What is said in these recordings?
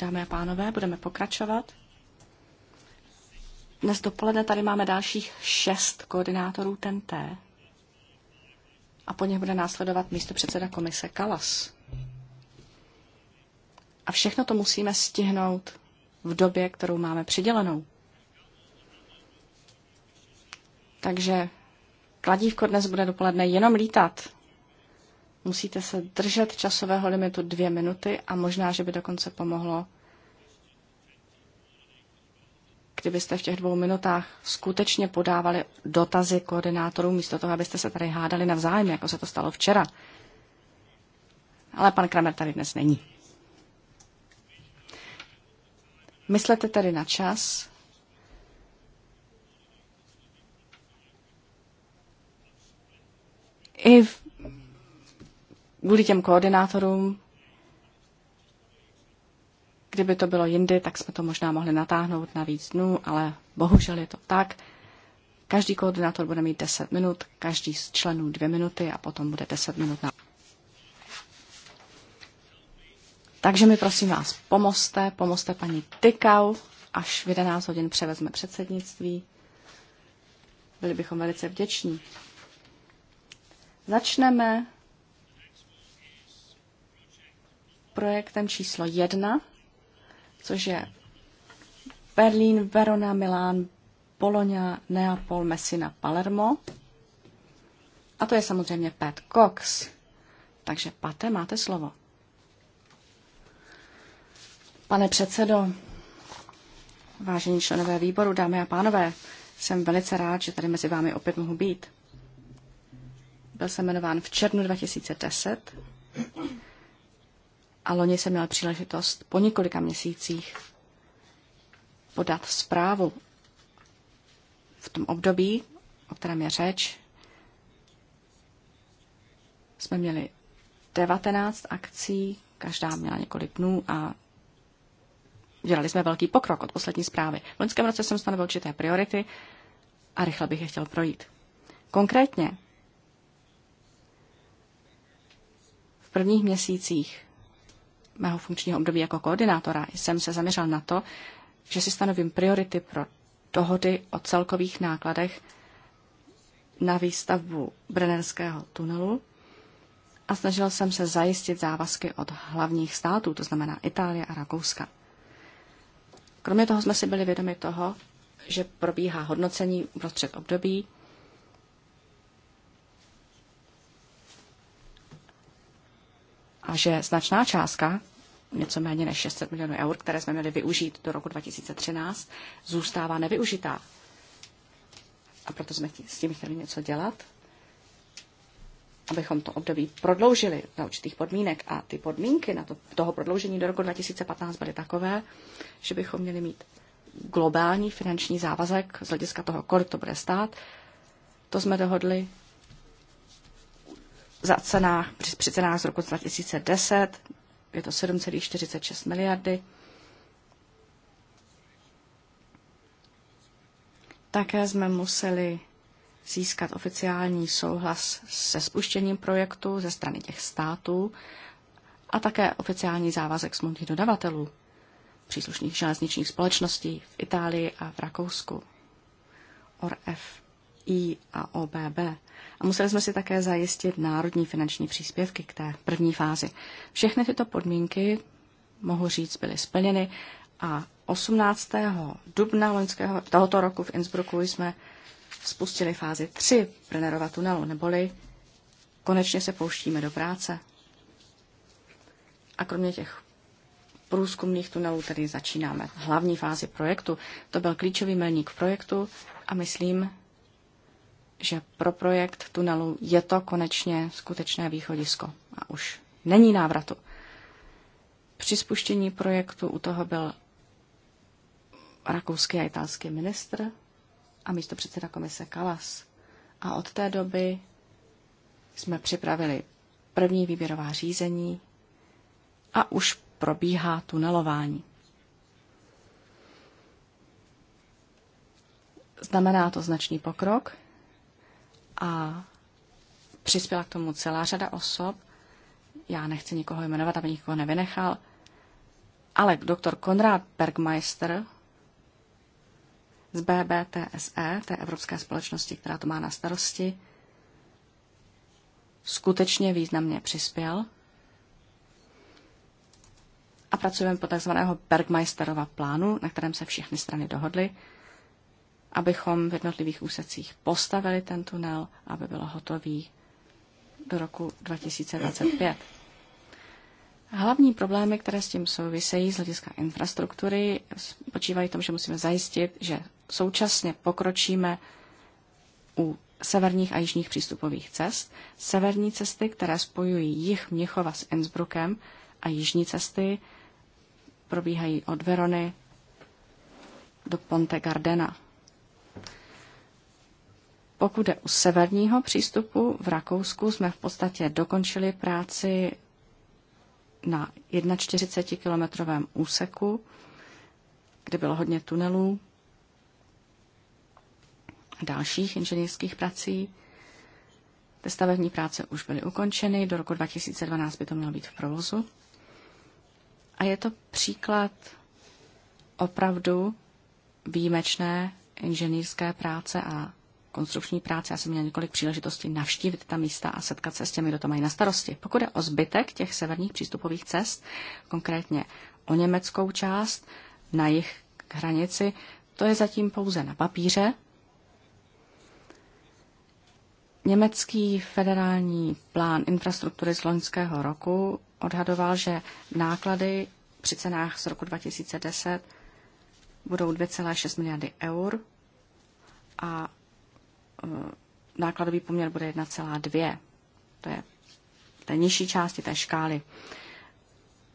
Dámy a pánové, budeme pokračovat. Dnes dopoledne tady máme dalších šest koordinátorů TNT a po něch bude následovat místo předseda komise Kalas. A všechno to musíme stihnout v době, kterou máme přidělenou. Takže kladívko dnes bude dopoledne jenom lítat. Musíte se držet časového limitu dvě minuty a možná, že by dokonce pomohlo, kdybyste v těch dvou minutách skutečně podávali dotazy koordinátorů, místo toho, abyste se tady hádali navzájem, jako se to stalo včera. Ale pan Kramer tady dnes není. Myslete tedy na čas. I v kvůli těm koordinátorům, kdyby to bylo jindy, tak jsme to možná mohli natáhnout na víc dnů, ale bohužel je to tak. Každý koordinátor bude mít 10 minut, každý z členů 2 minuty a potom bude 10 minut na. Takže mi prosím vás, pomozte, pomozte paní Tykau, až v 11 hodin převezme předsednictví. Byli bychom velice vděční. Začneme projektem číslo jedna, což je Berlín, Verona, Milán, Bologna, Neapol, Messina, Palermo. A to je samozřejmě Pat Cox. Takže, Pate, máte slovo. Pane předsedo, vážení členové výboru, dámy a pánové, jsem velice rád, že tady mezi vámi opět mohu být. Byl jsem jmenován v červnu 2010 a loni jsem měl příležitost po několika měsících podat zprávu v tom období, o kterém je řeč. Jsme měli 19 akcí, každá měla několik dnů a dělali jsme velký pokrok od poslední zprávy. V loňském roce jsem stanovil určité priority a rychle bych je chtěl projít. Konkrétně v prvních měsících mého funkčního období jako koordinátora jsem se zaměřil na to, že si stanovím priority pro dohody o celkových nákladech na výstavbu Brennerského tunelu a snažil jsem se zajistit závazky od hlavních států, to znamená Itálie a Rakouska. Kromě toho jsme si byli vědomi toho, že probíhá hodnocení uprostřed období a že značná částka, něco méně než 600 milionů eur, které jsme měli využít do roku 2013, zůstává nevyužitá. A proto jsme s tím chtěli něco dělat, abychom to období prodloužili za určitých podmínek. A ty podmínky na to, toho prodloužení do roku 2015 byly takové, že bychom měli mít globální finanční závazek z hlediska toho, kolik to bude stát. To jsme dohodli za cenách, při cenách z roku 2010, je to 7,46 miliardy. Také jsme museli získat oficiální souhlas se spuštěním projektu ze strany těch států a také oficiální závazek smluvních dodavatelů, příslušných železničních společností v Itálii a v Rakousku. ORF i a OBB. A museli jsme si také zajistit národní finanční příspěvky k té první fázi. Všechny tyto podmínky, mohu říct, byly splněny a 18. dubna loňského, tohoto roku v Innsbrucku jsme spustili fázi 3 Brennerova tunelu, neboli konečně se pouštíme do práce. A kromě těch průzkumných tunelů tedy začínáme hlavní fázi projektu. To byl klíčový milník v projektu a myslím, že pro projekt tunelu je to konečně skutečné východisko a už není návratu. Při spuštění projektu u toho byl rakouský a italský ministr a místo předseda komise Kalas. A od té doby jsme připravili první výběrová řízení a už probíhá tunelování. Znamená to značný pokrok, a přispěla k tomu celá řada osob. Já nechci nikoho jmenovat, aby nikoho nevynechal. Ale doktor Konrad Bergmeister z BBTSE, té Evropské společnosti, která to má na starosti, skutečně významně přispěl. A pracujeme po takzvaného Bergmeisterova plánu, na kterém se všechny strany dohodly abychom v jednotlivých úsecích postavili ten tunel, aby bylo hotový do roku 2025. Hlavní problémy, které s tím souvisejí z hlediska infrastruktury, spočívají v tom, že musíme zajistit, že současně pokročíme u severních a jižních přístupových cest, severní cesty, které spojují jich Měchova s Innsbruckem a jižní cesty probíhají od Verony do Ponte Gardena. Pokud je u severního přístupu v Rakousku, jsme v podstatě dokončili práci na 41-kilometrovém úseku, kde bylo hodně tunelů a dalších inženýrských prací. Ty stavební práce už byly ukončeny, do roku 2012 by to mělo být v provozu. A je to příklad opravdu výjimečné inženýrské práce a konstrukční práce. Já jsem měla několik příležitostí navštívit ta místa a setkat se s těmi, kdo to mají na starosti. Pokud je o zbytek těch severních přístupových cest, konkrétně o německou část na jich k hranici, to je zatím pouze na papíře. Německý federální plán infrastruktury z loňského roku odhadoval, že náklady při cenách z roku 2010 budou 2,6 miliardy eur a Eh, nákladový poměr bude 1,2. To je té nižší části té škály.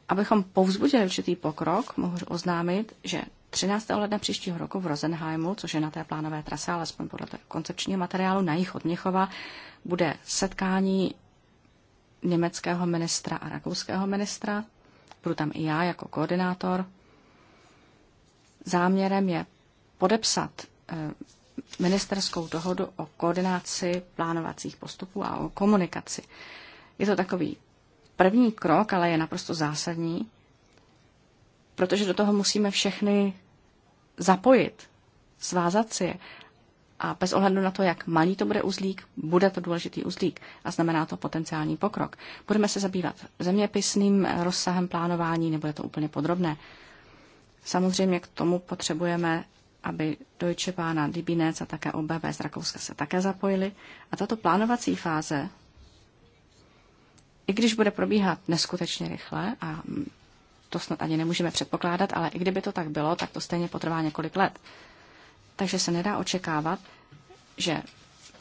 Abychom povzbudili určitý pokrok, mohu oznámit, že 13. ledna příštího roku v Rosenheimu, což je na té plánové trase, alespoň podle koncepčního materiálu na jich od Měchova, bude setkání německého ministra a rakouského ministra. Budu tam i já jako koordinátor. Záměrem je podepsat eh, ministerskou dohodu o koordinaci plánovacích postupů a o komunikaci. Je to takový první krok, ale je naprosto zásadní, protože do toho musíme všechny zapojit, svázat si je. A bez ohledu na to, jak malý to bude uzlík, bude to důležitý uzlík a znamená to potenciální pokrok. Budeme se zabývat zeměpisným rozsahem plánování, nebude to úplně podrobné. Samozřejmě k tomu potřebujeme aby Deutsche Bahn a DB a také OBV z Rakouska se také zapojili. A tato plánovací fáze, i když bude probíhat neskutečně rychle, a to snad ani nemůžeme předpokládat, ale i kdyby to tak bylo, tak to stejně potrvá několik let. Takže se nedá očekávat, že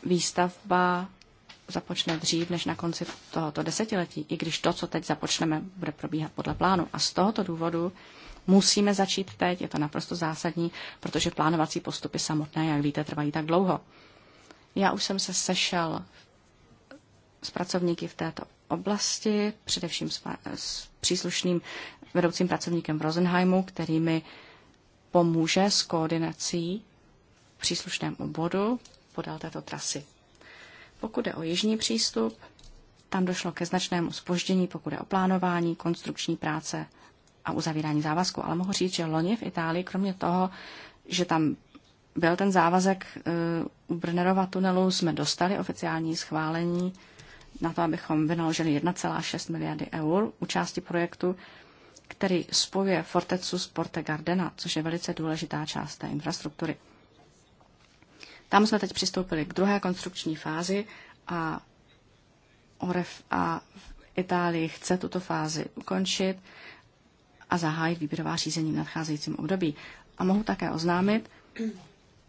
výstavba započne dřív než na konci tohoto desetiletí, i když to, co teď započneme, bude probíhat podle plánu. A z tohoto důvodu Musíme začít teď, je to naprosto zásadní, protože plánovací postupy samotné, jak víte, trvají tak dlouho. Já už jsem se sešel s pracovníky v této oblasti, především s, s příslušným vedoucím pracovníkem v Rosenheimu, který mi pomůže s koordinací v příslušném obvodu podal této trasy. Pokud je o jižní přístup, tam došlo ke značnému spoždění, pokud je o plánování, konstrukční práce a uzavírání závazku. Ale mohu říct, že loni v Itálii, kromě toho, že tam byl ten závazek eh, u Brnerova tunelu, jsme dostali oficiální schválení na to, abychom vynaložili 1,6 miliardy eur u části projektu, který spojuje Fortecu s Porte Gardena, což je velice důležitá část té infrastruktury. Tam jsme teď přistoupili k druhé konstrukční fázi a OREF a v Itálii chce tuto fázi ukončit a zahájit výběrová řízení v nadcházejícím období. A mohu také oznámit,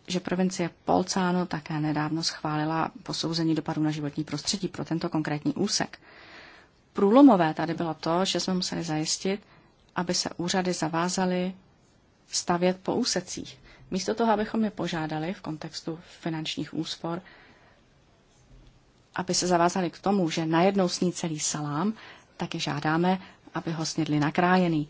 že provincie Polcáno také nedávno schválila posouzení dopadů na životní prostředí pro tento konkrétní úsek. Průlomové tady bylo to, že jsme museli zajistit, aby se úřady zavázaly stavět po úsecích. Místo toho, abychom je požádali v kontextu finančních úspor, aby se zavázali k tomu, že najednou sní celý salám, tak je žádáme, aby ho snědli nakrájený.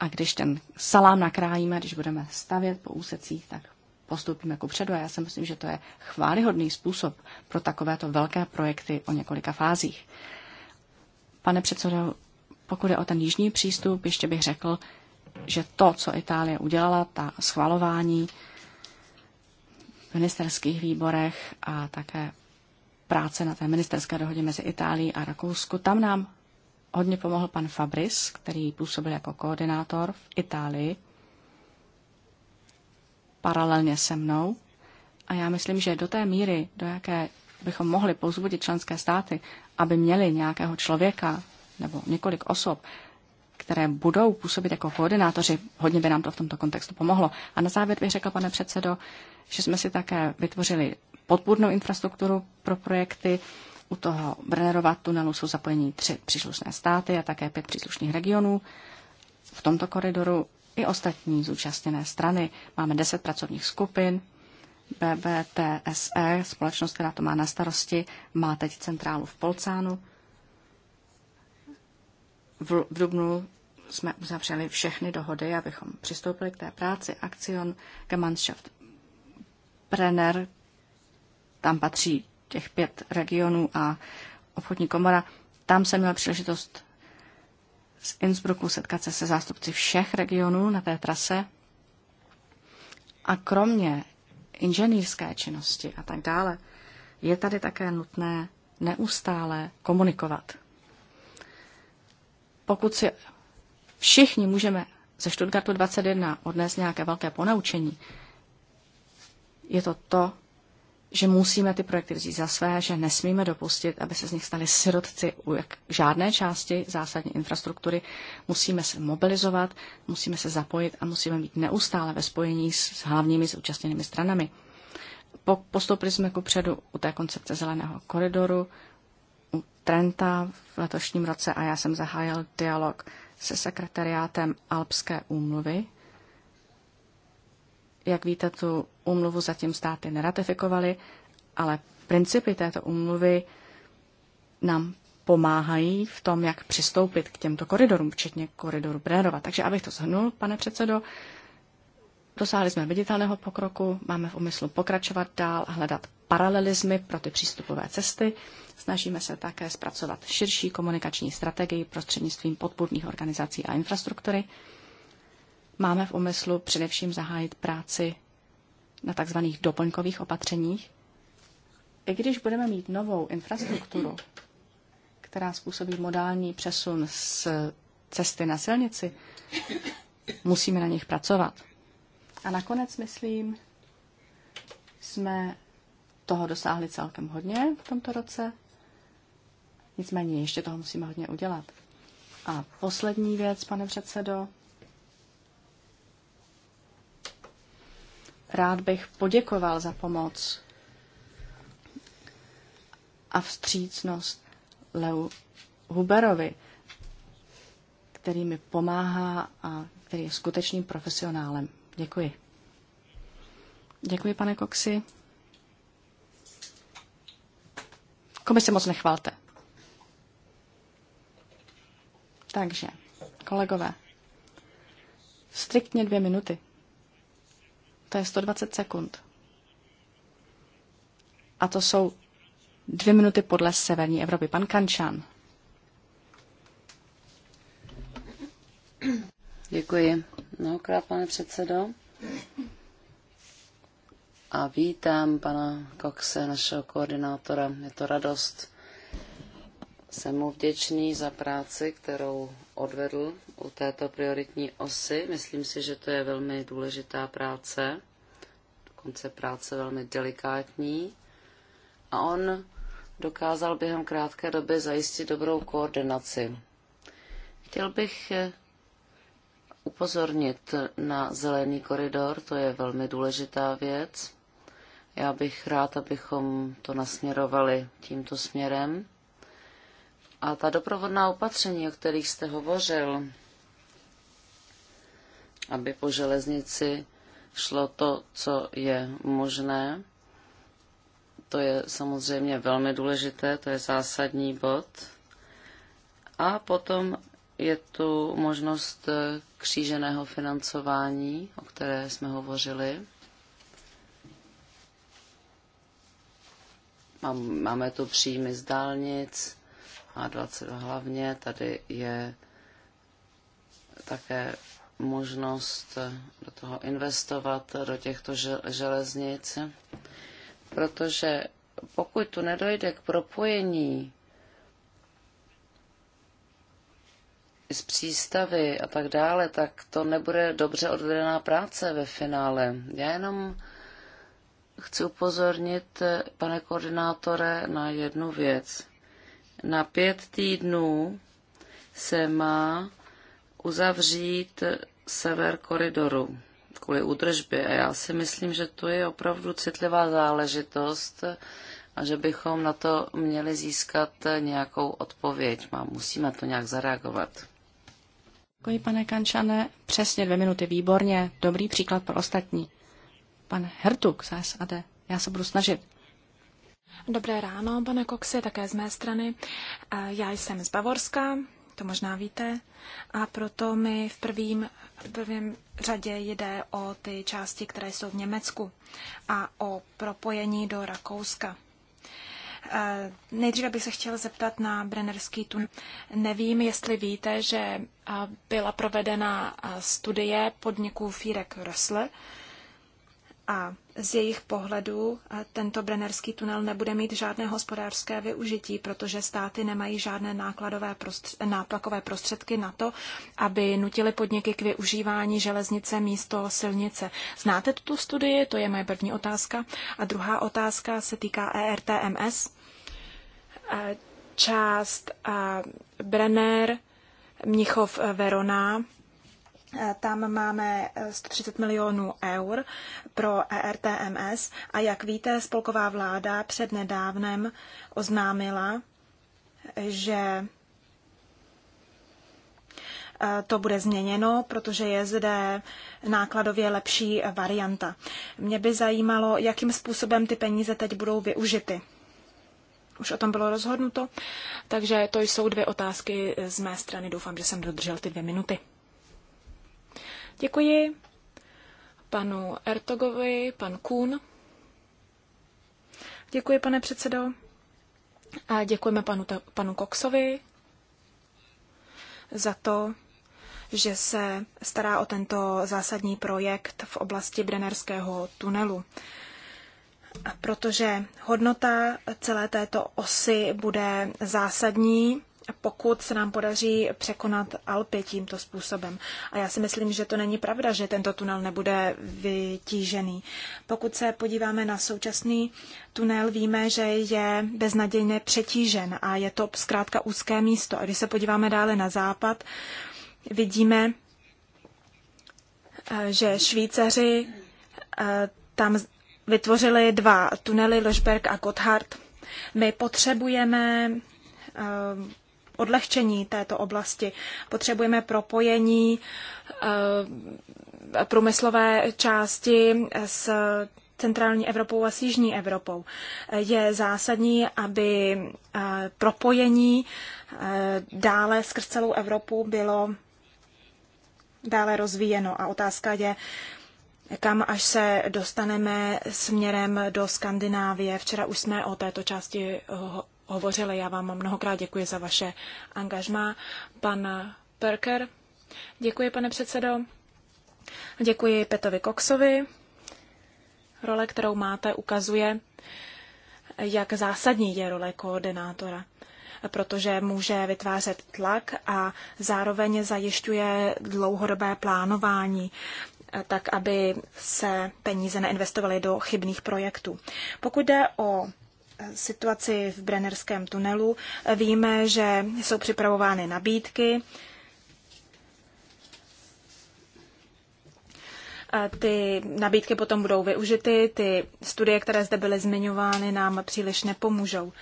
A když ten salám nakrájíme, když budeme stavět po úsecích, tak postupíme ku předu. A já si myslím, že to je chválihodný způsob pro takovéto velké projekty o několika fázích. Pane předsedo, pokud je o ten jižní přístup, ještě bych řekl, že to, co Itálie udělala, ta schvalování v ministerských výborech a také práce na té ministerské dohodě mezi Itálií a Rakousku, tam nám hodně pomohl pan Fabris, který působil jako koordinátor v Itálii paralelně se mnou. A já myslím, že do té míry, do jaké bychom mohli pouzbudit členské státy, aby měli nějakého člověka nebo několik osob, které budou působit jako koordinátoři. Hodně by nám to v tomto kontextu pomohlo. A na závěr bych řekl pane předsedo, že jsme si také vytvořili podpůrnou infrastrukturu pro projekty, u toho Brennerova tunelu jsou zapojení tři příslušné státy a také pět příslušných regionů. V tomto koridoru i ostatní zúčastněné strany. Máme deset pracovních skupin. BBTSE, společnost, která to má na starosti, má teď centrálu v Polcánu. V, v Dubnu jsme uzavřeli všechny dohody, abychom přistoupili k té práci. Akcion Gemeinschaft Brenner, tam patří těch pět regionů a obchodní komora. Tam jsem měl příležitost z Innsbrucku setkat se se zástupci všech regionů na té trase. A kromě inženýrské činnosti a tak dále, je tady také nutné neustále komunikovat. Pokud si všichni můžeme ze Stuttgartu 21 odnést nějaké velké ponaučení, je to to, že musíme ty projekty vzít za své, že nesmíme dopustit, aby se z nich stali sirotci u jak žádné části zásadní infrastruktury. Musíme se mobilizovat, musíme se zapojit a musíme být neustále ve spojení s hlavními zúčastněnými stranami. Postoupili jsme ku předu u té koncepce zeleného koridoru, u Trenta v letošním roce a já jsem zahájil dialog se sekretariátem Alpské úmluvy jak víte, tu úmluvu zatím státy neratifikovaly, ale principy této úmluvy nám pomáhají v tom, jak přistoupit k těmto koridorům, včetně koridoru Brérova. Takže abych to zhrnul, pane předsedo, dosáhli jsme viditelného pokroku, máme v úmyslu pokračovat dál a hledat paralelizmy pro ty přístupové cesty. Snažíme se také zpracovat širší komunikační strategii prostřednictvím podpůrných organizací a infrastruktury máme v úmyslu především zahájit práci na tzv. doplňkových opatřeních. I když budeme mít novou infrastrukturu, která způsobí modální přesun z cesty na silnici, musíme na nich pracovat. A nakonec, myslím, jsme toho dosáhli celkem hodně v tomto roce. Nicméně ještě toho musíme hodně udělat. A poslední věc, pane předsedo, Rád bych poděkoval za pomoc a vstřícnost Leu Huberovi, který mi pomáhá a který je skutečným profesionálem. Děkuji. Děkuji, pane Koxy. Komise moc nechválte. Takže, kolegové, striktně dvě minuty. To je 120 sekund. A to jsou dvě minuty podle severní Evropy. Pan Kančan. Děkuji mnohokrát, pane předsedo. A vítám pana Coxe, našeho koordinátora. Je to radost jsem mu vděčný za práci, kterou odvedl u této prioritní osy. Myslím si, že to je velmi důležitá práce, dokonce práce velmi delikátní. A on dokázal během krátké doby zajistit dobrou koordinaci. Chtěl bych upozornit na zelený koridor, to je velmi důležitá věc. Já bych rád, abychom to nasměrovali tímto směrem. A ta doprovodná opatření, o kterých jste hovořil, aby po železnici šlo to, co je možné, to je samozřejmě velmi důležité, to je zásadní bod. A potom je tu možnost kříženého financování, o které jsme hovořili. Máme tu příjmy z dálnic, a 20 hlavně tady je také možnost do toho investovat, do těchto železnic, protože pokud tu nedojde k propojení z přístavy a tak dále, tak to nebude dobře odvedená práce ve finále. Já jenom chci upozornit, pane koordinátore, na jednu věc. Na pět týdnů se má uzavřít sever koridoru kvůli údržbě. A já si myslím, že to je opravdu citlivá záležitost a že bychom na to měli získat nějakou odpověď. Má, musíme to nějak zareagovat. Děkuji, pane Kančane. Přesně dvě minuty, výborně. Dobrý příklad pro ostatní. Pan Hertuk z SAD. Já se budu snažit. Dobré ráno, pane Koxe, také z mé strany. Já jsem z Bavorska, to možná víte, a proto mi v prvním, v prvním řadě jde o ty části, které jsou v Německu a o propojení do Rakouska. Nejdříve bych se chtěla zeptat na Brennerský tun. Nevím, jestli víte, že byla provedena studie podniku Firek Rössle, a z jejich pohledu tento Brennerský tunel nebude mít žádné hospodářské využití, protože státy nemají žádné nákladové prostř- nátlakové prostředky na to, aby nutili podniky k využívání železnice místo silnice. Znáte tuto studii? To je moje první otázka. A druhá otázka se týká ERTMS. E, část Brenner, Mnichov, Verona tam máme 130 eh, milionů eur pro ERTMS a jak víte, spolková vláda před nedávnem oznámila, že eh, to bude změněno, protože je zde nákladově lepší varianta. Mě by zajímalo, jakým způsobem ty peníze teď budou využity. Už o tom bylo rozhodnuto, takže to jsou dvě otázky z mé strany. Doufám, že jsem dodržel ty dvě minuty. Děkuji panu Ertogovi, pan Kuhn. Děkuji, pane předsedo. A děkujeme panu, panu Koksovi za to, že se stará o tento zásadní projekt v oblasti Brennerského tunelu. Protože hodnota celé této osy bude zásadní pokud se nám podaří překonat Alpy tímto způsobem. A já si myslím, že to není pravda, že tento tunel nebude vytížený. Pokud se podíváme na současný tunel, víme, že je beznadějně přetížen a je to zkrátka úzké místo. A když se podíváme dále na západ, vidíme, eh, že Švýcaři eh, tam vytvořili dva tunely, Ložberg a Gotthard. My potřebujeme eh, odlehčení této oblasti. Potřebujeme propojení eh, průmyslové části s centrální Evropou a s jižní Evropou. Eh, je zásadní, aby eh, propojení dále skrz celou Evropu bylo dále rozvíjeno. A otázka je, kam až se dostaneme směrem do Skandinávie. Včera už jsme o této části hovořili. Já vám mnohokrát děkuji za vaše angažmá. Pan Perker, děkuji, pane předsedo. Děkuji Petovi Koksovi. Role, kterou máte, ukazuje, jak zásadní je role koordinátora protože může vytvářet tlak a zároveň zajišťuje dlouhodobé plánování tak, aby se peníze neinvestovaly do chybných projektů. Pokud jde o situaci v Brennerském tunelu. Víme, že jsou připravovány nabídky. Ty nabídky potom budou využity, ty studie, které zde byly zmiňovány, nám příliš nepomůžou.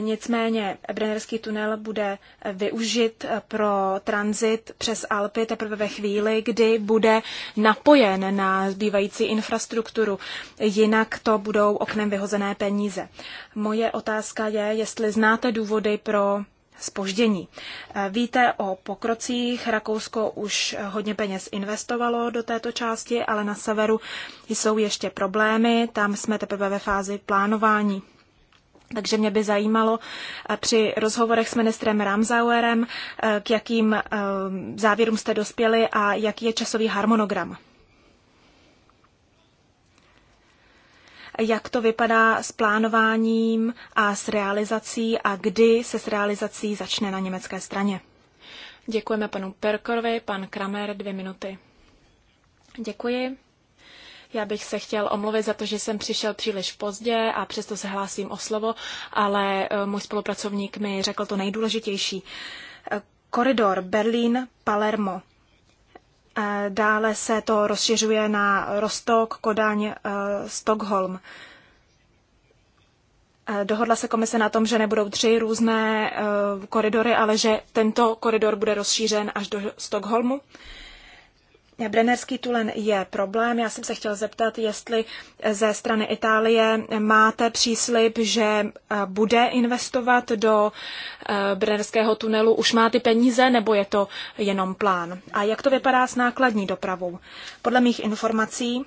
Nicméně Brennerský tunel bude využit pro tranzit přes Alpy teprve ve chvíli, kdy bude napojen na zbývající infrastrukturu. Jinak to budou oknem vyhozené peníze. Moje otázka je, jestli znáte důvody pro spoždění. Víte o pokrocích, Rakousko už hodně peněz investovalo do této části, ale na severu jsou ještě problémy, tam jsme teprve ve fázi plánování. Takže mě by zajímalo eh, při rozhovorech s ministrem Ramsauerem, eh, k jakým eh, závěrům jste dospěli a jaký je časový harmonogram. Jak to vypadá s plánováním a s realizací a kdy se s realizací začne na německé straně? Děkujeme panu Perkorovi, pan Kramer, dvě minuty. Děkuji. Já bych se chtěl omluvit za to, že jsem přišel příliš pozdě a přesto se hlásím o slovo, ale eh, můj spolupracovník mi řekl to nejdůležitější. Eh, koridor Berlín-Palermo. Eh, dále se to rozšiřuje na Rostok, Kodaň, Stockholm. Dohodla se komise na tom, že nebudou tři různé koridory, ale že tento koridor bude rozšířen až do Stockholmu. Brennerský tulen je problém. Já jsem se chtěla zeptat, jestli ze strany Itálie máte příslip, že eh, bude investovat do eh, Brennerského tunelu. Už máte peníze, nebo je to jenom plán? A jak to vypadá s nákladní dopravou? Podle mých informací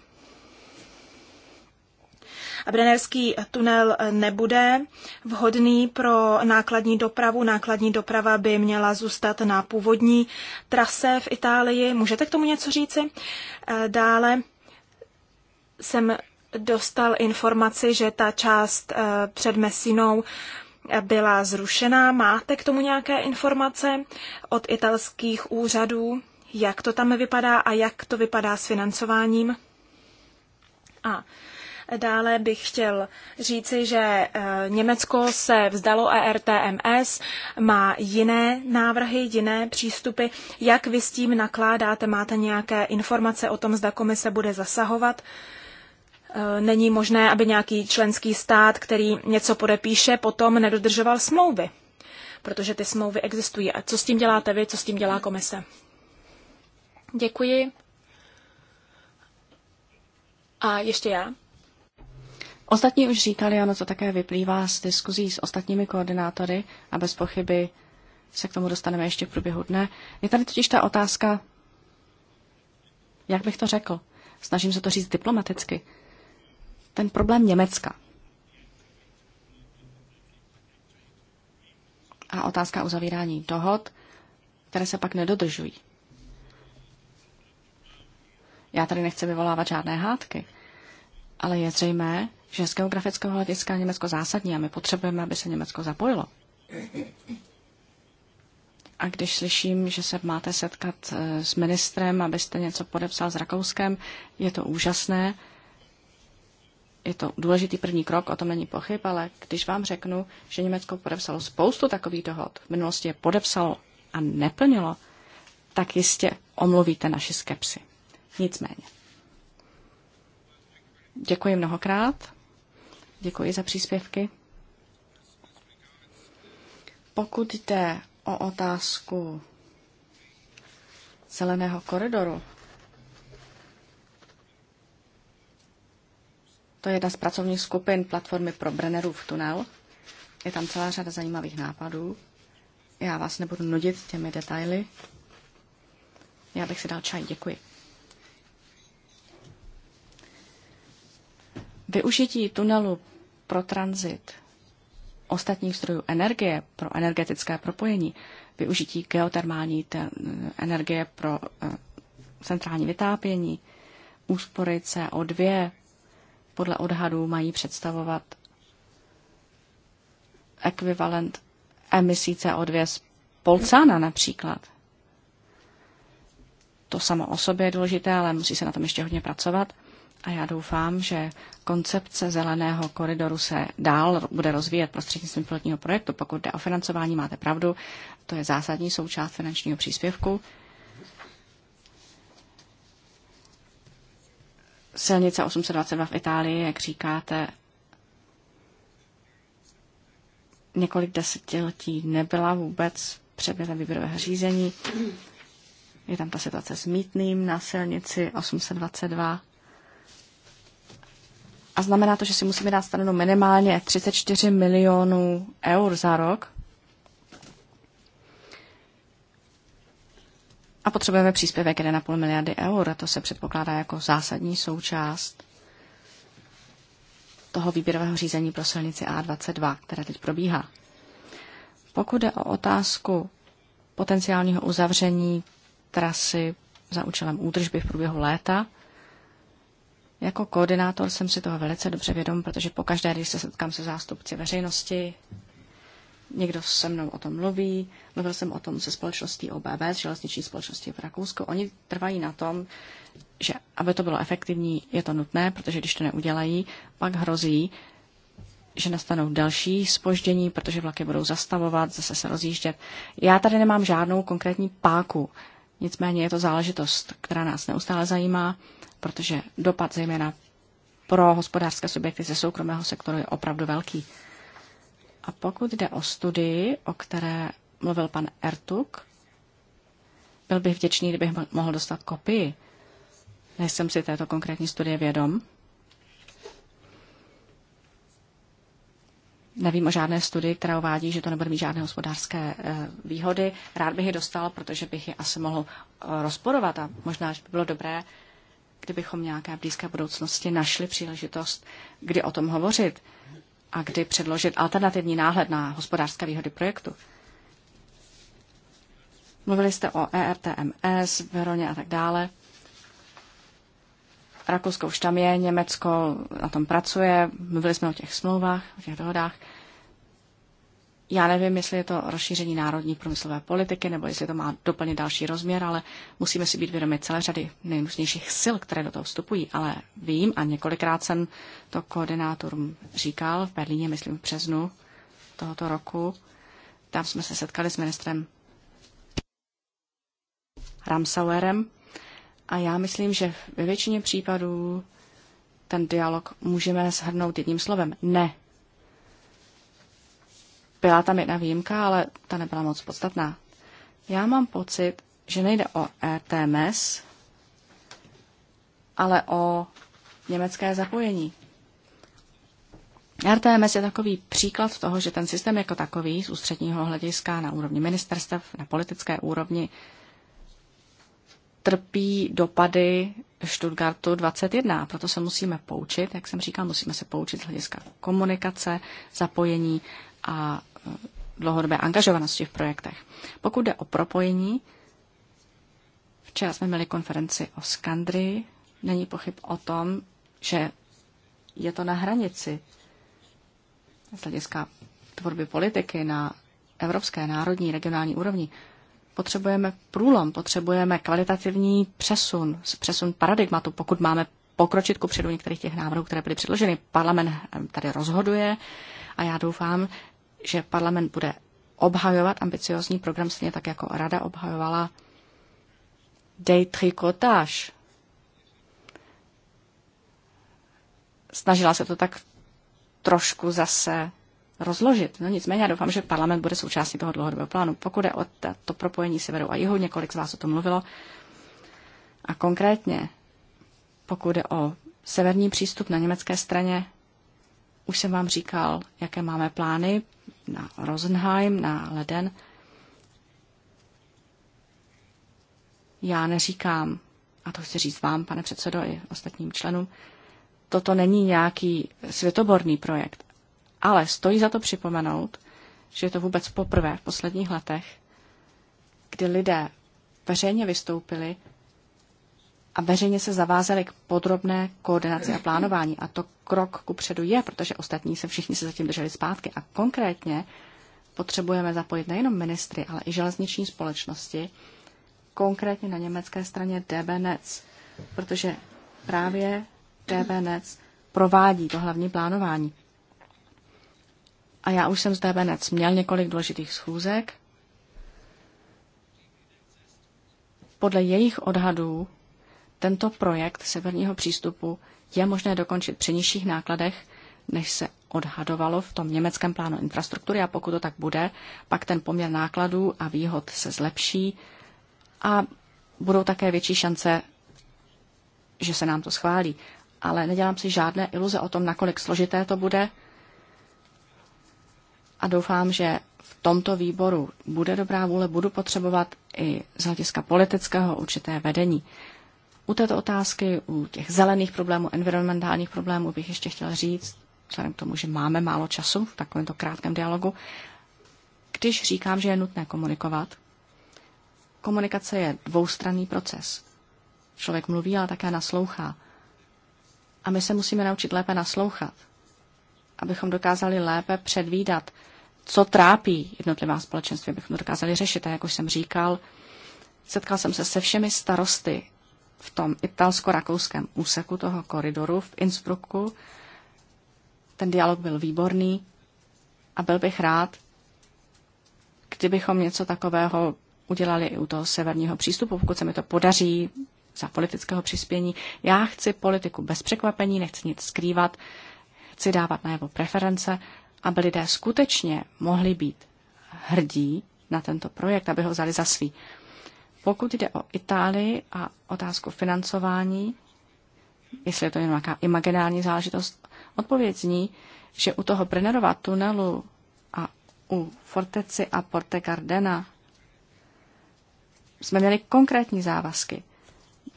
Brennerský tunel nebude vhodný pro nákladní dopravu. Nákladní doprava by měla zůstat na původní trase v Itálii. Můžete k tomu něco říci? Eh, dále jsem dostal informaci, že ta část eh, před Messinou eh, byla zrušená. Máte k tomu nějaké informace od italských úřadů? Jak to tam vypadá a jak to vypadá s financováním? A Dále bych chtěl říci, že eh, Německo se vzdalo ERTMS, má jiné návrhy, jiné přístupy. Jak vy s tím nakládáte? Máte nějaké informace o tom, zda komise bude zasahovat? Eh, není možné, aby nějaký členský stát, který něco podepíše, potom nedodržoval smlouvy, protože ty smlouvy existují. A co s tím děláte vy, co s tím dělá komise? Děkuji. A ještě já. Ostatní už říkali, ano, to také vyplývá z diskuzí s ostatními koordinátory a bez pochyby se k tomu dostaneme ještě v průběhu dne. Je tady totiž ta otázka, jak bych to řekl, snažím se to říct diplomaticky, ten problém Německa. A otázka uzavírání dohod, které se pak nedodržují. Já tady nechci vyvolávat žádné hádky, ale je zřejmé, že z geografického hlediska je Německo zásadní a my potřebujeme, aby se Německo zapojilo. A když slyším, že se máte setkat eh, s ministrem, abyste něco podepsal s Rakouskem, je to úžasné. Je to důležitý první krok, o tom není pochyb, ale když vám řeknu, že Německo podepsalo spoustu takových dohod, v minulosti je podepsalo a neplnilo, tak jistě omluvíte naši skepsy. Nicméně. Děkuji mnohokrát. Děkuji za příspěvky. Pokud jde o otázku zeleného koridoru, to je jedna z pracovních skupin platformy pro Brennerův tunel. Je tam celá řada zajímavých nápadů. Já vás nebudu nudit těmi detaily. Já bych si dal čaj. Děkuji. Využití tunelu pro tranzit ostatních zdrojů energie pro energetické propojení, využití geotermální energie pro eh, centrální vytápění, úspory CO2 podle odhadů mají představovat ekvivalent emisí CO2 z Polcána například. To samo o sobě je důležité, ale musí se na tom ještě hodně pracovat. A já doufám, že koncepce zeleného koridoru se dál bude rozvíjet prostřednictvím pilotního projektu. Pokud jde o financování, máte pravdu, to je zásadní součást finančního příspěvku. Silnice 822 v Itálii, jak říkáte, několik desetiletí nebyla vůbec předmětem výběrového řízení. Je tam ta situace s mítným na silnici 822 a znamená to, že si musíme dát stranu minimálně 34 milionů eur za rok. A potřebujeme příspěvek 1,5 miliardy eur. A to se předpokládá jako zásadní součást toho výběrového řízení pro silnici A22, které teď probíhá. Pokud je o otázku potenciálního uzavření trasy za účelem údržby v průběhu léta, jako koordinátor jsem si toho velice dobře vědom, protože pokaždé, když se setkám se zástupci veřejnosti, někdo se mnou o tom mluví, mluvil jsem o tom se společností OBV, s železniční společností v Rakousku. Oni trvají na tom, že aby to bylo efektivní, je to nutné, protože když to neudělají, pak hrozí, že nastanou další spoždění, protože vlaky budou zastavovat, zase se rozjíždět. Já tady nemám žádnou konkrétní páku, nicméně je to záležitost, která nás neustále zajímá protože dopad zejména pro hospodářské subjekty ze soukromého sektoru je opravdu velký. A pokud jde o studii, o které mluvil pan Ertuk, byl bych vděčný, kdybych mohl dostat kopii. Nejsem si této konkrétní studie vědom. Nevím o žádné studii, která uvádí, že to nebude mít žádné hospodářské eh, výhody. Rád bych je dostal, protože bych je asi mohl eh, rozporovat a možná, že by bylo dobré, kdybychom nějaké blízké budoucnosti našli příležitost, kdy o tom hovořit a kdy předložit alternativní náhled na hospodářské výhody projektu. Mluvili jste o ERTMS, Veroně a tak dále. Rakousko už tam je, Německo na tom pracuje, mluvili jsme o těch smlouvách, o těch dohodách. Já nevím, jestli je to rozšíření národní průmyslové politiky, nebo jestli to má doplně další rozměr, ale musíme si být vědomi celé řady nejrůznějších sil, které do toho vstupují. Ale vím a několikrát jsem to koordinátorům říkal v Berlíně, myslím v březnu tohoto roku. Tam jsme se setkali s ministrem Ramsauerem a já myslím, že ve většině případů ten dialog můžeme shrnout jedním slovem. Ne, byla tam jedna výjimka, ale ta nebyla moc podstatná. Já mám pocit, že nejde o RTMS, ale o německé zapojení. RTMS je takový příklad toho, že ten systém jako takový z ústředního hlediska na úrovni ministerstev, na politické úrovni trpí dopady Stuttgartu 21. proto se musíme poučit, jak jsem říkal, musíme se poučit z hlediska komunikace, zapojení a e, dlouhodobé angažovanosti v projektech. Pokud jde o propojení, včera jsme měli konferenci o Skandry, Není pochyb o tom, že je to na hranici z hlediska tvorby politiky na evropské, národní, regionální úrovni. Potřebujeme průlom, potřebujeme kvalitativní přesun, přesun paradigmatu, pokud máme pokročit ku předu některých těch návrhů, které byly předloženy. Parlament eh, tady rozhoduje a já doufám, že parlament bude obhajovat ambiciozní program, stejně tak jako rada obhajovala Day trikotáž. Snažila se to tak trošku zase rozložit. No nicméně já doufám, že parlament bude součástí toho dlouhodobého plánu. Pokud je o to propojení severu a jihu, několik z vás o tom mluvilo. A konkrétně, pokud je o severní přístup na německé straně, už jsem vám říkal, jaké máme plány na Rosenheim, na leden. Já neříkám, a to chci říct vám, pane předsedo, i ostatním členům, toto není nějaký světoborný projekt, ale stojí za to připomenout, že je to vůbec poprvé v posledních letech, kdy lidé veřejně vystoupili a veřejně se zavázali k podrobné koordinaci a plánování. A to krok ku předu je, protože ostatní se všichni se zatím drželi zpátky. A konkrétně potřebujeme zapojit nejenom ministry, ale i železniční společnosti, konkrétně na německé straně DB Netz, protože právě DB Netz provádí to hlavní plánování. A já už jsem z DB Netz měl několik důležitých schůzek. Podle jejich odhadů tento projekt severního přístupu je možné dokončit při nižších nákladech, než se odhadovalo v tom německém plánu infrastruktury a pokud to tak bude, pak ten poměr nákladů a výhod se zlepší a budou také větší šance, že se nám to schválí. Ale nedělám si žádné iluze o tom, nakolik složité to bude a doufám, že v tomto výboru bude dobrá vůle, budu potřebovat i z hlediska politického určité vedení. U této otázky, u těch zelených problémů, environmentálních problémů bych ještě chtěla říct, vzhledem k tomu, že máme málo času v takovémto krátkém dialogu, když říkám, že je nutné komunikovat, komunikace je dvoustranný proces. Člověk mluví, ale také naslouchá. A my se musíme naučit lépe naslouchat, abychom dokázali lépe předvídat, co trápí jednotlivá společenství, abychom dokázali řešit. A jak už jsem říkal, setkal jsem se se všemi starosty v tom italsko-rakouském úseku toho koridoru v Innsbrucku. Ten dialog byl výborný a byl bych rád, kdybychom něco takového udělali i u toho severního přístupu, pokud se mi to podaří za politického přispění. Já chci politiku bez překvapení, nechci nic skrývat, chci dávat na jeho preference, aby lidé skutečně mohli být hrdí na tento projekt, aby ho vzali za svý. Pokud jde o Itálii a otázku financování, jestli je to jen nějaká imaginární záležitost, odpověď zní, že u toho Brennerova tunelu a u Forteci a Porte Gardena jsme měli konkrétní závazky.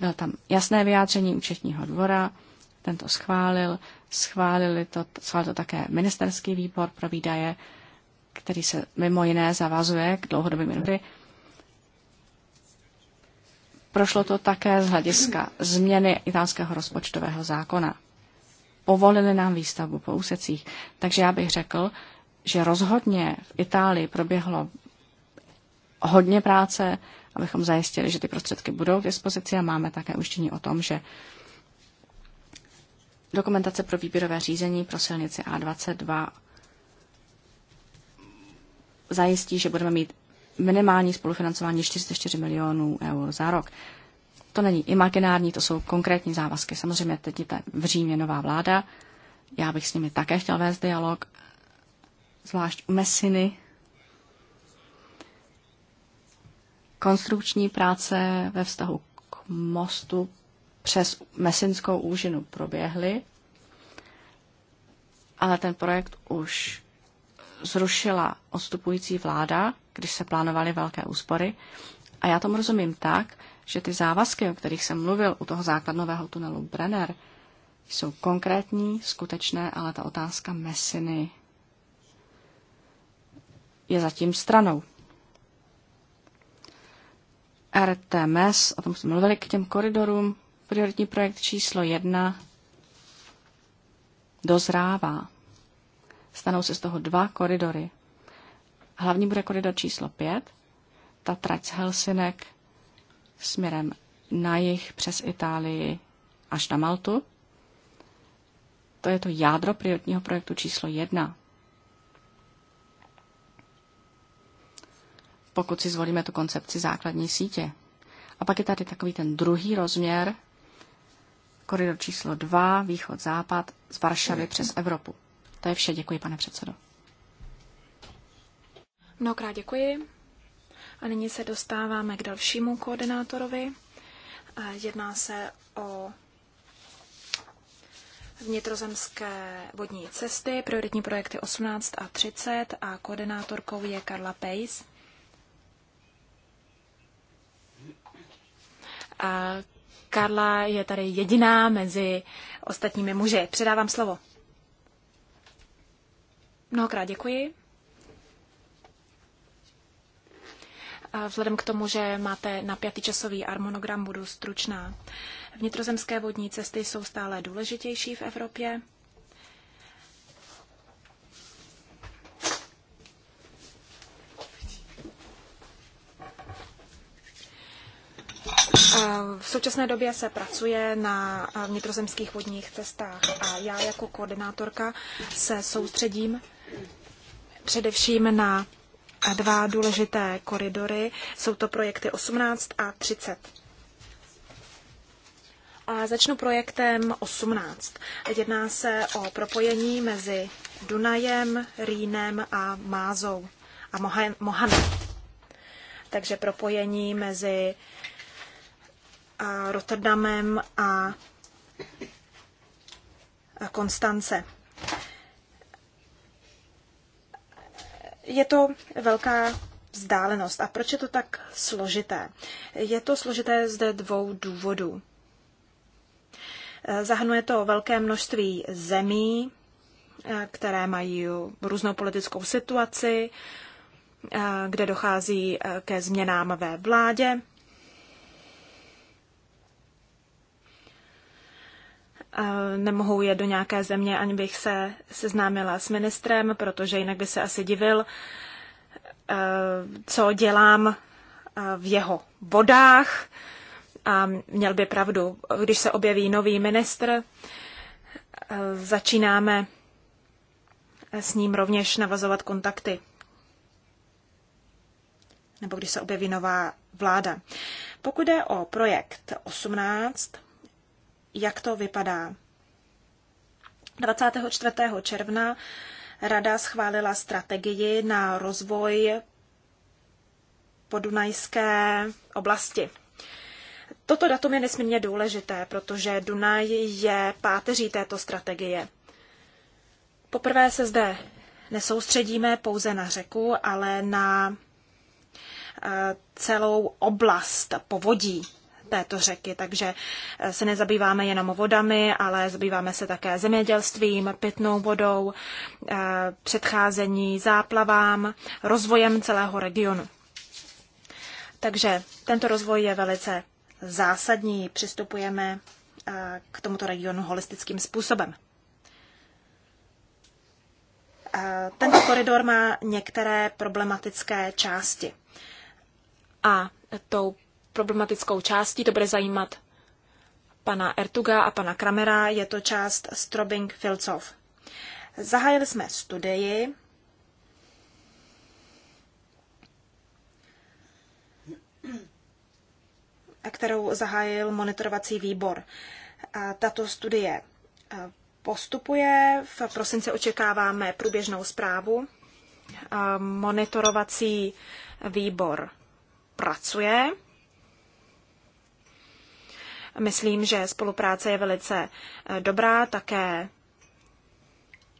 Bylo tam jasné vyjádření účetního dvora, ten to schválil, schválili to, schválil to také ministerský výbor pro výdaje, který se mimo jiné zavazuje k dlouhodobým minutě Prošlo to také z hlediska změny italského rozpočtového zákona. Povolili nám výstavbu po úsecích. Takže já bych řekl, že rozhodně v Itálii proběhlo hodně práce, abychom zajistili, že ty prostředky budou k dispozici a máme také ujištění o tom, že dokumentace pro výběrové řízení pro silnici A22 zajistí, že budeme mít minimální spolufinancování 44 milionů eur za rok. To není imaginární, to jsou konkrétní závazky. Samozřejmě teď je v Římě nová vláda, já bych s nimi také chtěl vést dialog, zvlášť u Messiny. Konstrukční práce ve vztahu k mostu přes Mesinskou úžinu proběhly, ale ten projekt už zrušila odstupující vláda když se plánovaly velké úspory. A já tomu rozumím tak, že ty závazky, o kterých jsem mluvil u toho základnového tunelu Brenner, jsou konkrétní, skutečné, ale ta otázka Messiny je zatím stranou. RTMS, o tom jsme mluvili k těm koridorům, prioritní projekt číslo jedna dozrává. Stanou se z toho dva koridory. Hlavní bude koridor číslo 5, ta trať z Helsinek směrem na jih přes Itálii až na Maltu. To je to jádro prioritního projektu číslo 1. Pokud si zvolíme tu koncepci základní sítě. A pak je tady takový ten druhý rozměr, koridor číslo 2, východ-západ, z Varšavy přes Evropu. To je vše, děkuji, pane předsedo. Mnohokrát děkuji. A nyní se dostáváme k dalšímu koordinátorovi. Jedná se o vnitrozemské vodní cesty, prioritní projekty 18 a 30 a koordinátorkou je Karla Pejs. A Karla je tady jediná mezi ostatními muži. Předávám slovo. Mnohokrát děkuji. Vzhledem k tomu, že máte napjatý časový harmonogram, budu stručná. Vnitrozemské vodní cesty jsou stále důležitější v Evropě. V současné době se pracuje na vnitrozemských vodních cestách a já jako koordinátorka se soustředím především na dva důležité koridory. Jsou to projekty 18 a 30. A začnu projektem 18. Jedná se o propojení mezi Dunajem, Rýnem a Mázou a Mohanem. Takže propojení mezi Rotterdamem a Konstance. je to velká vzdálenost. A proč je to tak složité? Je to složité zde dvou důvodů. Eh, zahrnuje to velké množství zemí, eh, které mají různou politickou situaci, eh, kde dochází ke změnám ve vládě. nemohou jít do nějaké země, ani bych se seznámila s ministrem, protože jinak by se asi divil, e, co dělám e, v jeho bodách. A měl by pravdu, když se objeví nový ministr, e, začínáme s ním rovněž navazovat kontakty. Nebo když se objeví nová vláda. Pokud je o projekt 18, jak to vypadá. 24. června Rada schválila strategii na rozvoj podunajské oblasti. Toto datum je nesmírně důležité, protože Dunaj je páteří této strategie. Poprvé se zde nesoustředíme pouze na řeku, ale na eh, celou oblast povodí této řeky, takže eh, se nezabýváme jenom vodami, ale zabýváme se také zemědělstvím, pitnou vodou, eh, předcházení záplavám, rozvojem celého regionu. Takže tento rozvoj je velice zásadní, přistupujeme eh, k tomuto regionu holistickým způsobem. Tento koridor má některé problematické části. A tou problematickou částí. To bude zajímat pana Ertuga a pana Kramera. Je to část Strobing-Filcov. Zahájili jsme studii. kterou zahájil monitorovací výbor. Tato studie e, postupuje. V prosince očekáváme průběžnou zprávu. E, monitorovací výbor pracuje. Myslím, že spolupráce je velice eh, dobrá také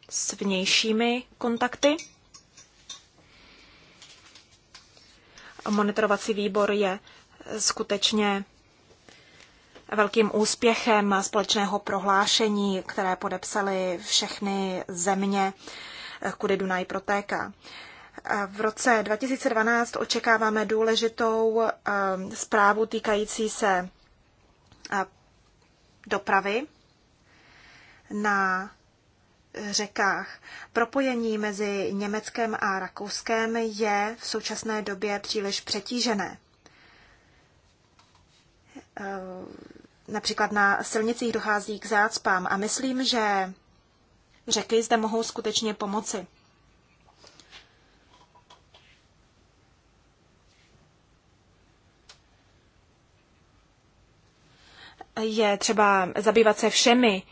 s vnějšími kontakty. Monitorovací výbor je eh, skutečně velkým úspěchem společného prohlášení, které podepsaly všechny země, eh, kudy Dunaj protéká. V roce 2012 očekáváme důležitou zprávu týkající se Eh, dopravy na řekách. Propojení mezi Německem a Rakouskem je v současné době příliš přetížené. Eh, například na silnicích dochází k zácpám a myslím, že řeky zde mohou skutečně pomoci. je třeba zabývat se všemi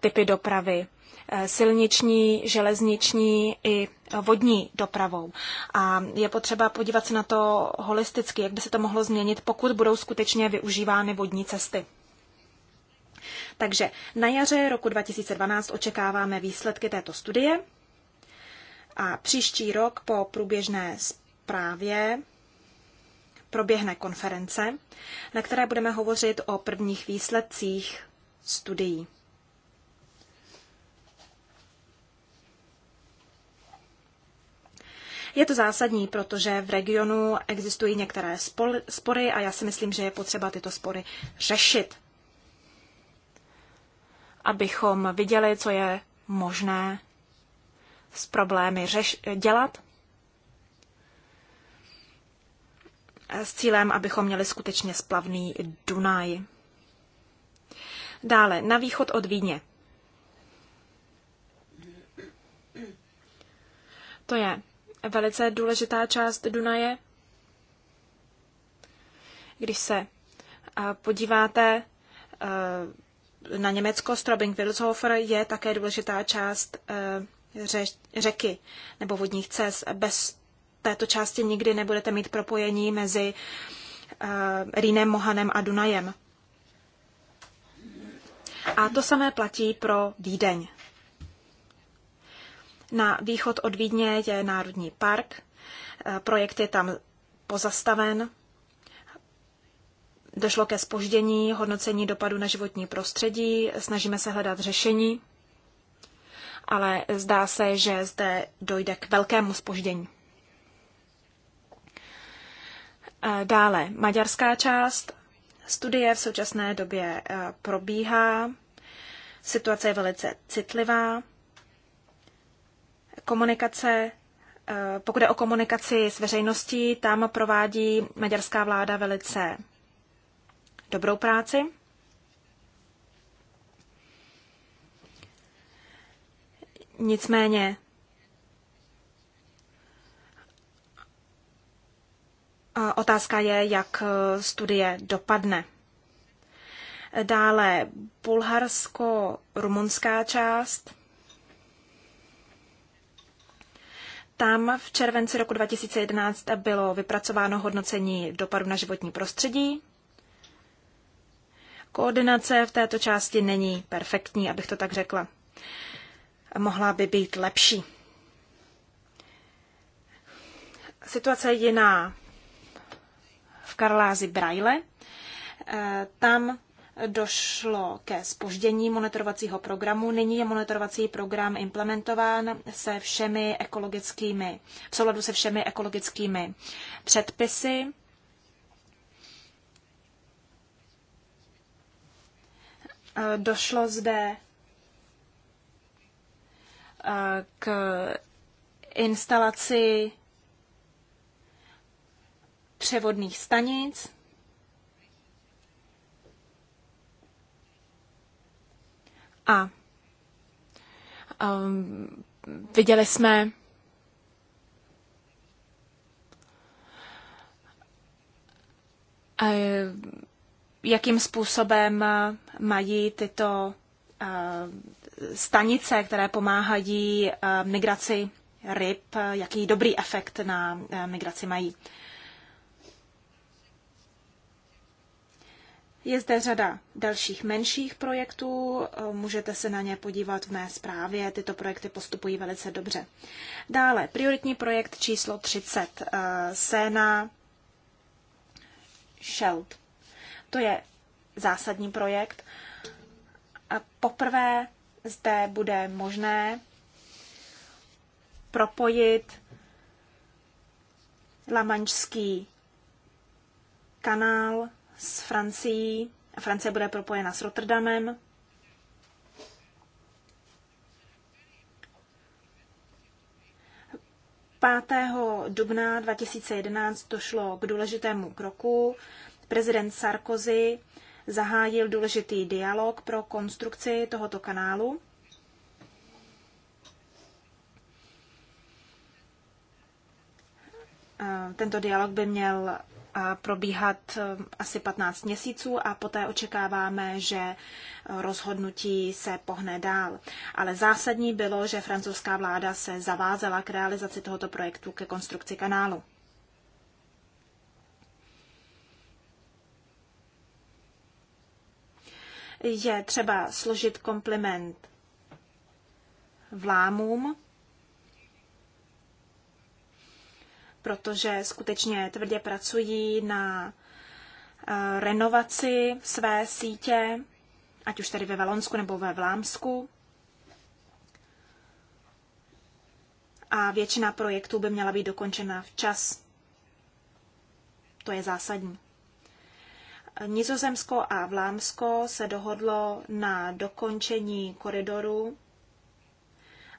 typy dopravy, eh, silniční, železniční i vodní dopravou. A je potřeba podívat se na to holisticky, jak by se to mohlo změnit, pokud budou skutečně využívány vodní cesty. Takže na jaře roku 2012 očekáváme výsledky této studie a příští rok po průběžné zprávě proběhne konference, na které budeme hovořit o prvních výsledcích studií. Je to zásadní, protože v regionu existují některé spory a já si myslím, že je potřeba tyto spory řešit, abychom viděli, co je možné s problémy řeš- dělat s cílem, abychom měli skutečně splavný Dunaj. Dále, na východ od Vídně. To je velice důležitá část Dunaje. Když se podíváte na Německo, Strobing Wilshofer je také důležitá část řeky nebo vodních cest. Bez této části nikdy nebudete mít propojení mezi eh, Rýnem, Mohanem a Dunajem. A to samé platí pro Vídeň. Na východ od Vídně je Národní park, eh, projekt je tam pozastaven, došlo ke spoždění, hodnocení dopadu na životní prostředí, snažíme se hledat řešení, ale zdá se, že zde dojde k velkému spoždění. Dále, maďarská část. Studie v současné době eh, probíhá. Situace je velice citlivá. Komunikace, eh, pokud je o komunikaci s veřejností, tam provádí maďarská vláda velice dobrou práci. Nicméně Otázka je, jak eh, studie dopadne. Dále bulharsko-rumunská část. Tam v červenci roku 2011 bylo vypracováno hodnocení dopadu na životní prostředí. Koordinace v této části není perfektní, abych to tak řekla. Mohla by být lepší. Situace je jiná Karlázi Braille. E, tam došlo ke spoždění monitorovacího programu. Nyní je monitorovací program implementován se všemi ekologickými, v souladu se všemi ekologickými předpisy. E, došlo zde e, k instalaci převodných stanic. A um, viděli jsme eh, jakým způsobem mají tyto eh, stanice, které pomáhají eh, migraci ryb, jaký dobrý efekt na migraci mají. Je zde řada dalších menších projektů, e, můžete se na ně podívat v mé zprávě, tyto projekty postupují velice dobře. Dále, prioritní projekt číslo 30, e, Sena Sheld. To je zásadní projekt. Poprvé zde bude možné propojit Lamančský kanál s Francií. Francie bude propojena s Rotterdamem. Pátého dubna 2011 došlo k důležitému kroku. Prezident Sarkozy zahájil důležitý dialog pro konstrukci tohoto kanálu. Tento dialog by měl probíhat eh, asi 15 měsíců a poté očekáváme, že eh, rozhodnutí se pohne dál. Ale zásadní bylo, že francouzská vláda se zavázala k realizaci tohoto projektu ke konstrukci kanálu. Je třeba složit kompliment vlámům, protože skutečně tvrdě pracují na eh, renovaci své sítě, ať už tady ve Valonsku nebo ve Vlámsku. A většina projektů by měla být dokončena včas. To je zásadní. Nizozemsko a Vlámsko se dohodlo na dokončení koridoru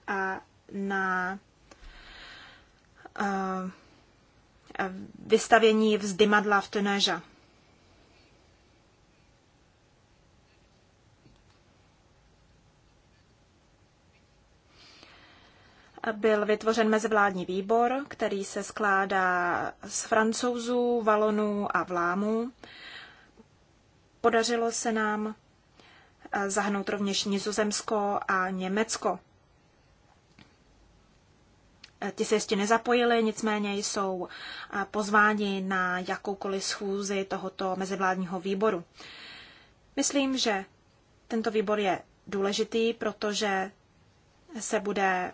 a na uh, vystavění vzdymadla v Tenéža. Byl vytvořen mezivládní výbor, který se skládá z francouzů, valonů a vlámů. Podařilo se nám eh, zahnout rovněž Nizozemsko a Německo. Eh, ti se ještě nezapojili, nicméně jsou eh, pozváni na jakoukoliv schůzi tohoto mezivládního výboru. Myslím, že tento výbor je důležitý, protože se bude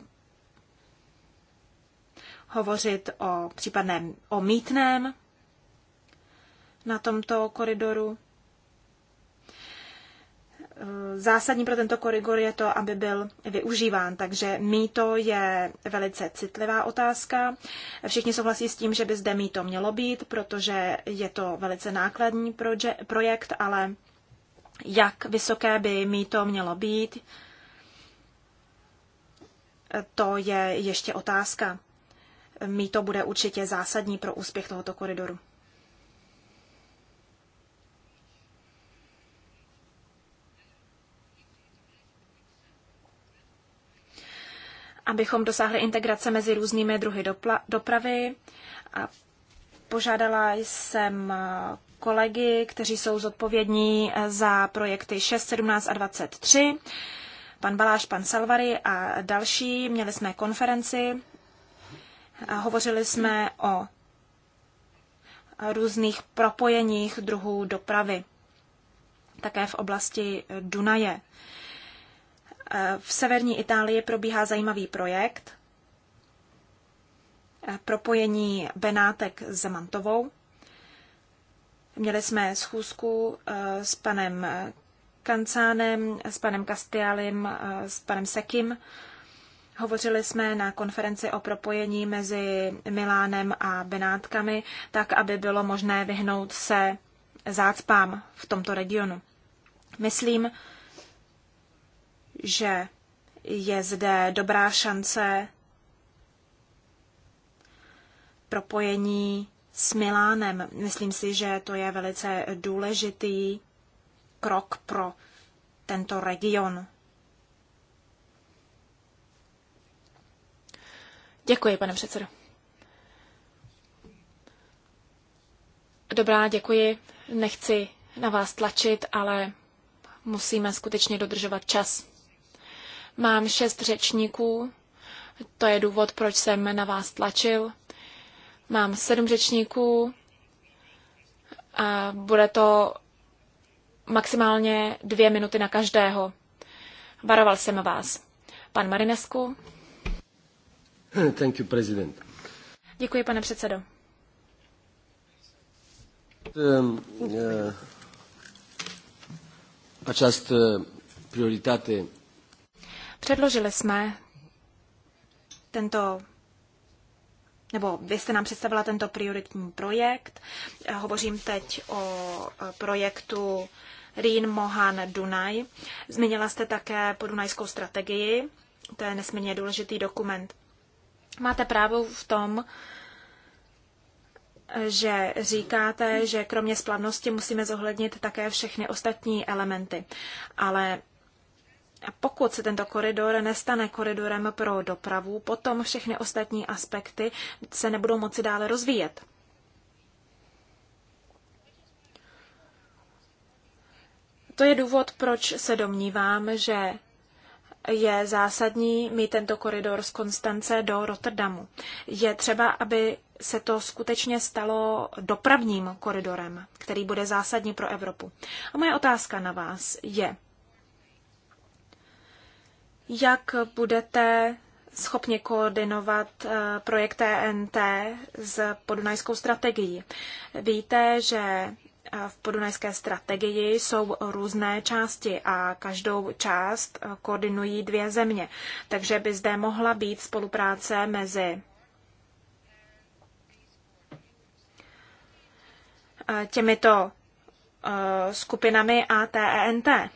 hovořit o případném omítném na tomto koridoru. Zásadní pro tento koridor je to, aby byl využíván, takže mýto je velice citlivá otázka. Všichni souhlasí s tím, že by zde mýto mělo být, protože je to velice nákladní projekt, ale jak vysoké by mýto mělo být, to je ještě otázka. Mýto bude určitě zásadní pro úspěch tohoto koridoru. abychom dosáhli integrace mezi různými druhy dopravy. A požádala jsem kolegy, kteří jsou zodpovědní za projekty 6, 17 a 23, pan Baláš, pan Salvary a další. Měli jsme konferenci a hovořili jsme o různých propojeních druhů dopravy, také v oblasti Dunaje. Eh, v severní Itálii probíhá zajímavý projekt eh, propojení Benátek s Mantovou. Měli jsme schůzku eh, s panem Kancánem, s panem Castialim, s panem Sekim. Hovořili jsme na konferenci o propojení mezi Milánem a Benátkami, tak aby bylo možné vyhnout se zácpám v tomto regionu. Myslím, že je zde dobrá šance propojení s Milánem. Myslím si, že to je velice důležitý krok pro tento region. Děkuji, pane předsedo. Dobrá, děkuji. Nechci na vás tlačit, ale musíme skutečně dodržovat čas. Mám šest řečníků, to je důvod, proč jsem na vás tlačil. Mám sedm řečníků a bude to maximálně dvě minuty na každého. Varoval jsem vás. Pan Marinesku. Thank you, president. Děkuji, pane předsedo. Um, uh, această prioritate Předložili jsme tento nebo vy jste nám představila tento prioritní projekt. Hovořím teď o projektu Rín Mohan Dunaj. Zmínila jste také podunajskou strategii, to je nesmírně důležitý dokument. Máte právo v tom, že říkáte, že kromě splavnosti musíme zohlednit také všechny ostatní elementy. Ale pokud se tento koridor nestane koridorem pro dopravu, potom všechny ostatní aspekty se nebudou moci dále rozvíjet. To je důvod, proč se domnívám, že je zásadní mít tento koridor z Konstance do Rotterdamu. Je třeba, aby se to skutečně stalo dopravním koridorem, který bude zásadní pro Evropu. A moje otázka na vás je, jak budete schopni koordinovat eh, projekt TNT e s podunajskou strategií? Víte, že eh, v podunajské strategii jsou různé části a každou část eh, koordinují dvě země. Takže by zde mohla být spolupráce mezi těmito skupinami a TENT. E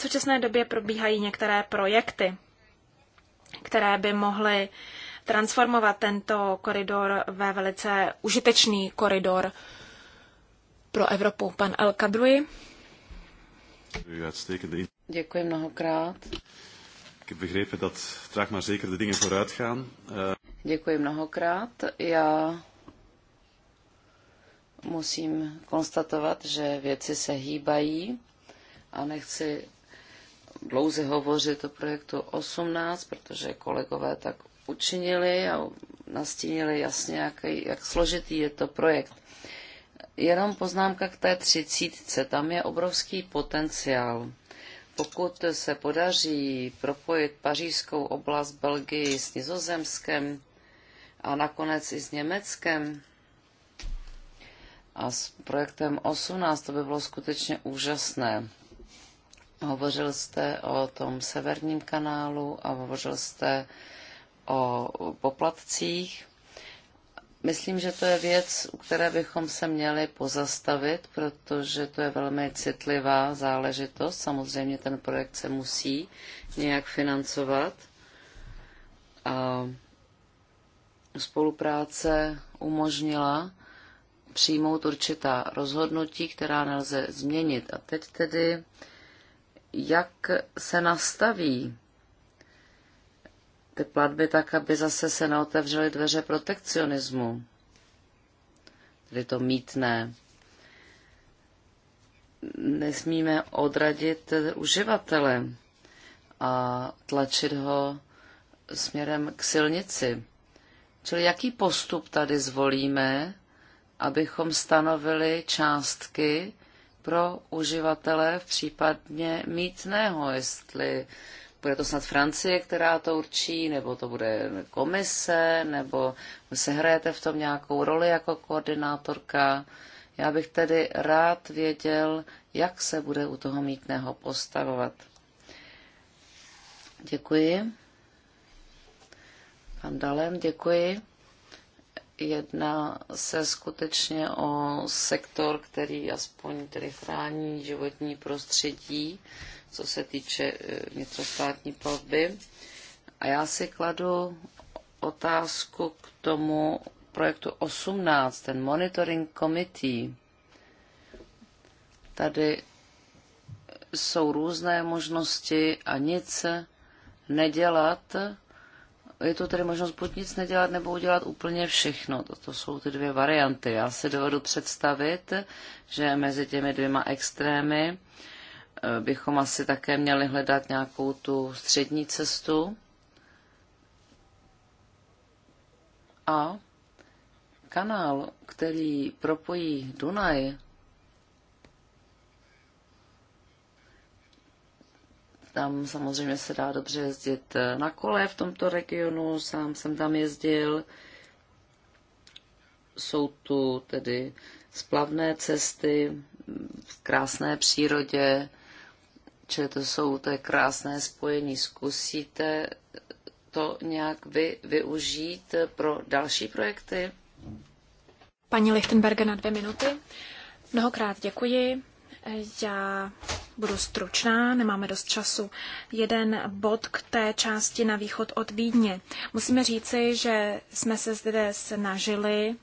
současné době probíhají některé projekty, které by mohly transformovat tento koridor ve velice užitečný koridor pro Evropu. Pan El Kadruji. Děkuji mnohokrát. Eh, Děkuji mnohokrát. Já musím konstatovat, že věci se hýbají a nechci dlouze hovořit o projektu 18, protože kolegové tak učinili a nastínili jasně, jak, jak složitý je to projekt. Jenom poznámka k té třicítce. Tam je obrovský potenciál. Pokud se podaří propojit pařížskou oblast Belgii s Nizozemskem a nakonec i s Německem a s projektem 18, to by bylo skutečně úžasné. Hovořil jste o tom severním kanálu a hovořil jste o poplatcích. Myslím, že to je věc, u které bychom se měli pozastavit, protože to je velmi citlivá záležitost. Samozřejmě ten projekt se musí nějak financovat. A spolupráce umožnila přijmout určitá rozhodnutí, která nelze změnit. A teď tedy jak se nastaví ty platby tak, aby zase se neotevřely dveře protekcionismu, tedy to mítné. Nesmíme odradit uživatele a tlačit ho směrem k silnici. Čili jaký postup tady zvolíme, abychom stanovili částky, pro uživatele v případně mítného, jestli bude to snad Francie, která to určí, nebo to bude komise, nebo se hrajete v tom nějakou roli jako koordinátorka. Já bych tedy rád věděl, jak se bude u toho mítného postavovat. Děkuji. Pan Dalem, děkuji jedná se skutečně o sektor, který aspoň tedy chrání životní prostředí, co se týče eh, vnitrostátní plavby. A já si kladu otázku k tomu projektu 18, ten Monitoring Committee. Tady jsou různé možnosti a nic nedělat je to tedy možnost buď nic nedělat, nebo udělat úplně všechno. Toto jsou ty dvě varianty. Já si dovedu představit, že mezi těmi dvěma extrémy eh, bychom asi také měli hledat nějakou tu střední cestu. A kanál, který propojí Dunaj Tam samozřejmě se dá dobře jezdit eh, na kole v tomto regionu, sám jsem tam jezdil. Jsou tu tedy splavné cesty v krásné přírodě, čili to jsou to krásné spojení. Zkusíte to nějak vy využít pro další projekty? Paní Lichtenberger na dvě minuty. Mnohokrát děkuji. Já Budu stručná, nemáme dost času. Jeden bod k té části na východ od Vídně. Musíme říci, že jsme se zde snažili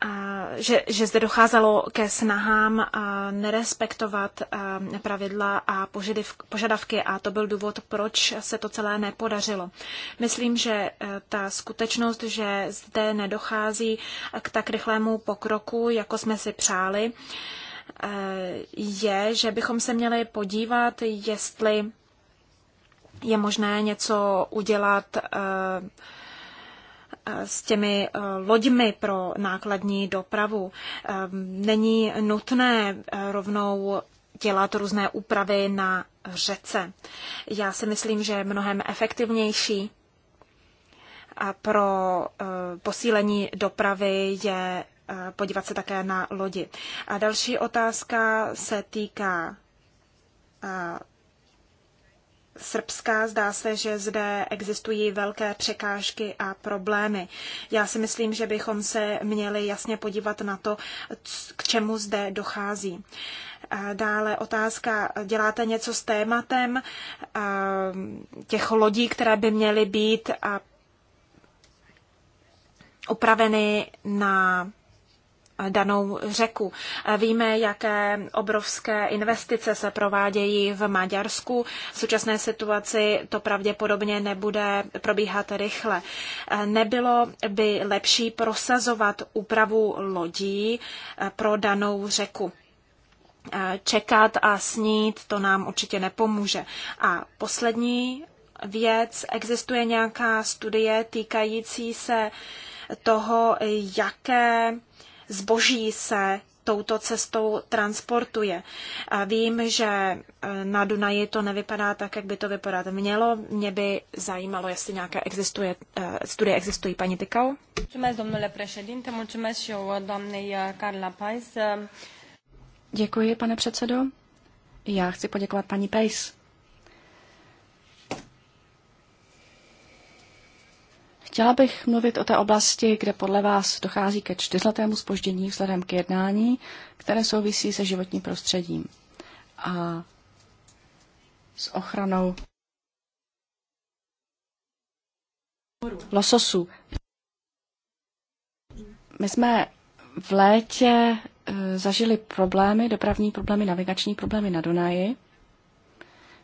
a, že, že zde docházelo ke snahám a nerespektovat a pravidla a požadiv, požadavky a to byl důvod, proč se to celé nepodařilo. Myslím, že e, ta skutečnost, že zde nedochází k tak rychlému pokroku, jako jsme si přáli, Eh, je, že bychom se měli podívat, jestli je možné něco udělat eh, eh, s těmi loďmi pro nákladní dopravu. Není nutné rovnou dělat různé úpravy na řece. Já si myslím, že je mnohem efektivnější pro posílení dopravy je podívat se také na lodi. A další otázka se týká Srbská. Zdá se, že zde existují velké překážky a problémy. Já si myslím, že bychom se měli jasně podívat na to, k čemu zde dochází. Dále otázka, děláte něco s tématem těch lodí, které by měly být upraveny na danou řeku. Víme, jaké obrovské investice se provádějí v Maďarsku. V současné situaci to pravděpodobně nebude probíhat rychle. Nebylo by lepší prosazovat úpravu lodí eh, pro danou řeku. Eh, čekat a snít, to nám určitě nepomůže. A poslední věc, existuje nějaká studie týkající se toho, jaké zboží se touto cestou transportuje. A vím, že e, na Dunaji to nevypadá tak, jak by to vypadat mělo. Mě by zajímalo, jestli nějaké existuje, e, studie existují. Paní Tykau? E, Děkuji, pane předsedo. Já chci poděkovat paní Pejs. Chtěla bych mluvit o té oblasti, kde podle vás dochází ke čtyřletému spoždění vzhledem k jednání, které souvisí se životním prostředím a s ochranou lososů. My jsme v létě e, zažili problémy, dopravní problémy, navigační problémy na Dunaji,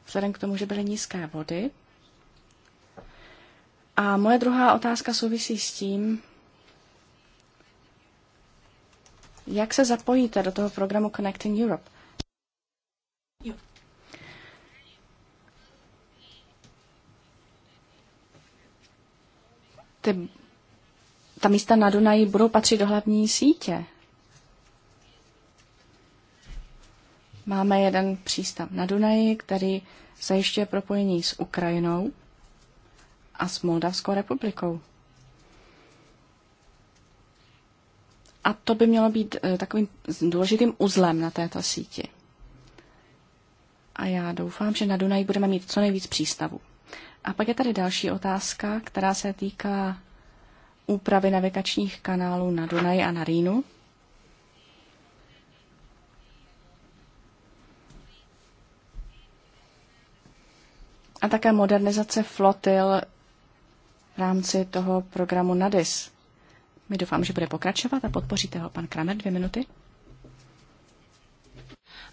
vzhledem k tomu, že byly nízké vody a moje druhá otázka souvisí s tím, jak se zapojíte do toho programu Connecting Europe. Ty, ta místa na Dunaji budou patřit do hlavní sítě. Máme jeden přístav na Dunaji, který zajišťuje propojení s Ukrajinou a s Moldavskou republikou. A to by mělo být eh, takovým důležitým uzlem na této síti. A já doufám, že na Dunaji budeme mít co nejvíc přístavů. A pak je tady další otázka, která se týká úpravy navigačních kanálů na Dunaji a na Rýnu. A také modernizace flotil v rámci toho programu NADIS. My doufám, že bude pokračovat a podpoříte ho. Pan Kramer, dvě minuty.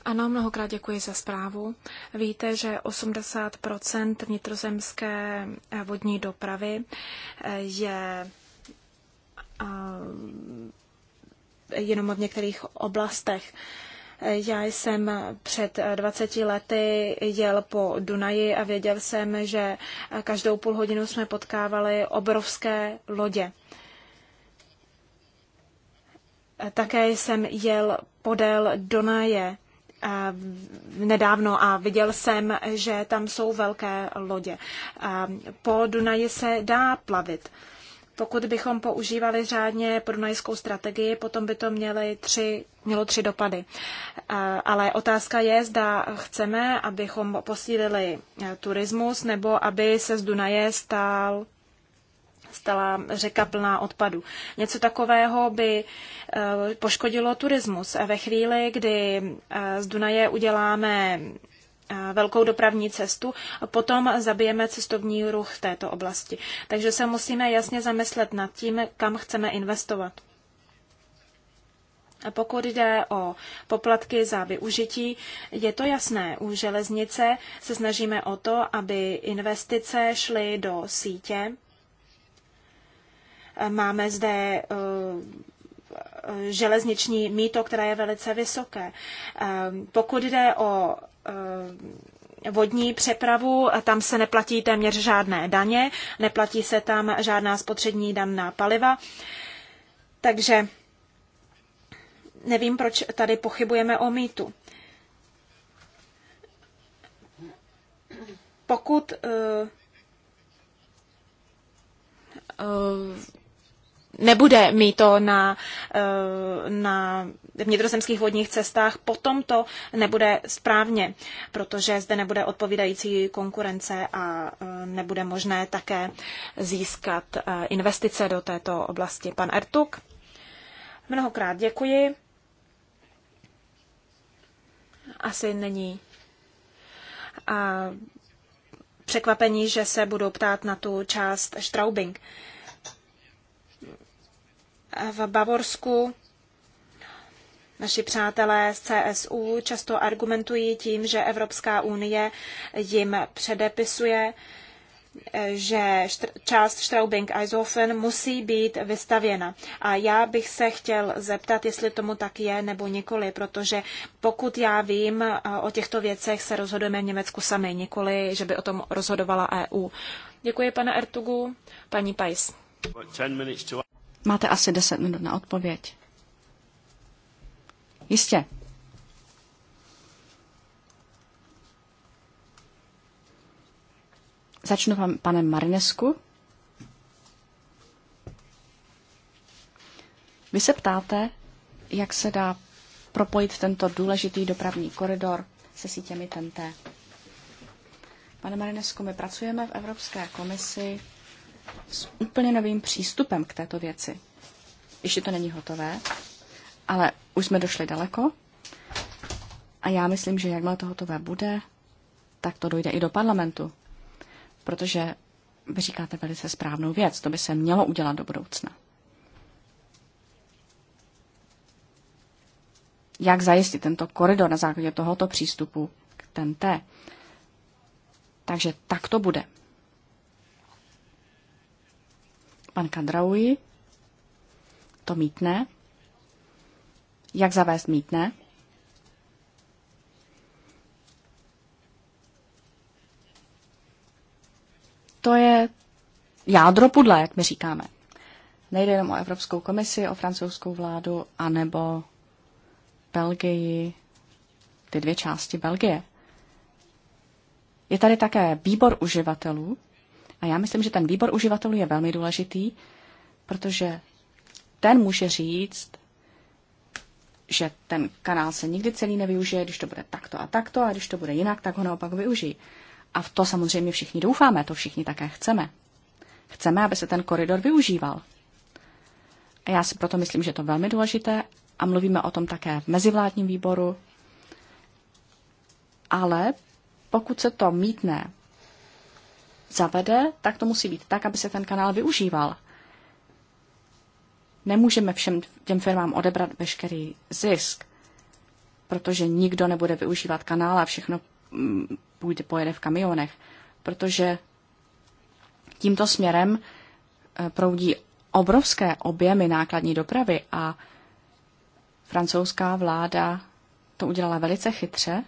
Ano, mnohokrát děkuji za zprávu. Víte, že 80 vnitrozemské eh, vodní dopravy eh, je eh, jenom v některých oblastech. Já jsem před 20 lety jel po Dunaji a věděl jsem, že každou půl hodinu jsme potkávali obrovské lodě. Také jsem jel podél Dunaje nedávno a viděl jsem, že tam jsou velké lodě. Po Dunaji se dá plavit. Pokud bychom používali řádně prunajskou strategii, potom by to měly tři, mělo tři dopady. Ale otázka je, zda chceme, abychom posílili e, turismus, nebo aby se z Dunaje stál stala řeka plná odpadu. Něco takového by e, poškodilo turismus. Ve chvíli, kdy e, z Dunaje uděláme Eh, velkou dopravní cestu, potom zabijeme cestovní ruch v této oblasti. Takže se musíme jasně zamyslet nad tím, kam chceme investovat. Pokud jde o poplatky za využití, je to jasné. U železnice se snažíme o to, aby investice šly do sítě. Máme zde eh, železniční mýto, které je velice vysoké. Eh, pokud jde o Eh, vodní přepravu, tam se neplatí téměř žádné daně, neplatí se tam žádná spotřební dan na paliva. Takže nevím, proč tady pochybujeme o mýtu. Pokud uh, uh, nebude mýto na, eh, na vnitrozemských vodních cestách, potom to nebude správně, protože zde nebude odpovídající konkurence a eh, nebude možné také získat eh, investice do této oblasti. Pan Ertuk, mnohokrát děkuji. Asi není a překvapení, že se budou ptát na tu část Straubing. V Bavorsku Naši přátelé z CSU často argumentují tím, že Evropská unie jim předepisuje, že část Straubing-Eisofen musí být vystavěna. A já bych se chtěl zeptat, jestli tomu tak je nebo nikoli, protože pokud já vím, o těchto věcech se rozhodujeme v Německu sami, nikoli, že by o tom rozhodovala EU. Děkuji, pane Ertugu. Paní Pajs. Máte asi 10 minut na odpověď. Jistě. Začnu vám panem Marinesku. Vy se ptáte, jak se dá propojit tento důležitý dopravní koridor se sítěmi TNT. Pane Marinesku, my pracujeme v Evropské komisi s úplně novým přístupem k této věci. Ještě to není hotové, ale už jsme došli daleko a já myslím, že jakmile to hotové bude, tak to dojde i do parlamentu. Protože vy říkáte velice správnou věc, to by se mělo udělat do budoucna. Jak zajistit tento koridor na základě tohoto přístupu k TNT? Takže tak to bude. Pan Kandraui, to mítne. Jak zavést mítne? To je jádro pudla, jak my říkáme. Nejde jenom o Evropskou komisi, o francouzskou vládu, anebo Belgii, ty dvě části Belgie. Je tady také výbor uživatelů, a já myslím, že ten výbor uživatelů je velmi důležitý, protože ten může říct, že ten kanál se nikdy celý nevyužije, když to bude takto a takto, a když to bude jinak, tak ho naopak využijí. A v to samozřejmě všichni doufáme, to všichni také chceme. Chceme, aby se ten koridor využíval. A já si proto myslím, že je to velmi důležité a mluvíme o tom také v mezivládním výboru. Ale pokud se to mítne zavede, tak to musí být tak, aby se ten kanál využíval. Nemůžeme všem těm firmám odebrat veškerý zisk, protože nikdo nebude využívat kanál a všechno mm, půjde, pojede v kamionech, protože tímto směrem eh, proudí obrovské objemy nákladní dopravy a francouzská vláda to udělala velice chytře,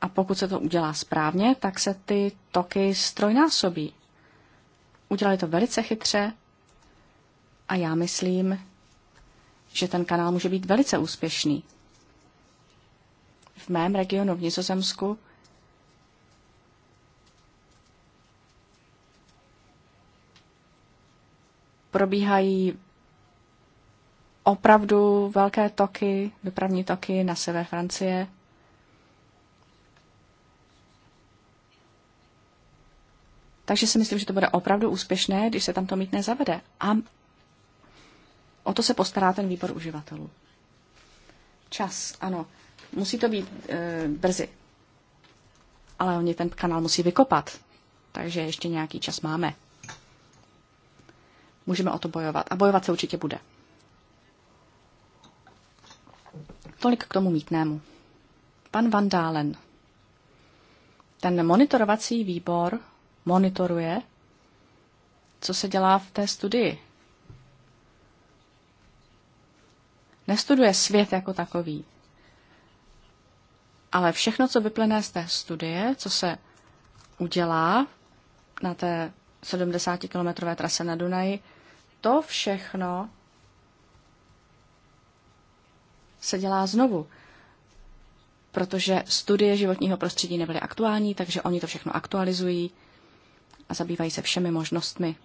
a pokud se to udělá správně, tak se ty toky strojnásobí. Udělali to velice chytře a já myslím, že ten kanál může být velice úspěšný. V mém regionu v Nizozemsku probíhají opravdu velké toky, dopravní toky na sever Francie – Takže si myslím, že to bude opravdu úspěšné, když se tam to mít nezavede. A o to se postará ten výbor uživatelů. Čas, ano. Musí to být e, brzy. Ale oni ten kanál musí vykopat. Takže ještě nějaký čas máme. Můžeme o to bojovat. A bojovat se určitě bude. Tolik k tomu mítnému. Pan Van Ten monitorovací výbor monitoruje, co se dělá v té studii. Nestuduje svět jako takový, ale všechno, co vyplyne z té studie, co se udělá na té 70-kilometrové trase na Dunaji, to všechno se dělá znovu. Protože studie životního prostředí nebyly aktuální, takže oni to všechno aktualizují a zabývají se všemi možnostmi.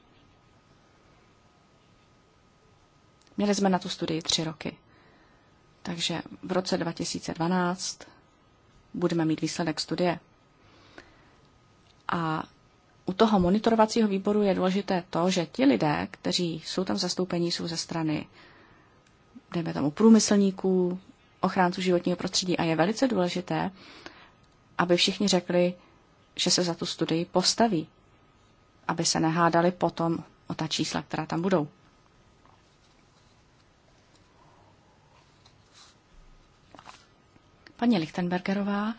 Měli jsme na tu studii tři roky. Takže v roce 2012 budeme mít výsledek studie. A u toho monitorovacího výboru je důležité to, že ti lidé, kteří jsou tam zastoupení, jsou ze strany, dejme tomu, průmyslníků, ochránců životního prostředí a je velice důležité, aby všichni řekli, že se za tu studii postaví aby se nehádali potom o ta čísla, která tam budou. Paní Lichtenbergerová,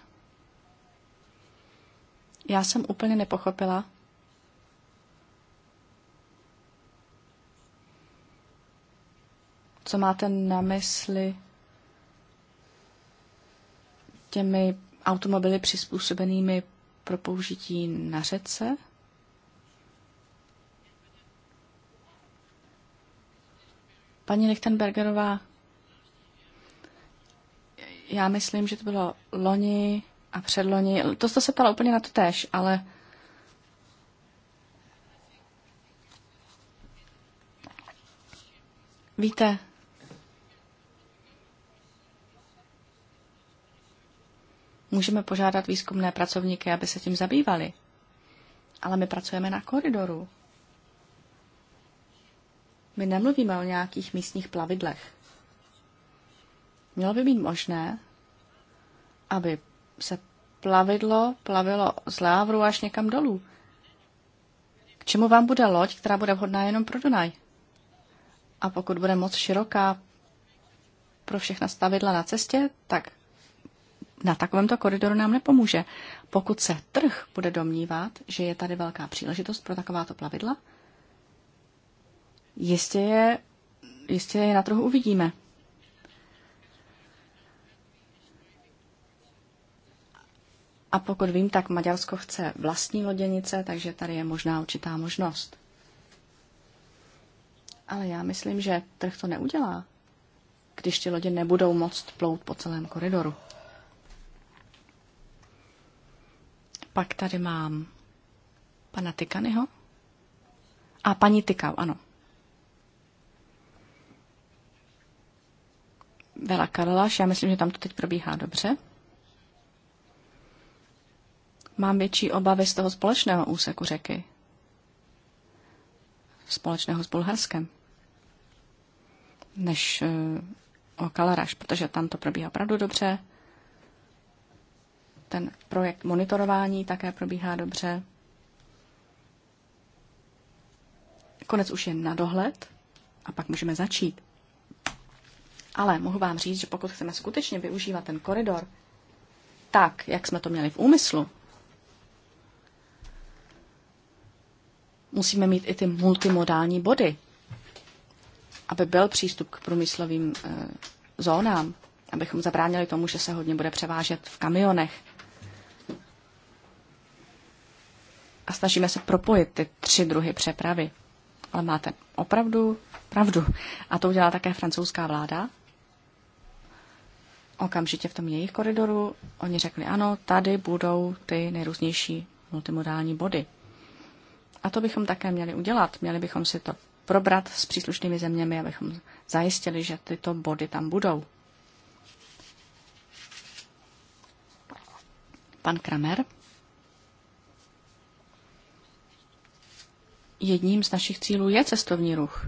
já jsem úplně nepochopila, co máte na mysli těmi automobily přizpůsobenými pro použití na řece? Paní Lichtenbergerová, já myslím, že to bylo loni a předloni. To jste se ptala úplně na to tež, ale víte, můžeme požádat výzkumné pracovníky, aby se tím zabývali. Ale my pracujeme na koridoru. My nemluvíme o nějakých místních plavidlech. Mělo by být možné, aby se plavidlo plavilo z Lávru až někam dolů. K čemu vám bude loď, která bude vhodná jenom pro Dunaj? A pokud bude moc široká pro všechna stavidla na cestě, tak na takovémto koridoru nám nepomůže. Pokud se trh bude domnívat, že je tady velká příležitost pro takováto plavidla, Jistě je, jistě je na trhu uvidíme. A pokud vím, tak Maďarsko chce vlastní loděnice, takže tady je možná určitá možnost. Ale já myslím, že trh to neudělá, když ty lodě nebudou moct plout po celém koridoru. Pak tady mám pana Tykanyho. A paní Tykau, ano. Vela Karlaš. Já myslím, že tam to teď probíhá dobře. Mám větší obavy z toho společného úseku řeky. Společného s Bulharskem. Než eh, o Kalaraš, protože tam to probíhá opravdu dobře. Ten projekt monitorování také probíhá dobře. Konec už je na dohled a pak můžeme začít. Ale mohu vám říct, že pokud chceme skutečně využívat ten koridor tak, jak jsme to měli v úmyslu, musíme mít i ty multimodální body, aby byl přístup k průmyslovým e, zónám, abychom zabránili tomu, že se hodně bude převážet v kamionech. A snažíme se propojit ty tři druhy přepravy. Ale máte opravdu pravdu. A to udělala také francouzská vláda okamžitě v tom jejich koridoru. Oni řekli, ano, tady budou ty nejrůznější multimodální body. A to bychom také měli udělat. Měli bychom si to probrat s příslušnými zeměmi, abychom zajistili, že tyto body tam budou. Pan Kramer. Jedním z našich cílů je cestovní ruch.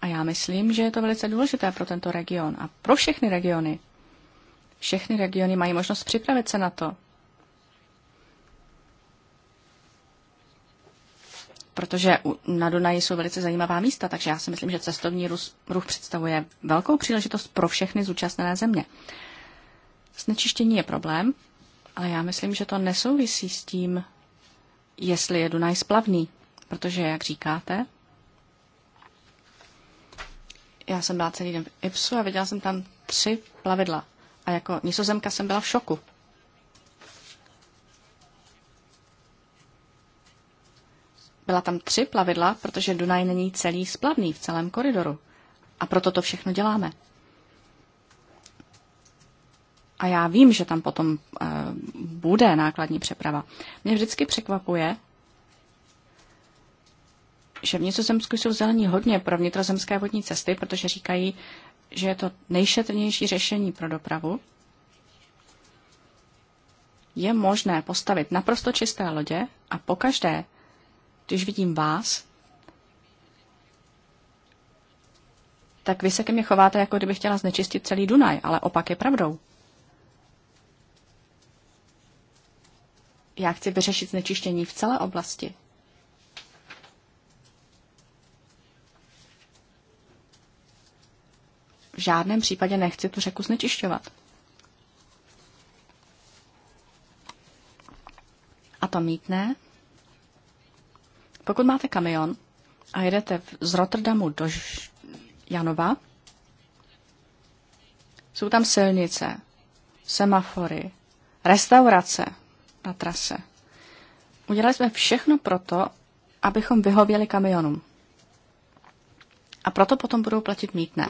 A já myslím, že je to velice důležité pro tento region a pro všechny regiony, všechny regiony mají možnost připravit se na to. Protože na Dunaji jsou velice zajímavá místa, takže já si myslím, že cestovní ruch představuje velkou příležitost pro všechny zúčastněné země. Znečištění je problém, ale já myslím, že to nesouvisí s tím, jestli je Dunaj splavný, protože, jak říkáte, já jsem byla celý den v Ipsu a viděla jsem tam tři plavidla. A jako nizozemka jsem byla v šoku. Byla tam tři plavidla, protože Dunaj není celý splavný v celém koridoru. A proto to všechno děláme. A já vím, že tam potom e, bude nákladní přeprava. Mě vždycky překvapuje, že v Nizozemsku jsou zelení hodně pro vnitrozemské vodní cesty, protože říkají, že je to nejšetrnější řešení pro dopravu. Je možné postavit naprosto čisté lodě a pokaždé, když vidím vás, tak vy se ke mně chováte, jako kdybych chtěla znečistit celý Dunaj, ale opak je pravdou. Já chci vyřešit znečištění v celé oblasti. v žádném případě nechci tu řeku znečišťovat. A to mítné. Pokud máte kamion a jedete z Rotterdamu do Janova, jsou tam silnice, semafory, restaurace na trase. Udělali jsme všechno proto, abychom vyhověli kamionům. A proto potom budou platit mítné.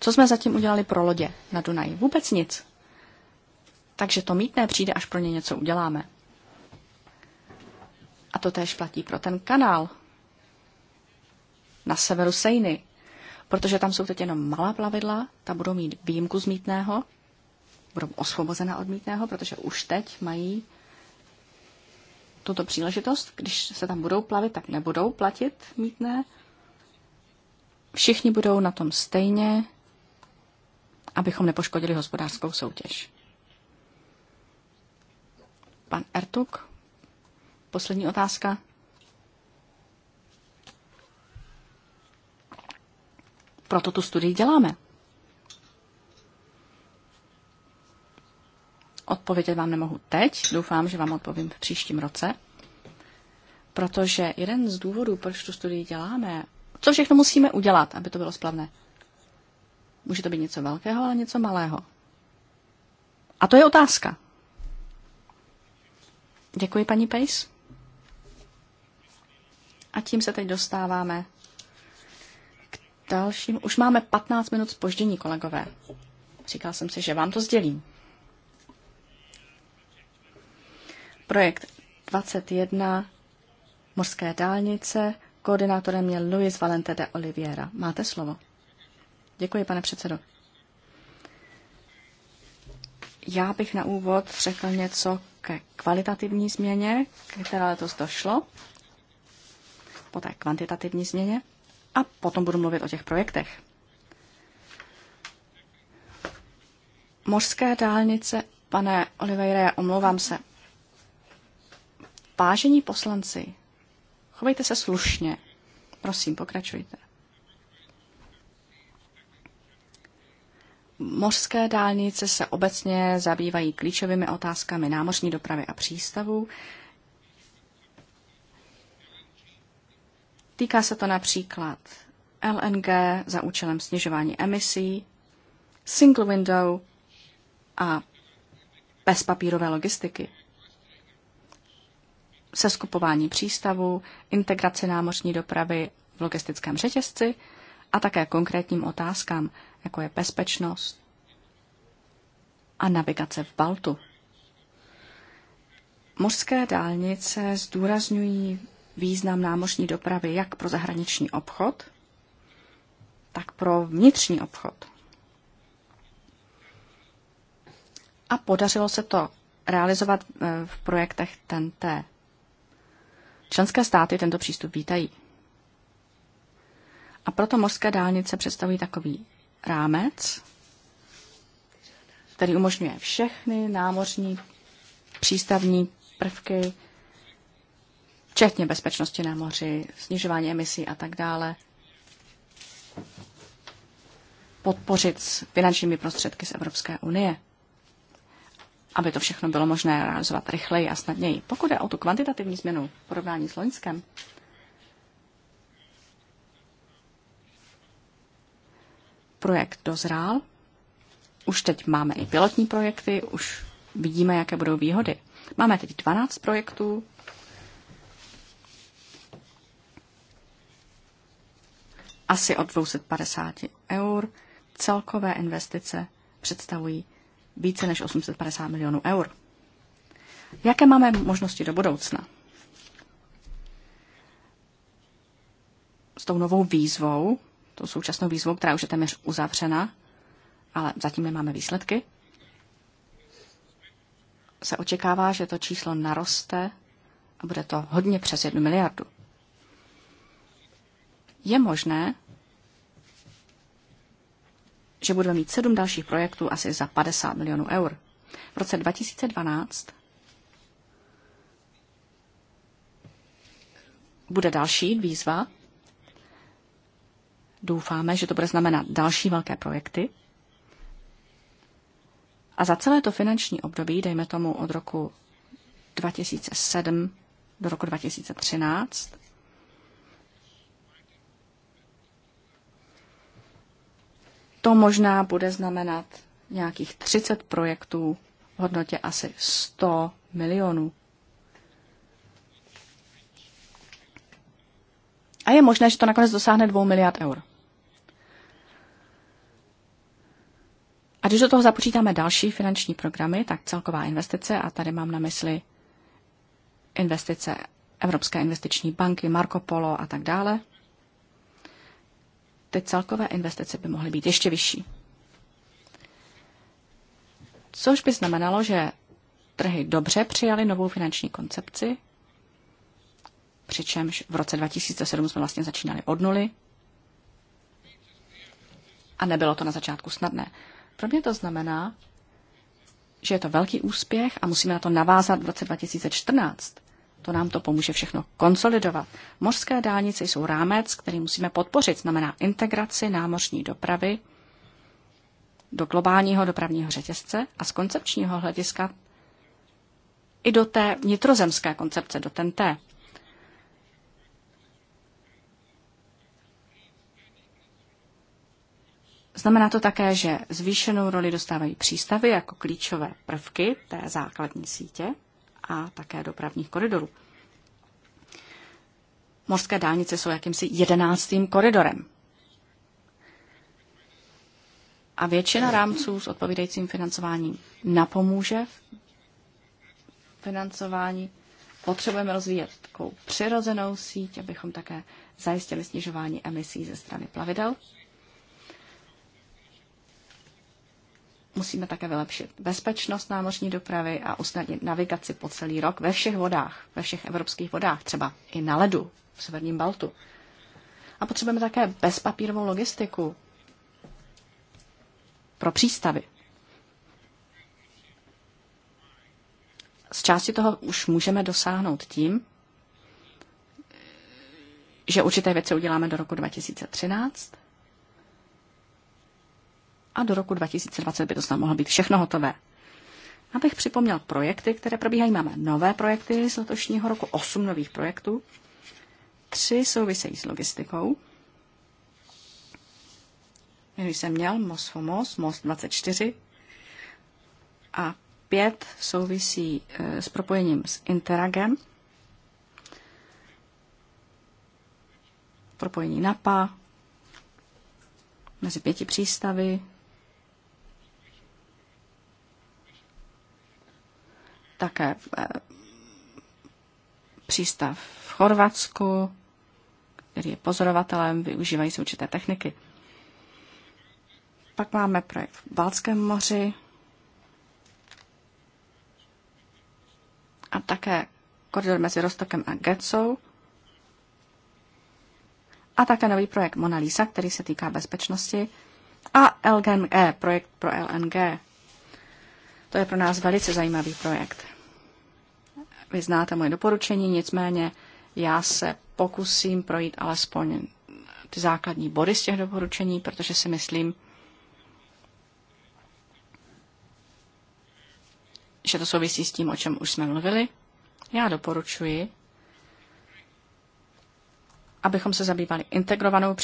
Co jsme zatím udělali pro lodě na Dunaji? Vůbec nic. Takže to mítné přijde, až pro ně něco uděláme. A to též platí pro ten kanál na severu Sejny, protože tam jsou teď jenom malá plavidla, ta budou mít výjimku z mítného, budou osvobozena od mítného, protože už teď mají tuto příležitost. Když se tam budou plavit, tak nebudou platit mítné. Všichni budou na tom stejně, abychom nepoškodili hospodářskou soutěž. Pan Ertuk, poslední otázka. Proto tu studii děláme. Odpovědět vám nemohu teď, doufám, že vám odpovím v příštím roce. Protože jeden z důvodů, proč tu studii děláme, co všechno musíme udělat, aby to bylo splavné, Může to být něco velkého, ale něco malého. A to je otázka. Děkuji, paní Pace. A tím se teď dostáváme k dalším. Už máme 15 minut spoždění, kolegové. Říkal jsem si, že vám to sdělím. Projekt 21 Morské dálnice. Koordinátorem je Luis Valente de Oliviera. Máte slovo. Děkuji, pane předsedo. Já bych na úvod řekl něco ke kvalitativní změně, která letos došlo, po té kvantitativní změně a potom budu mluvit o těch projektech. Mořské dálnice, pane Oliveira, já omlouvám se. Vážení poslanci, chovejte se slušně. Prosím, pokračujte. Mořské dálnice se obecně zabývají klíčovými otázkami námořní dopravy a přístavů. Týká se to například LNG za účelem snižování emisí, single window a bezpapírové logistiky. Seskupování přístavů, integrace námořní dopravy v logistickém řetězci a také konkrétním otázkám, jako je bezpečnost a navigace v Baltu. Mořské dálnice zdůrazňují význam námořní dopravy jak pro zahraniční obchod, tak pro vnitřní obchod. A podařilo se to realizovat eh, v projektech TNT. Členské státy tento přístup vítají. A proto mořské dálnice představují takový rámec, který umožňuje všechny námořní přístavní prvky, včetně bezpečnosti na moři, snižování emisí a tak dále, podpořit s finančními prostředky z Evropské unie, aby to všechno bylo možné realizovat rychleji a snadněji. Pokud je o tu kvantitativní změnu v porovnání s Loňskem, projekt dozrál. Už teď máme i pilotní projekty, už vidíme, jaké budou výhody. Máme teď 12 projektů. Asi od 250 eur. Celkové investice představují více než 850 milionů eur. Jaké máme možnosti do budoucna? S tou novou výzvou tu současnou výzvu, která už je téměř uzavřena, ale zatím nemáme výsledky, se očekává, že to číslo naroste a bude to hodně přes jednu miliardu. Je možné, že budeme mít sedm dalších projektů asi za 50 milionů eur. V roce 2012 bude další výzva Doufáme, že to bude znamenat další velké projekty. A za celé to finanční období, dejme tomu od roku 2007 do roku 2013, to možná bude znamenat nějakých 30 projektů v hodnotě asi 100 milionů. A je možné, že to nakonec dosáhne 2 miliard eur. A když do toho započítáme další finanční programy, tak celková investice, a tady mám na mysli investice Evropské investiční banky, Marco Polo a tak dále, ty celkové investice by mohly být ještě vyšší. Což by znamenalo, že trhy dobře přijali novou finanční koncepci, přičemž v roce 2007 jsme vlastně začínali od nuly a nebylo to na začátku snadné. Pro mě to znamená, že je to velký úspěch a musíme na to navázat v roce 2014. To nám to pomůže všechno konsolidovat. Mořské dálnice jsou rámec, který musíme podpořit, znamená integraci námořní dopravy do globálního dopravního řetězce a z koncepčního hlediska i do té vnitrozemské koncepce, do té. Znamená to také, že zvýšenou roli dostávají přístavy jako klíčové prvky té základní sítě a také dopravních koridorů. Mořské dálnice jsou jakýmsi jedenáctým koridorem. A většina rámců s odpovídajícím financováním napomůže financování. Potřebujeme rozvíjet takovou přirozenou síť, abychom také zajistili snižování emisí ze strany plavidel Musíme také vylepšit bezpečnost námořní dopravy a usnadnit navigaci po celý rok ve všech vodách, ve všech evropských vodách, třeba i na ledu v Severním Baltu. A potřebujeme také bezpapírovou logistiku pro přístavy. Z části toho už můžeme dosáhnout tím, že určité věci uděláme do roku 2013 a do roku 2020 by to snad mohlo být všechno hotové. Abych připomněl projekty, které probíhají, máme nové projekty z letošního roku, osm nových projektů. Tři souvisejí s logistikou. Jenom jsem měl Most for Most, Most 24 a pět souvisí e, s propojením s Interagem, propojení NAPA, mezi pěti přístavy, také eh, přístav v Chorvatsku, který je pozorovatelem, využívají se určité techniky. Pak máme projekt v Balckém moři a také koridor mezi Rostokem a Getsou. a také nový projekt Mona Lisa, který se týká bezpečnosti a LNG, projekt pro LNG. To je pro nás velice zajímavý projekt. Vy znáte moje doporučení, nicméně já se pokusím projít alespoň ty základní body z těch doporučení, protože si myslím, že to souvisí s tím, o čem už jsme mluvili. Já doporučuji, abychom se zabývali integrovanou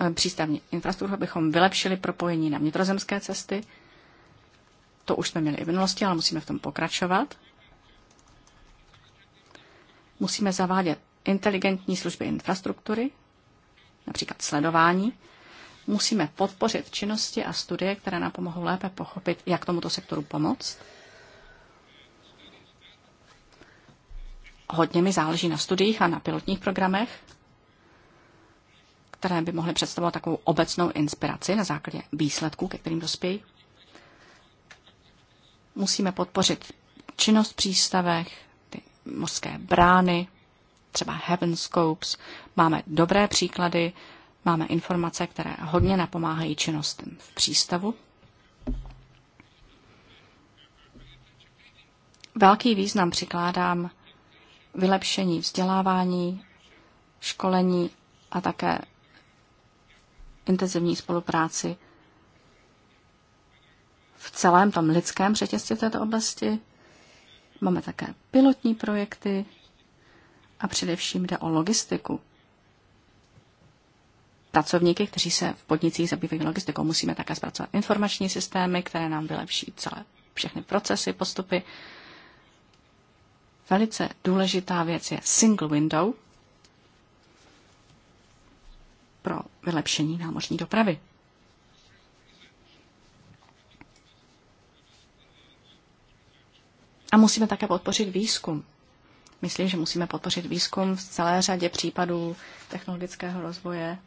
eh, přístavní infrastrukturou, abychom vylepšili propojení na vnitrozemské cesty – to už jsme měli i v minulosti, ale musíme v tom pokračovat. Musíme zavádět inteligentní služby infrastruktury, například sledování. Musíme podpořit činnosti a studie, které nám pomohou lépe pochopit, jak tomuto sektoru pomoct. Hodně mi záleží na studiích a na pilotních programech, které by mohly představovat takovou obecnou inspiraci na základě výsledků, ke kterým dospějí. Musíme podpořit činnost v přístavech, ty mořské brány, třeba Heaven Scopes. Máme dobré příklady, máme informace, které hodně napomáhají činnostem v přístavu. Velký význam přikládám vylepšení vzdělávání, školení a také intenzivní spolupráci v celém tom lidském řetězci v této oblasti. Máme také pilotní projekty a především jde o logistiku. Pracovníky, kteří se v podnicích zabývají logistikou, musíme také zpracovat informační systémy, které nám vylepší celé všechny procesy, postupy. Velice důležitá věc je single window pro vylepšení námořní dopravy. A musíme také podpořit výzkum. Myslím, že musíme podpořit výzkum v celé řadě případů technologického rozvoje.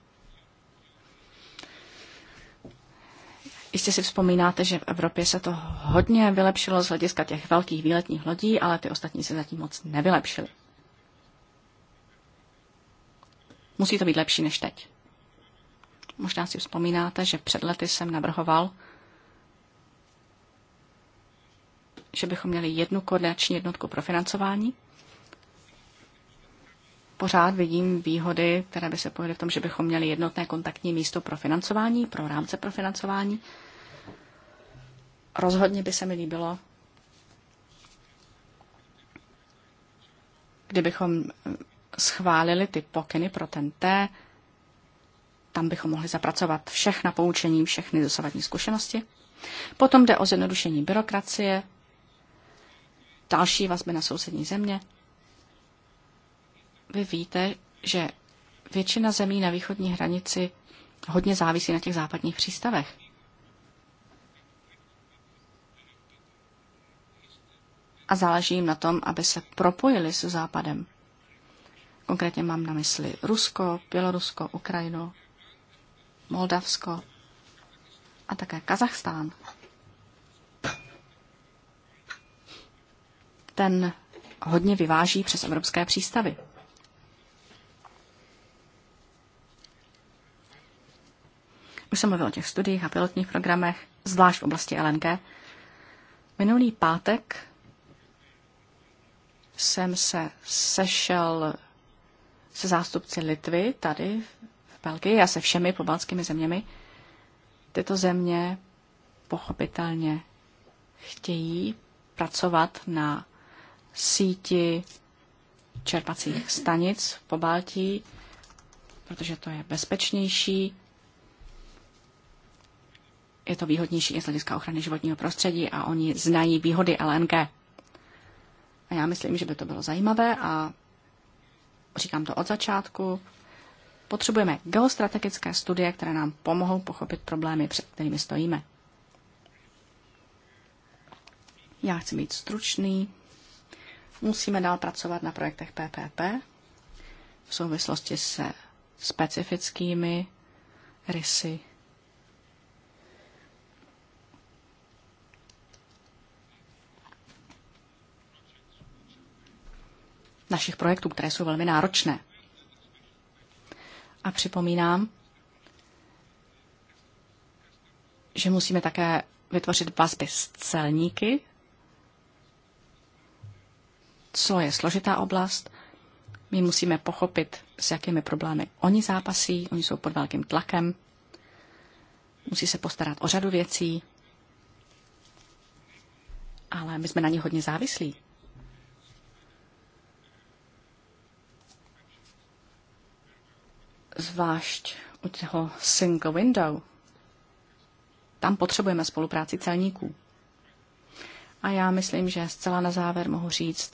Jistě si vzpomínáte, že v Evropě se to hodně vylepšilo z hlediska těch velkých výletních lodí, ale ty ostatní se zatím moc nevylepšily. Musí to být lepší než teď. Možná si vzpomínáte, že před lety jsem navrhoval, že bychom měli jednu koordinační jednotku pro financování. Pořád vidím výhody, které by se pojily v tom, že bychom měli jednotné kontaktní místo pro financování, pro rámce pro financování. Rozhodně by se mi líbilo, kdybychom schválili ty pokyny pro ten T, tam bychom mohli zapracovat všechna poučení, všechny dosavadní zkušenosti. Potom jde o zjednodušení byrokracie, další vazby na sousední země. Vy víte, že většina zemí na východní hranici hodně závisí na těch západních přístavech. A záleží jim na tom, aby se propojili se západem. Konkrétně mám na mysli Rusko, Bělorusko, Ukrajinu, Moldavsko a také Kazachstán. ten hodně vyváží přes evropské přístavy. Už jsem mluvil o těch studiích a pilotních programech, zvlášť v oblasti LNG. Minulý pátek jsem se sešel se zástupci Litvy tady v Belgii a se všemi pobaltskými zeměmi. Tyto země pochopitelně chtějí pracovat na síti čerpacích stanic po Baltí, protože to je bezpečnější, je to výhodnější i z hlediska ochrany životního prostředí a oni znají výhody LNG. A já myslím, že by to bylo zajímavé a říkám to od začátku. Potřebujeme geostrategické studie, které nám pomohou pochopit problémy, před kterými stojíme. Já chci být stručný, Musíme dál pracovat na projektech PPP v souvislosti se specifickými rysy našich projektů, které jsou velmi náročné. A připomínám, že musíme také vytvořit vazby s celníky, co je složitá oblast. My musíme pochopit, s jakými problémy oni zápasí, oni jsou pod velkým tlakem, musí se postarat o řadu věcí, ale my jsme na ní hodně závislí. Zvlášť u toho single window, tam potřebujeme spolupráci celníků. A já myslím, že zcela na závěr mohu říct,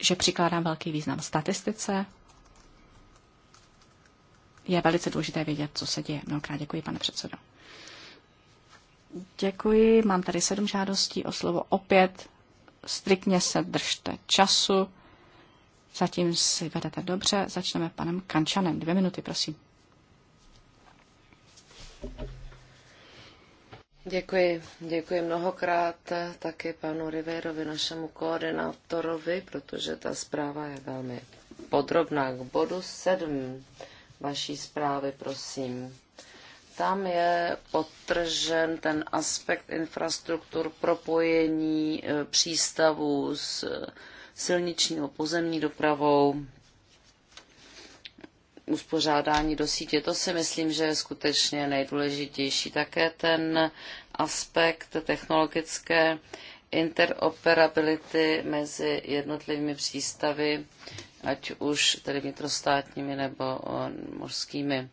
že přikládám velký význam statistice. Je velice důležité vědět, co se děje. Mnohokrát děkuji, pane předsedo. Děkuji. Mám tady sedm žádostí o slovo opět. Striktně se držte času. Zatím si vedete dobře. Začneme panem Kančanem. Dvě minuty, prosím. Děkuji. Děkuji mnohokrát taky panu Riverovi, našemu koordinátorovi, protože ta zpráva je velmi podrobná. K bodu sedm vaší zprávy, prosím. Tam je potržen ten aspekt infrastruktur propojení e, přístavů s e, silničního pozemní dopravou uspořádání do sítě. To si myslím, že je skutečně nejdůležitější. Také ten aspekt technologické interoperability mezi jednotlivými přístavy, ať už tedy vnitrostátními nebo eh, mořskými.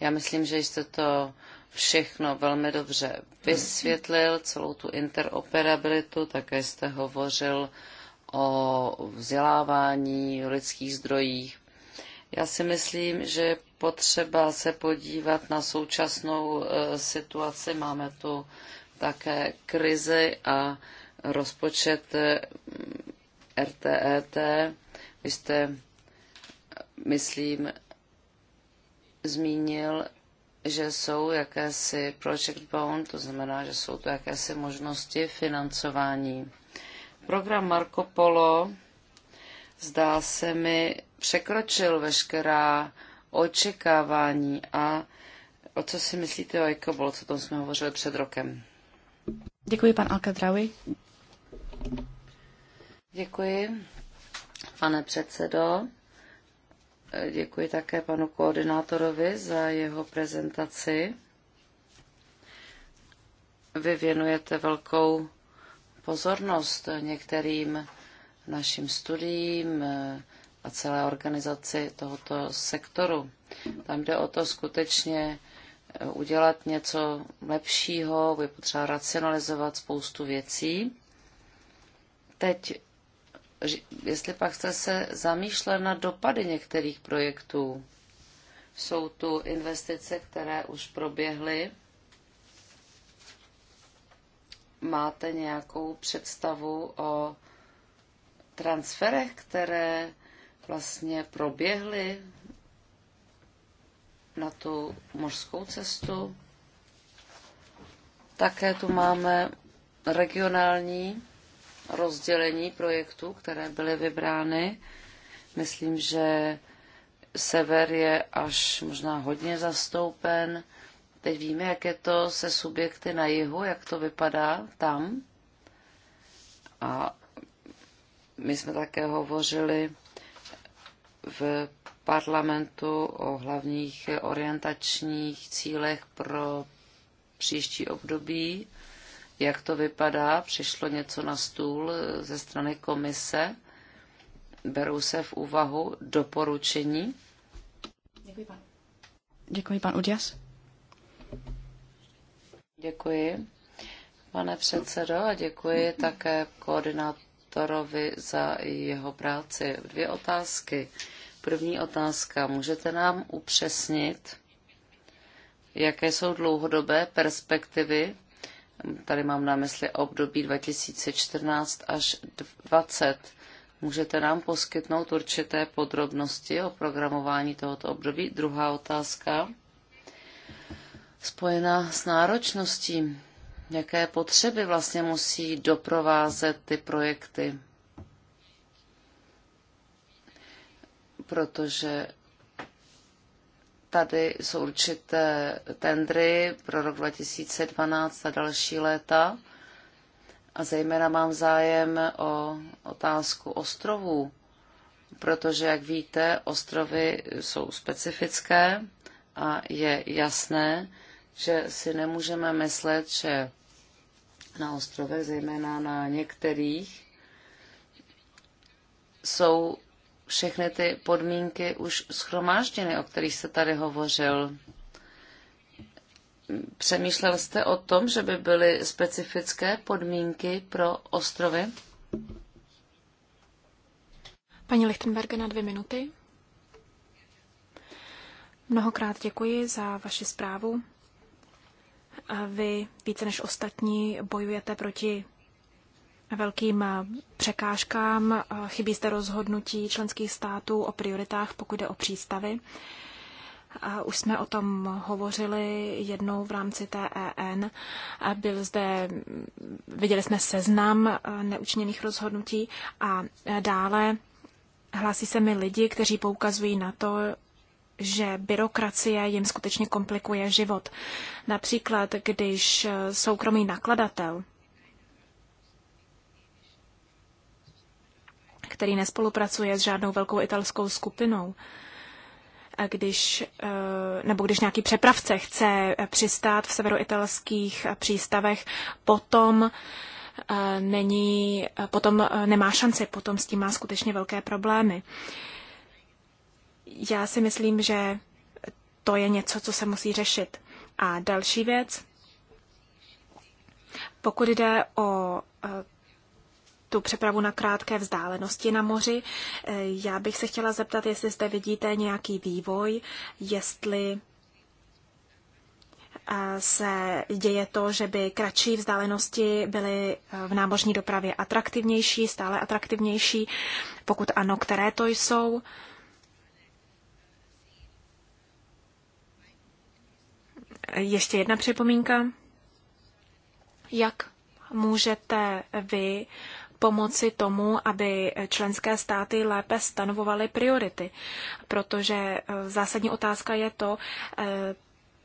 Já myslím, že jste to všechno velmi dobře vysvětlil, celou tu interoperabilitu, také jste hovořil o vzdělávání, o lidských zdrojích. Já si myslím, že je potřeba se podívat na současnou e, situaci. Máme tu také krizi a rozpočet e, RTET. E Vy jste, myslím, zmínil, že jsou jakési project bond, to znamená, že jsou to jakési možnosti financování. Program Marco Polo zdá se mi, překročil veškerá očekávání a o co si myslíte o ECOBOL, co tom jsme hovořili před rokem? Děkuji, pan Alkadrawi. Děkuji, pane předsedo. Děkuji také panu koordinátorovi za jeho prezentaci. Vy věnujete velkou pozornost některým našim studiím, a celé organizaci tohoto sektoru. Tam jde o to skutečně eh, udělat něco lepšího, je potřeba racionalizovat spoustu věcí. Teď, jestli pak chce se zamýšlet na dopady některých projektů, jsou tu investice, které už proběhly. Máte nějakou představu o transferech, které vlastně proběhli na tu mořskou cestu. Také tu máme regionální rozdělení projektů, které byly vybrány. Myslím, že sever je až možná hodně zastoupen. Teď víme, jak je to se subjekty na jihu, jak to vypadá tam. A my jsme také hovořili v parlamentu o hlavních orientačních cílech pro příští období. Jak to vypadá? Přišlo něco na stůl ze strany komise? Berou se v úvahu doporučení? Děkuji, pan. Děkuji, pan Udias. Děkuji, pane předsedo, a děkuji také koordinátor doktorovi za jeho práci. Dvě otázky. První otázka. Můžete nám upřesnit, jaké jsou dlouhodobé perspektivy? Tady mám na mysli období 2014 až 2020. Můžete nám poskytnout určité podrobnosti o programování tohoto období? Druhá otázka spojená s náročností jaké potřeby vlastně musí doprovázet ty projekty. Protože tady jsou určité tendry pro rok 2012 a další léta. A zejména mám zájem o otázku ostrovů, protože, jak víte, ostrovy jsou specifické a je jasné, že si nemůžeme myslet, že na ostrovech, zejména na některých, jsou všechny ty podmínky už schromážděny, o kterých se tady hovořil. Přemýšlel jste o tom, že by byly specifické podmínky pro ostrovy? Paní Lichtenberger na dvě minuty. Mnohokrát děkuji za vaši zprávu vy více než ostatní bojujete proti velkým eh, překážkám. Eh, Chybí zde rozhodnutí členských států o prioritách, pokud jde o přístavy. Už jsme o tom hovořili jednou v rámci TEN. Byl zde, viděli jsme seznam eh, neučiněných rozhodnutí a dále hlásí se mi lidi, kteří poukazují na to, že byrokracie jim skutečně komplikuje život. Například, když eh, soukromý nakladatel, který nespolupracuje s žádnou velkou italskou skupinou, a když, eh, nebo když nějaký přepravce chce eh, přistát v severoitalských přístavech, potom není, potom nemá šanci, potom s tím má skutečně velké problémy. Já si myslím, že to je něco, co se musí řešit. A další věc, pokud jde o e, tu přepravu na krátké vzdálenosti na moři. E, já bych se chtěla zeptat, jestli zde vidíte nějaký vývoj, jestli e, se děje to, že by kratší vzdálenosti byly v námořní dopravě atraktivnější, stále atraktivnější. Pokud ano, které to jsou? Ještě jedna připomínka. Jak můžete vy pomoci tomu, aby členské státy lépe stanovovaly priority? Protože eh, zásadní otázka je to, eh,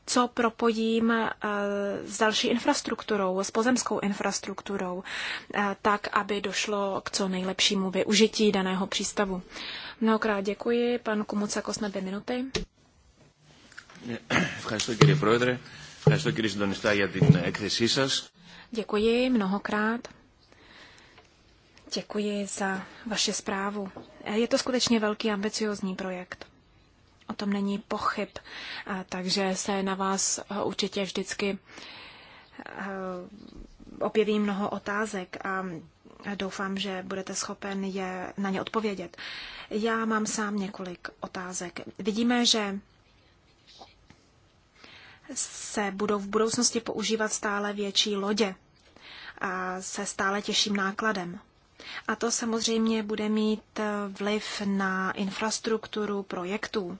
co propojím eh, s další infrastrukturou, s pozemskou infrastrukturou, tak, aby došlo k co nejlepšímu využití daného přístavu. Mnohokrát děkuji, pan Kumucakos na dvě minuty. Ευχαριστώ κύριε Πρόεδρε. Ευχαριστώ κύριε Συντονιστά για την έκθεσή σας. Děkuji mnohokrát. Děkuji za vaši zprávu. Je to skutečně velký ambiciozní projekt. O tom není pochyb, takže se na vás určitě vždycky objeví mnoho otázek a doufám, že budete schopen je na ně odpovědět. Já mám sám několik otázek. Vidíme, že se budou v budoucnosti používat stále větší lodě a se stále těžším nákladem. A to samozřejmě bude mít eh, vliv na infrastrukturu projektů,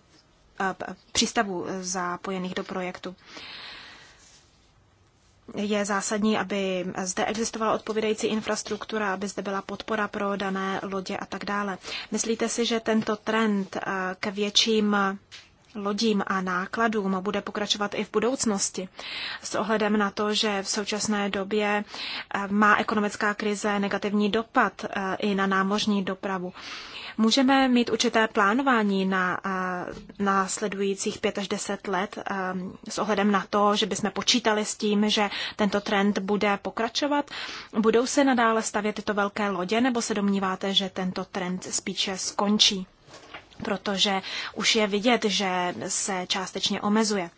eh, přístavů eh, zapojených do projektu. Je zásadní, aby zde existovala odpovídající infrastruktura, aby zde byla podpora pro dané lodě a tak dále. Myslíte si, že tento trend k větším lodím a nákladům bude pokračovat i v budoucnosti. S ohledem na to, že v současné době eh, má ekonomická krize negativní dopad eh, i na námořní dopravu. Můžeme mít určité plánování na eh, následujících pět až deset let s ohledem na to, že bychom počítali s tím, že tento trend bude pokračovat. Budou se nadále stavět tyto velké lodě, nebo se domníváte, že tento trend spíše skončí? protože už je vidět, že se částečně omezuje.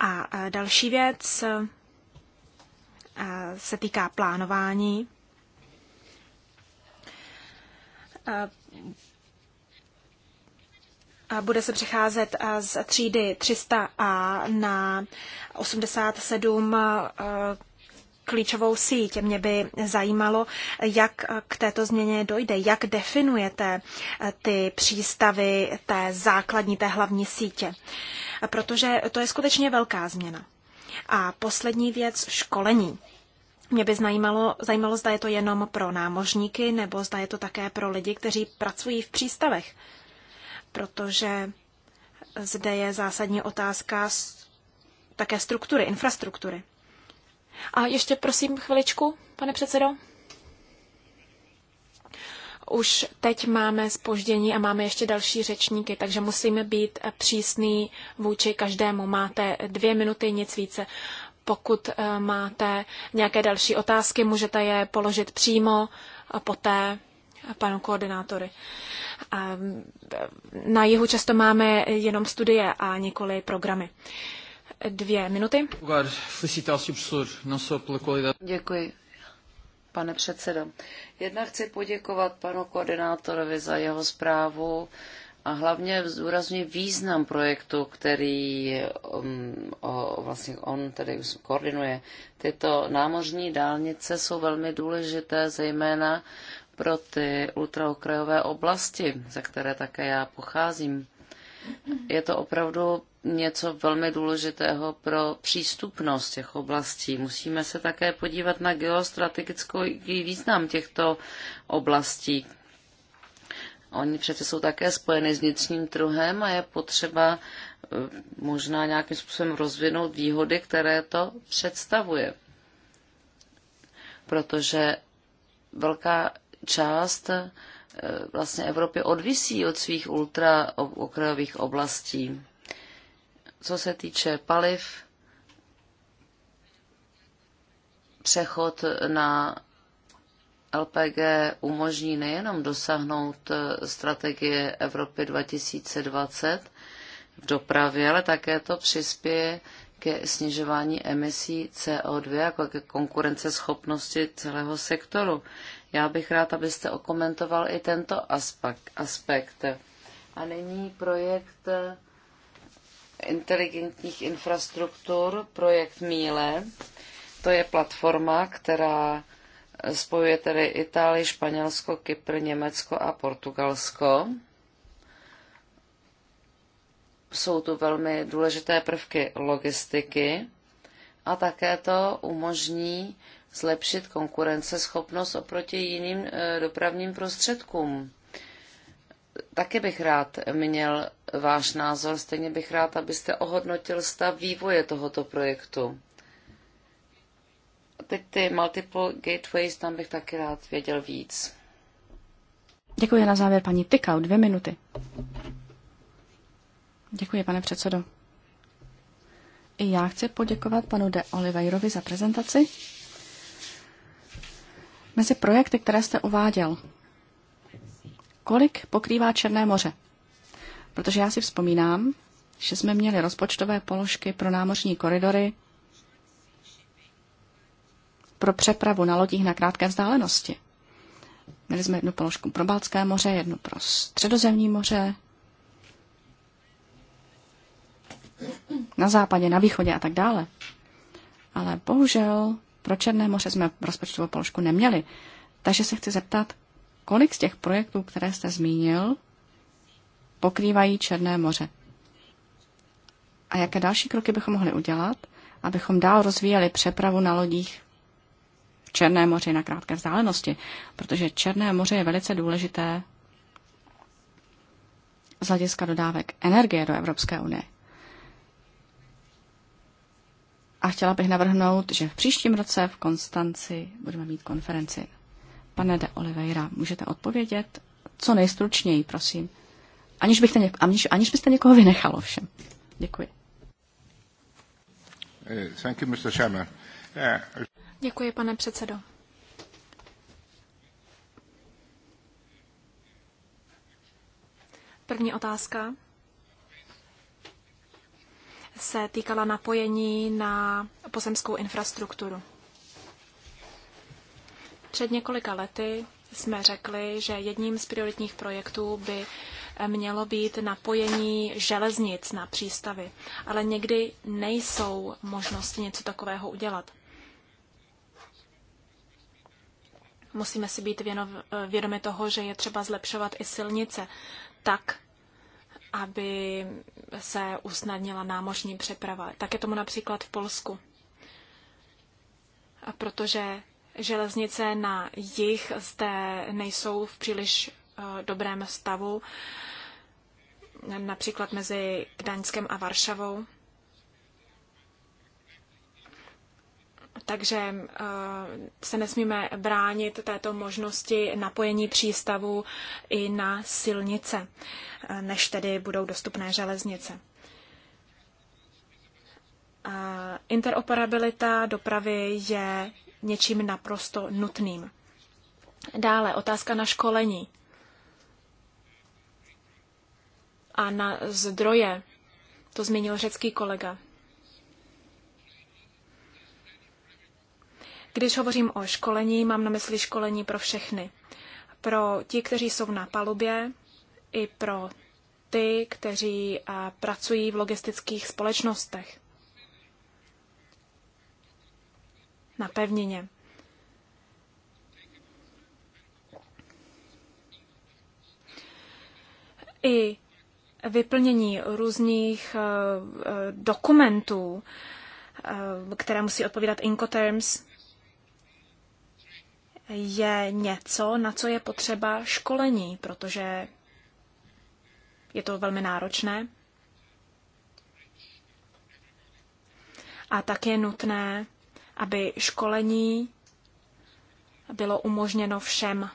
A e, další věc e, se týká plánování. E, bude se přecházet z třídy 300A na 87 klíčovou síť. Mě by zajímalo, jak k této změně dojde, jak definujete eh, ty přístavy té základní, té hlavní sítě. Protože to je skutečně velká změna. A poslední věc, školení. Mě by zajímalo, zajímalo, zda je to jenom pro námožníky, nebo zda je to také pro lidi, kteří pracují v přístavech. Protože zde je zásadní otázka také struktury, infrastruktury. A ještě prosím chviličku, pane předsedo. Už teď máme spoždění a máme ještě další řečníky, takže musíme být přísný vůči každému. Máte dvě minuty, nic více. Pokud eh, máte nějaké další otázky, můžete je položit přímo a poté panu koordinátory. Ehm, na jihu často máme jenom studie a nikoli programy dvě minuty. Děkuji, pane předsedo. Jednak chci poděkovat panu koordinátorovi za jeho zprávu a hlavně zdůrazňuji význam projektu, který um, o, vlastně on tedy koordinuje. Tyto námořní dálnice jsou velmi důležité, zejména pro ty ultraokrajové oblasti, ze které také já pocházím. Je to opravdu něco velmi důležitého pro přístupnost těch oblastí. Musíme se také podívat na geostrategický význam těchto oblastí. Oni přece jsou také spojeny s vnitřním trhem a je potřeba eh, možná nějakým způsobem rozvinout výhody, které to představuje. Protože velká část Eh, vlastně Evropy odvisí od svých ultra okrajových oblastí. Co se týče paliv, přechod na LPG umožní nejenom dosáhnout eh, strategie Evropy 2020 v dopravě, ale také to přispěje ke snižování emisí CO2 jako ke konkurenceschopnosti celého sektoru. Já bych rád, abyste okomentoval i tento aspekt. A nyní projekt eh, inteligentních infrastruktur, projekt Míle. To je platforma, která eh, spojuje tedy Itálii, Španělsko, Kypr, Německo a Portugalsko. Jsou tu velmi důležité prvky logistiky a také to umožní zlepšit konkurenceschopnost oproti jiným eh, dopravním prostředkům. Taky bych rád měl váš názor, stejně bych rád, abyste ohodnotil stav vývoje tohoto projektu. Teď ty multiple gateways, tam bych taky rád věděl víc. Děkuji na závěr paní Tykau, dvě minuty. Děkuji, pane předsedo. I já chci poděkovat panu de Oliveirovi za prezentaci. Mezi projekty, které jste uváděl, kolik pokrývá Černé moře? Protože já si vzpomínám, že jsme měli rozpočtové položky pro námořní koridory pro přepravu na lodích na krátké vzdálenosti. Měli jsme jednu položku pro Balcké moře, jednu pro Středozemní moře, na západě, na východě a tak dále. Ale bohužel pro Černé moře jsme rozpočtovou položku neměli. Takže se chci zeptat, kolik z těch projektů, které jste zmínil, pokrývají Černé moře? A jaké další kroky bychom mohli udělat, abychom dál rozvíjeli přepravu na lodích v Černé moři na krátké vzdálenosti? Protože Černé moře je velice důležité z hlediska dodávek energie do Evropské unie. A chtěla bych navrhnout, že v příštím roce v Konstanci budeme mít konferenci. Pane de Oliveira, můžete odpovědět co nejstručněji, prosím. Aniž, bych něk- aniž, aniž byste někoho vynechal ovšem. Děkuji. Eh, thank you, Mr. Chairman. Eh, Děkuji, pane předsedo. První otázka se týkala napojení na pozemskou infrastrukturu. Před několika lety jsme řekli, že jedním z prioritních projektů by mělo být napojení železnic na přístavy, ale někdy nejsou možnosti něco takového udělat. Musíme si být vědomi toho, že je třeba zlepšovat i silnice tak, aby se usnadnila námořní přeprava. Tak je tomu například v Polsku. A protože železnice na jih zde nejsou v příliš eh, dobrém stavu, například mezi Gdaňskem a Varšavou, Takže eh, se nesmíme bránit této možnosti napojení přístavu i na silnice, eh, než tedy budou dostupné železnice. Eh, interoperabilita dopravy je něčím naprosto nutným. Dále otázka na školení a na zdroje. To zmínil řecký kolega. Když hovořím o školení, mám na mysli školení pro všechny. Pro ti, kteří jsou na palubě, i pro ty, kteří pracují v logistických společnostech. Na pevnině. I vyplnění různých e, e, dokumentů, e, které musí odpovídat Incoterms, je něco, na co je potřeba školení, protože je to velmi náročné. A tak je nutné, aby školení bylo umožněno všem.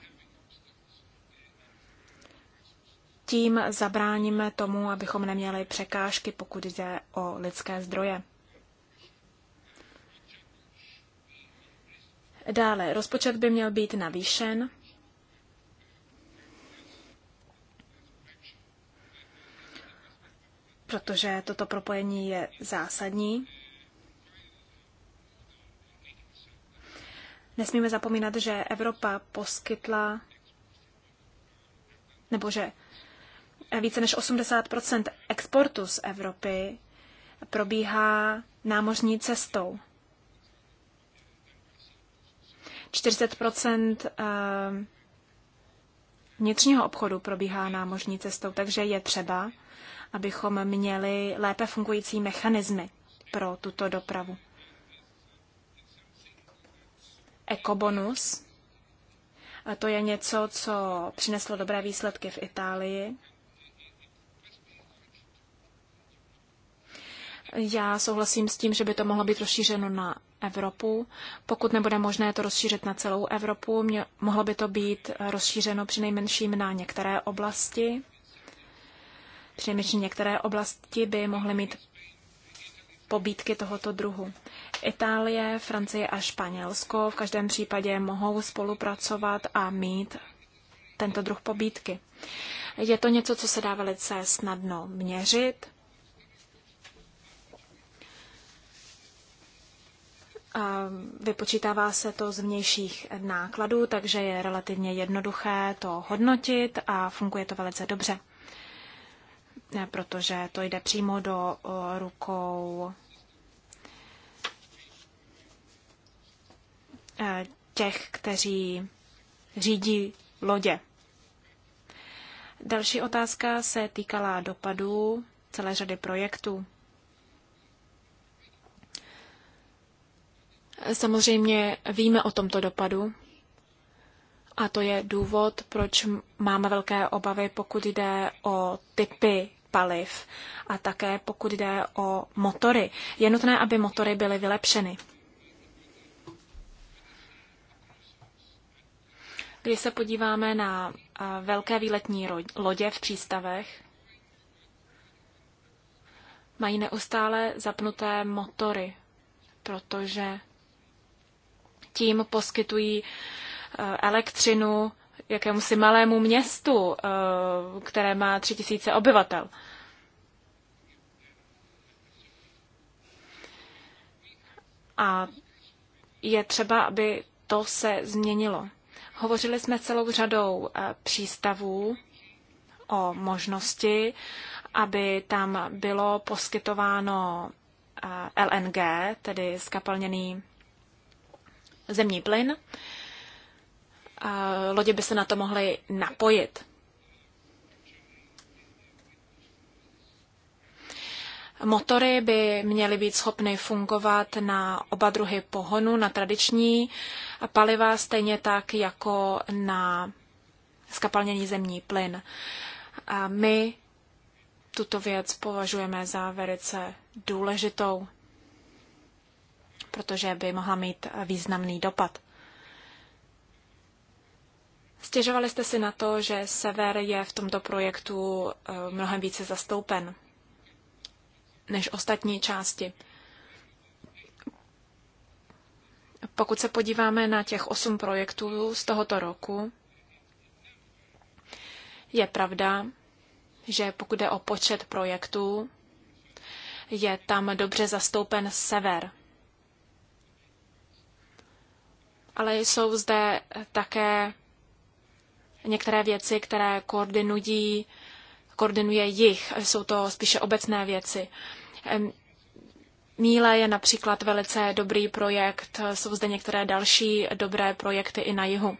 Tím zabráníme tomu, abychom neměli překážky, pokud jde o lidské zdroje. Dále, rozpočet by měl být navýšen. protože toto propojení je zásadní. Nesmíme zapomínat, že Evropa poskytla, nebo že více než 80 exportu z Evropy probíhá námořní cestou. 40 eh, vnitřního obchodu probíhá námořní cestou, takže je třeba, abychom měli lépe fungující mechanismy pro tuto dopravu. Ekobonus, to je něco, co přineslo dobré výsledky v Itálii. Já souhlasím s tím, že by to mohlo být rozšířeno na Evropu. Pokud nebude možné to rozšířit na celou Evropu, mě, mohlo by to být rozšířeno nejmenším na některé oblasti. Přinejmenším některé oblasti by mohly mít pobídky tohoto druhu. Itálie, Francie a Španělsko v každém případě mohou spolupracovat a mít tento druh pobídky. Je to něco, co se dá velice snadno měřit Vypočítává se to z vnějších nákladů, takže je relativně jednoduché to hodnotit a funguje to velice dobře, protože to jde přímo do rukou e, těch, kteří řídí lodě. Další otázka se týkala dopadů celé řady projektů. Samozřejmě víme o tomto dopadu a to je důvod, proč máme velké obavy, pokud jde o typy paliv a také pokud jde o motory. Je nutné, aby motory byly vylepšeny. Když se podíváme na velké výletní lodě v přístavech, mají neustále zapnuté motory, protože tím poskytují eh, elektřinu jakémusi malému městu, eh, které má tři tisíce obyvatel. A je třeba, aby to se změnilo. Hovořili jsme celou řadou eh, přístavů o možnosti, aby tam bylo poskytováno LNG, tedy skapalněný zemní plyn. Lodě by se na to mohly napojit. Motory by měly být schopny fungovat na oba druhy pohonu, na tradiční paliva, stejně tak jako na skapalněný zemní plyn. A my tuto věc považujeme za velice důležitou protože by mohla mít významný dopad. Stěžovali jste si na to, že sever je v tomto projektu eh, mnohem více zastoupen než ostatní části. Pokud se podíváme na těch osm projektů z tohoto roku, je pravda, že pokud jde o počet projektů, je tam dobře zastoupen sever. ale jsou zde také některé věci, které koordinují, koordinuje jich. Jsou to spíše obecné věci. Míle je například velice dobrý projekt, jsou zde některé další dobré projekty i na jihu.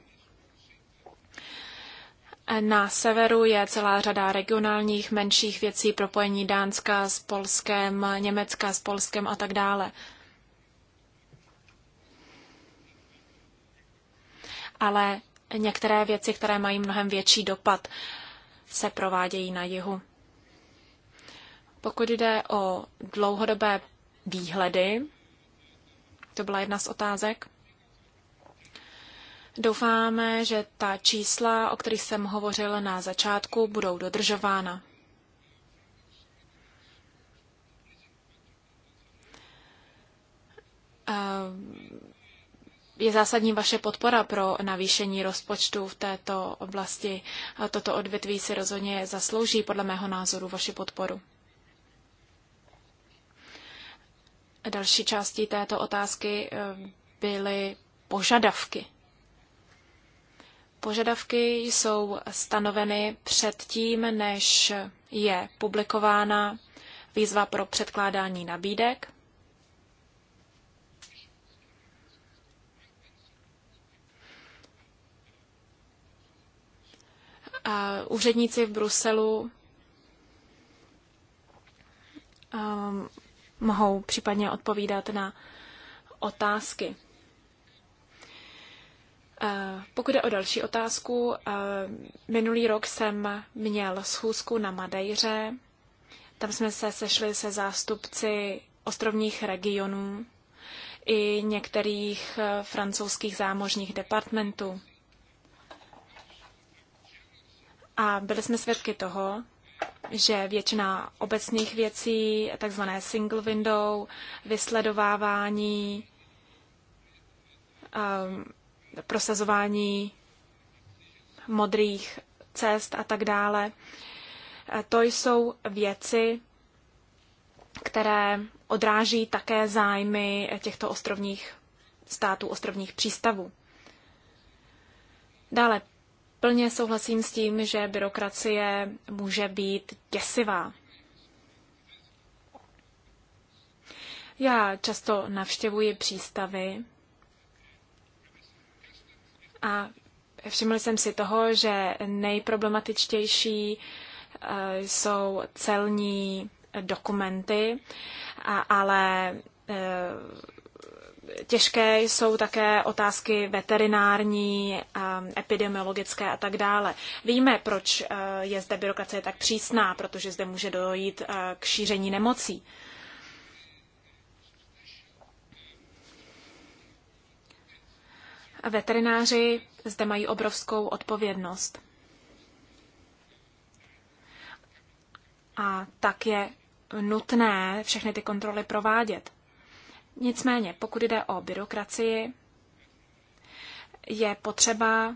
Na severu je celá řada regionálních menších věcí, propojení Dánska s Polskem, Německa s Polskem a tak dále. ale některé věci, které mají mnohem větší dopad, se provádějí na jihu. Pokud jde o dlouhodobé výhledy, to byla jedna z otázek. Doufáme, že ta čísla, o kterých jsem hovořil na začátku, budou dodržována je zásadní vaše podpora pro navýšení rozpočtu v této oblasti. Toto odvětví si rozhodně zaslouží podle mého názoru vaši podporu. Další částí této otázky eh, byly požadavky. Požadavky jsou stanoveny předtím, než je publikována výzva pro předkládání nabídek. úředníci v Bruselu um, mohou případně odpovídat na otázky. Uh, pokud je o další otázku, uh, minulý rok jsem měl schůzku na Madejře. Tam jsme se sešli se zástupci ostrovních regionů i některých uh, francouzských zámořních departmentů. A byli jsme svědky toho, že většina obecných věcí, takzvané single window, vysledovávání, um, prosazování modrých cest a tak dále, eh, to jsou věci, které odráží také zájmy těchto ostrovních států, ostrovních přístavů. Dále Plně souhlasím s tím, že byrokracie může být děsivá. Já často navštěvuji přístavy a všiml jsem si toho, že nejproblematičtější eh, jsou celní dokumenty, ale eh, těžké jsou také otázky veterinární, epidemiologické a tak dále. Víme, proč e, je zde byrokracie tak přísná, protože zde může dojít e, k šíření nemocí. A veterináři zde mají obrovskou odpovědnost. A tak je nutné všechny ty kontroly provádět. Nicméně, pokud jde o byrokracii, je potřeba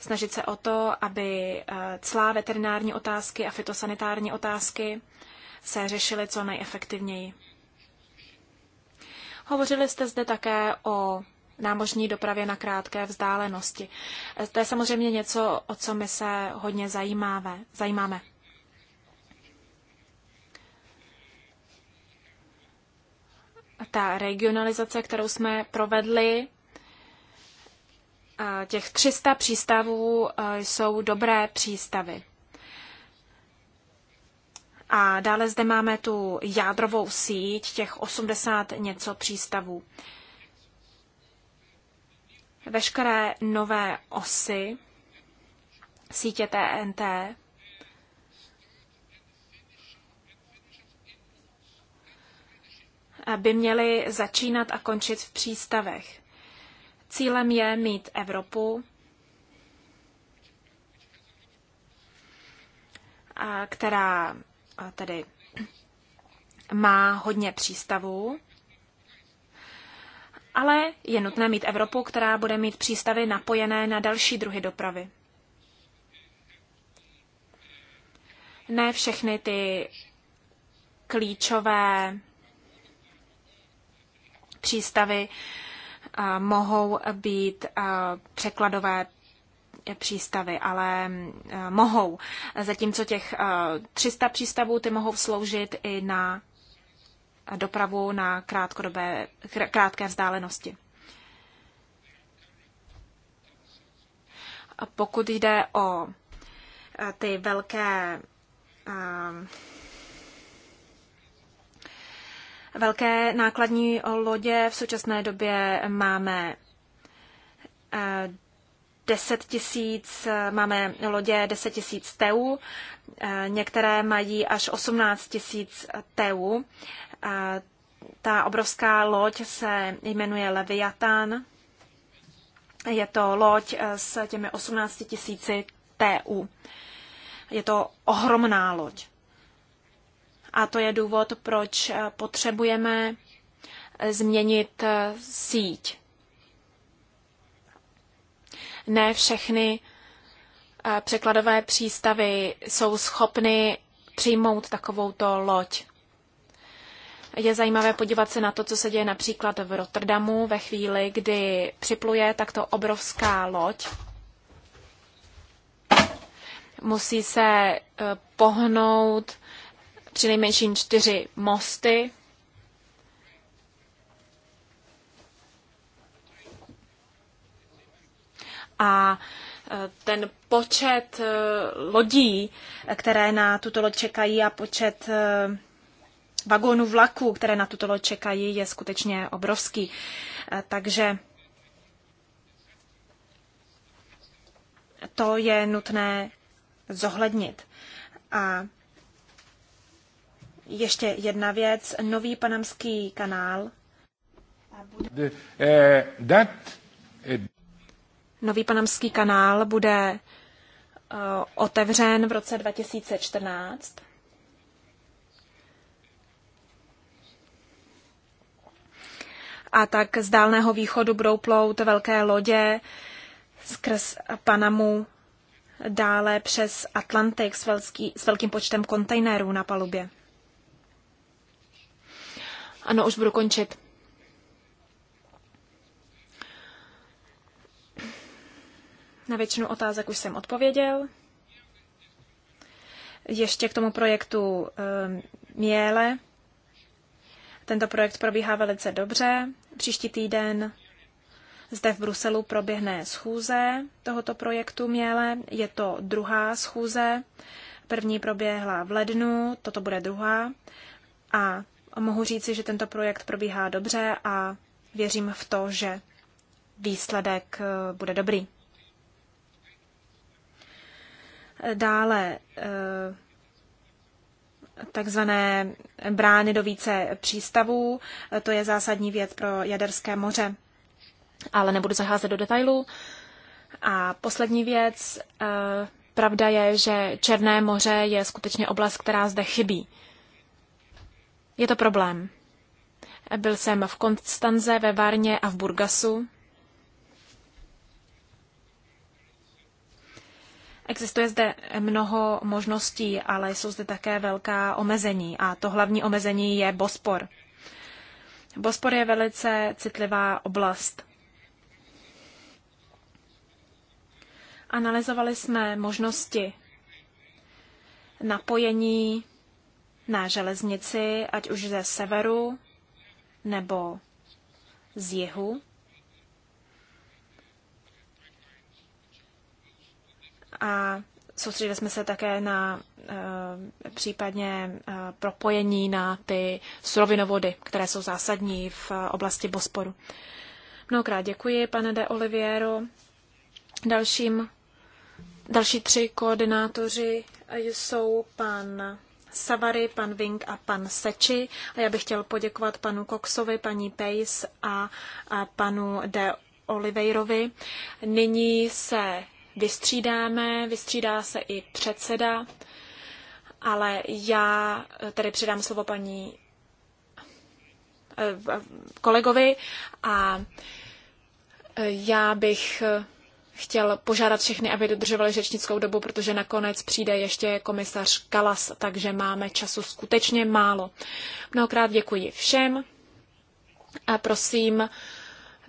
snažit se o to, aby eh, celá veterinární otázky a fitosanitární otázky se řešily co nejefektivněji. Hovořili jste zde také o námořní dopravě na krátké vzdálenosti. Eh, to je samozřejmě něco, o co my se hodně zajímáme. zajímáme. ta regionalizace, kterou jsme provedli, těch 300 přístavů jsou dobré přístavy. A dále zde máme tu jádrovou síť, těch 80 něco přístavů. Veškeré nové osy sítě TNT by měly začínat a končit v přístavech. Cílem je mít Evropu, která tedy má hodně přístavů, ale je nutné mít Evropu, která bude mít přístavy napojené na další druhy dopravy. Ne všechny ty klíčové přístavy eh, mohou být eh, překladové přístavy, ale eh, mohou. Zatímco těch 300 přístavů ty mohou sloužit i na dopravu na krátkodobé, krátké vzdálenosti. A pokud jde o ty velké Velké nákladní lodě v současné době máme 10 eh, tisíc, eh, máme lodě 10 tisíc TEU, eh, některé mají až 18 tisíc TEU. Ta obrovská loď se jmenuje Leviatan. Je to loď s těmi 18 tisíci TU. Je to ohromná loď. A to je důvod, proč eh, potřebujeme eh, změnit eh, síť. Ne všechny překladové přístavy jsou schopny přijmout takovouto loď. Je zajímavé podívat se na to, co se děje například v Rotterdamu ve chvíli, kdy připluje takto obrovská loď. Musí se pohnout přinejmenším čtyři mosty. A e, ten počet e, lodí, které na tuto loď čekají a počet e, vagónů vlaků, které na tuto loď čekají, je skutečně obrovský. Takže to je nutné zohlednit. A ještě jedna věc, nový panamský kanál. Eh, eh, nový panamský kanál bude eh, otevřen v roce 2014. A tak z Dálného východu budou plout velké lodě skrz Panamu dále přes Atlantik s, velký, s velkým počtem kontejnerů na palubě. Ano, už budu končit. Na většinu otázek už jsem odpověděl. Ještě k tomu projektu ehm, Měle. Tento projekt probíhá velice dobře. Příští týden zde v Bruselu proběhne schůze tohoto projektu Měle. Je to druhá schůze. První proběhla v lednu, toto bude druhá. A Mohu říci, že tento projekt probíhá dobře a věřím v to, že výsledek eh, bude dobrý. Dále eh, takzvané brány do více přístavů. Eh, to je zásadní věc pro Jaderské moře, ale nebudu zaházet do detailů. A poslední věc, pravda je, že Černé moře je skutečně oblast, která zde chybí. Je to problém. Byl jsem v Konstanze, ve Varně a v Burgasu. Existuje zde mnoho možností, ale jsou zde také velká omezení a to hlavní omezení je Bospor. Bospor je velice citlivá oblast. Analyzovali jsme možnosti napojení na železnici, ať už ze severu nebo z jihu. A soustředili jsme se také na e, případně e, propojení na ty surovinovody, které jsou zásadní v eh, oblasti Bosporu. Mnohokrát děkuji, pane de Oliviero. Dalším, další tři koordinátoři jsou pan Savary, pan Vink a pan Seči. A já bych chtěl poděkovat panu Coxovi, paní Pace a, a panu De Oliveirovi. Nyní se vystřídáme, vystřídá se i předseda, ale já tady předám slovo paní eh, kolegovi a já bych chtěl požádat všechny, aby dodržovali řečnickou dobu, protože nakonec přijde ještě komisař Kalas, takže máme času skutečně málo. Mnohokrát děkuji všem a prosím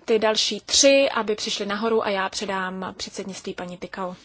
ty další tři, aby přišli nahoru a já předám předsednictví paní Tykal.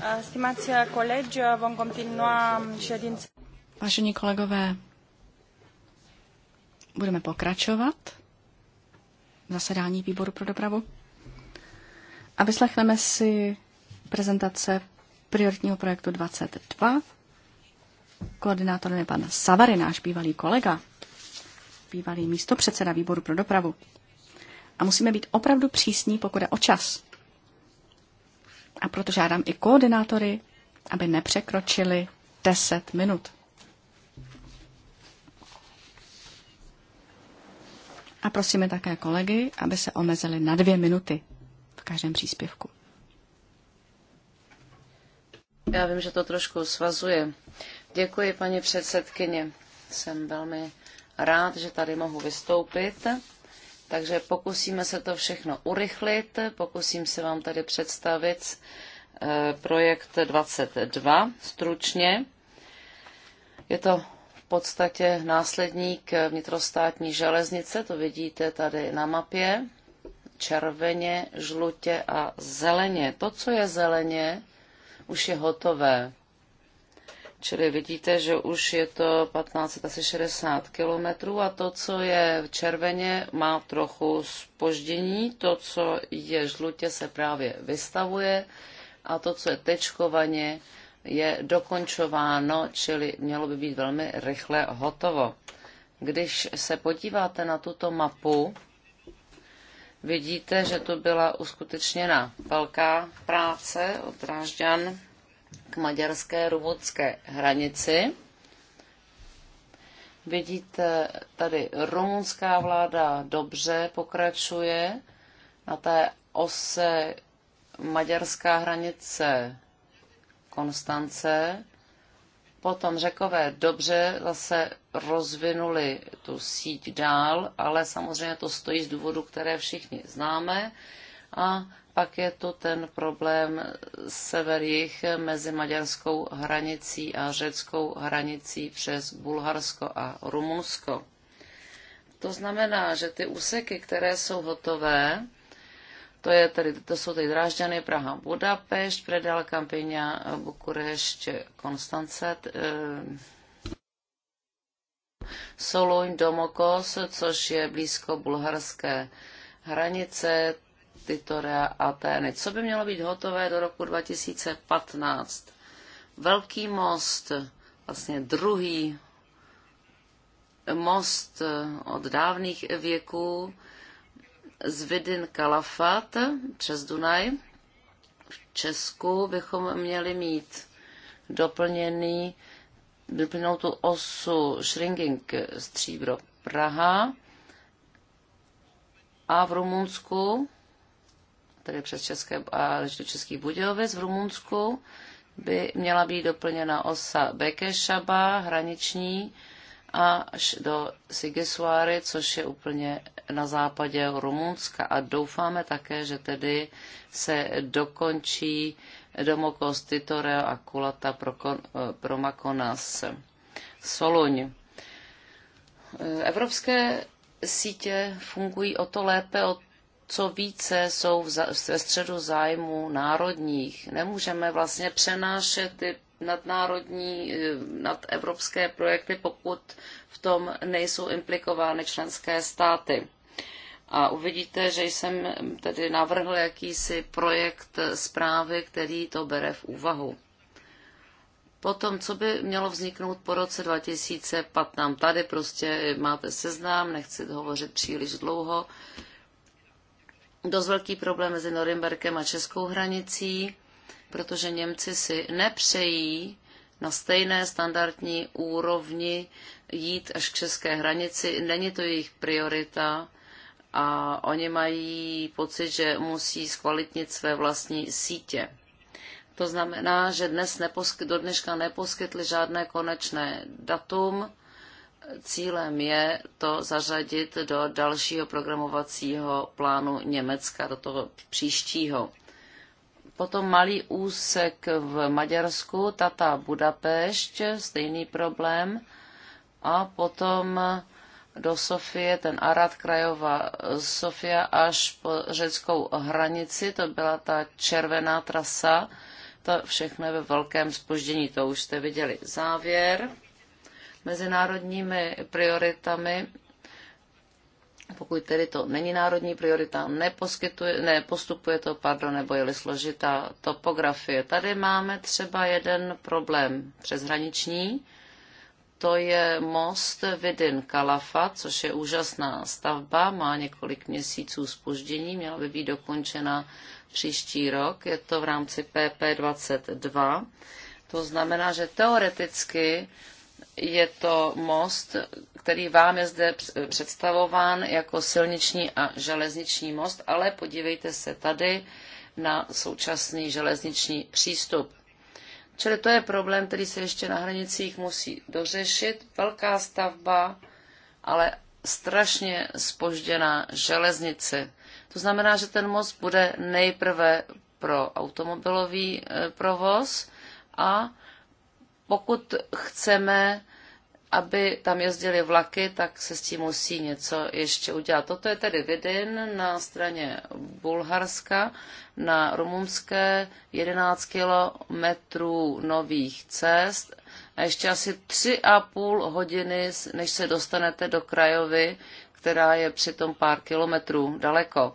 Eh, stimați eh, colegi, eh, vom continua mm, ședința. Vážení kolegové, budeme pokračovat v zasedání výboru pro dopravu a vyslechneme si prezentace prioritního projektu 22. Koordinátorem je pan Savary, náš bývalý kolega, bývalý místopředseda výboru pro dopravu. A musíme být opravdu přísní, pokud je o čas. A proto žádám i koordinátory, aby nepřekročili 10 minut. A prosíme také kolegy, aby se omezili na dvě minuty v každém příspěvku. Já vím, že to trošku svazuje. Děkuji, paní předsedkyně. Jsem velmi rád, že tady mohu vystoupit takže pokusíme se to všechno urychlit, pokusím se vám tady představit eh, projekt 22 stručně. Je to v podstatě následník vnitrostátní železnice, to vidíte tady na mapě, červeně, žlutě a zeleně. To, co je zeleně, už je hotové. Čili vidíte, že už je to 15 asi 60 kilometrů a to, co je v červeně, má trochu spoždění. To, co je žlutě, se právě vystavuje a to, co je tečkovaně, je dokončováno, čili mělo by být velmi rychle hotovo. Když se podíváte na tuto mapu, vidíte, že to byla uskutečněna velká práce od Drážďan k maďarské rumunské hranici. Vidíte, tady rumunská vláda dobře pokračuje na té ose maďarská hranice Konstance. Potom řekové dobře zase rozvinuli tu síť dál, ale samozřejmě to stojí z důvodu, které všichni známe. A pak je tu ten problém jich mezi maďarskou hranicí a řeckou hranicí přes Bulharsko a Rumunsko. To znamená, že ty úseky, které jsou hotové, to, je tedy, to jsou tedy Drážďany, Praha, Budapešť, Predal, Kampiňa, Bukurešť, Konstance, eh, Soluň, Domokos, což je blízko bulharské hranice, investitora Atény. Co by mělo být hotové do roku 2015? Velký most, vlastně druhý most od dávných věků z Vidin Kalafat přes Dunaj. V Česku bychom měli mít doplněný, doplněnou tu osu Schringing Stříbro Praha a v Rumunsku tedy přes České a do Českých Budějovic v Rumunsku, by měla být doplněna osa Bekešaba, hraniční, až do Sigesuary, což je úplně na západě Rumunska. A doufáme také, že tedy se dokončí domokost Titoreo a Kulata pro, pro Makonas. Soluň. Evropské sítě fungují o to lépe, o co více jsou ve středu zájmu národních. Nemůžeme vlastně přenášet ty nadnárodní, eh, nadevropské projekty, pokud v tom nejsou implikovány členské státy. A uvidíte, že jsem tedy navrhl jakýsi projekt zprávy, který to bere v úvahu. Potom, co by mělo vzniknout po roce 2015? Tady prostě máte seznám, nechci hovořit příliš dlouho dost velký problém mezi Norimberkem a českou hranicí, protože Němci si nepřejí na stejné standardní úrovni jít až k české hranici. Není to jejich priorita a oni mají pocit, že musí zkvalitnit své vlastní sítě. To znamená, že dnes neposky, do dneška neposkytli žádné konečné datum Cílem je to zařadit do dalšího programovacího plánu Německa, do toho příštího. Potom malý úsek v Maďarsku, Tata Budapešť, stejný problém. A potom do Sofie, ten Arad krajová Sofia až po řeckou hranici, to byla ta červená trasa, to všechno je ve velkém spoždění, to už jste viděli. Závěr mezinárodními prioritami, pokud tedy to není národní priorita, neposkytuje, nepostupuje to, pardon, nebo je složitá topografie. Tady máme třeba jeden problém přeshraniční, to je most Vidin Kalafa, což je úžasná stavba, má několik měsíců spoždění, měla by být dokončena příští rok, je to v rámci PP22. To znamená, že teoreticky je to most, který vám je zde představován jako silniční a železniční most, ale podívejte se tady na současný železniční přístup. Čili to je problém, který se ještě na hranicích musí dořešit. Velká stavba, ale strašně spožděná železnice. To znamená, že ten most bude nejprve pro automobilový eh, provoz a pokud chceme, aby tam jezdili vlaky, tak se s tím musí něco ještě udělat. Toto je tedy Vidin na straně Bulharska, na rumunské 11 kilometrů nových cest a ještě asi 3,5 hodiny, než se dostanete do krajovy, která je přitom pár kilometrů daleko.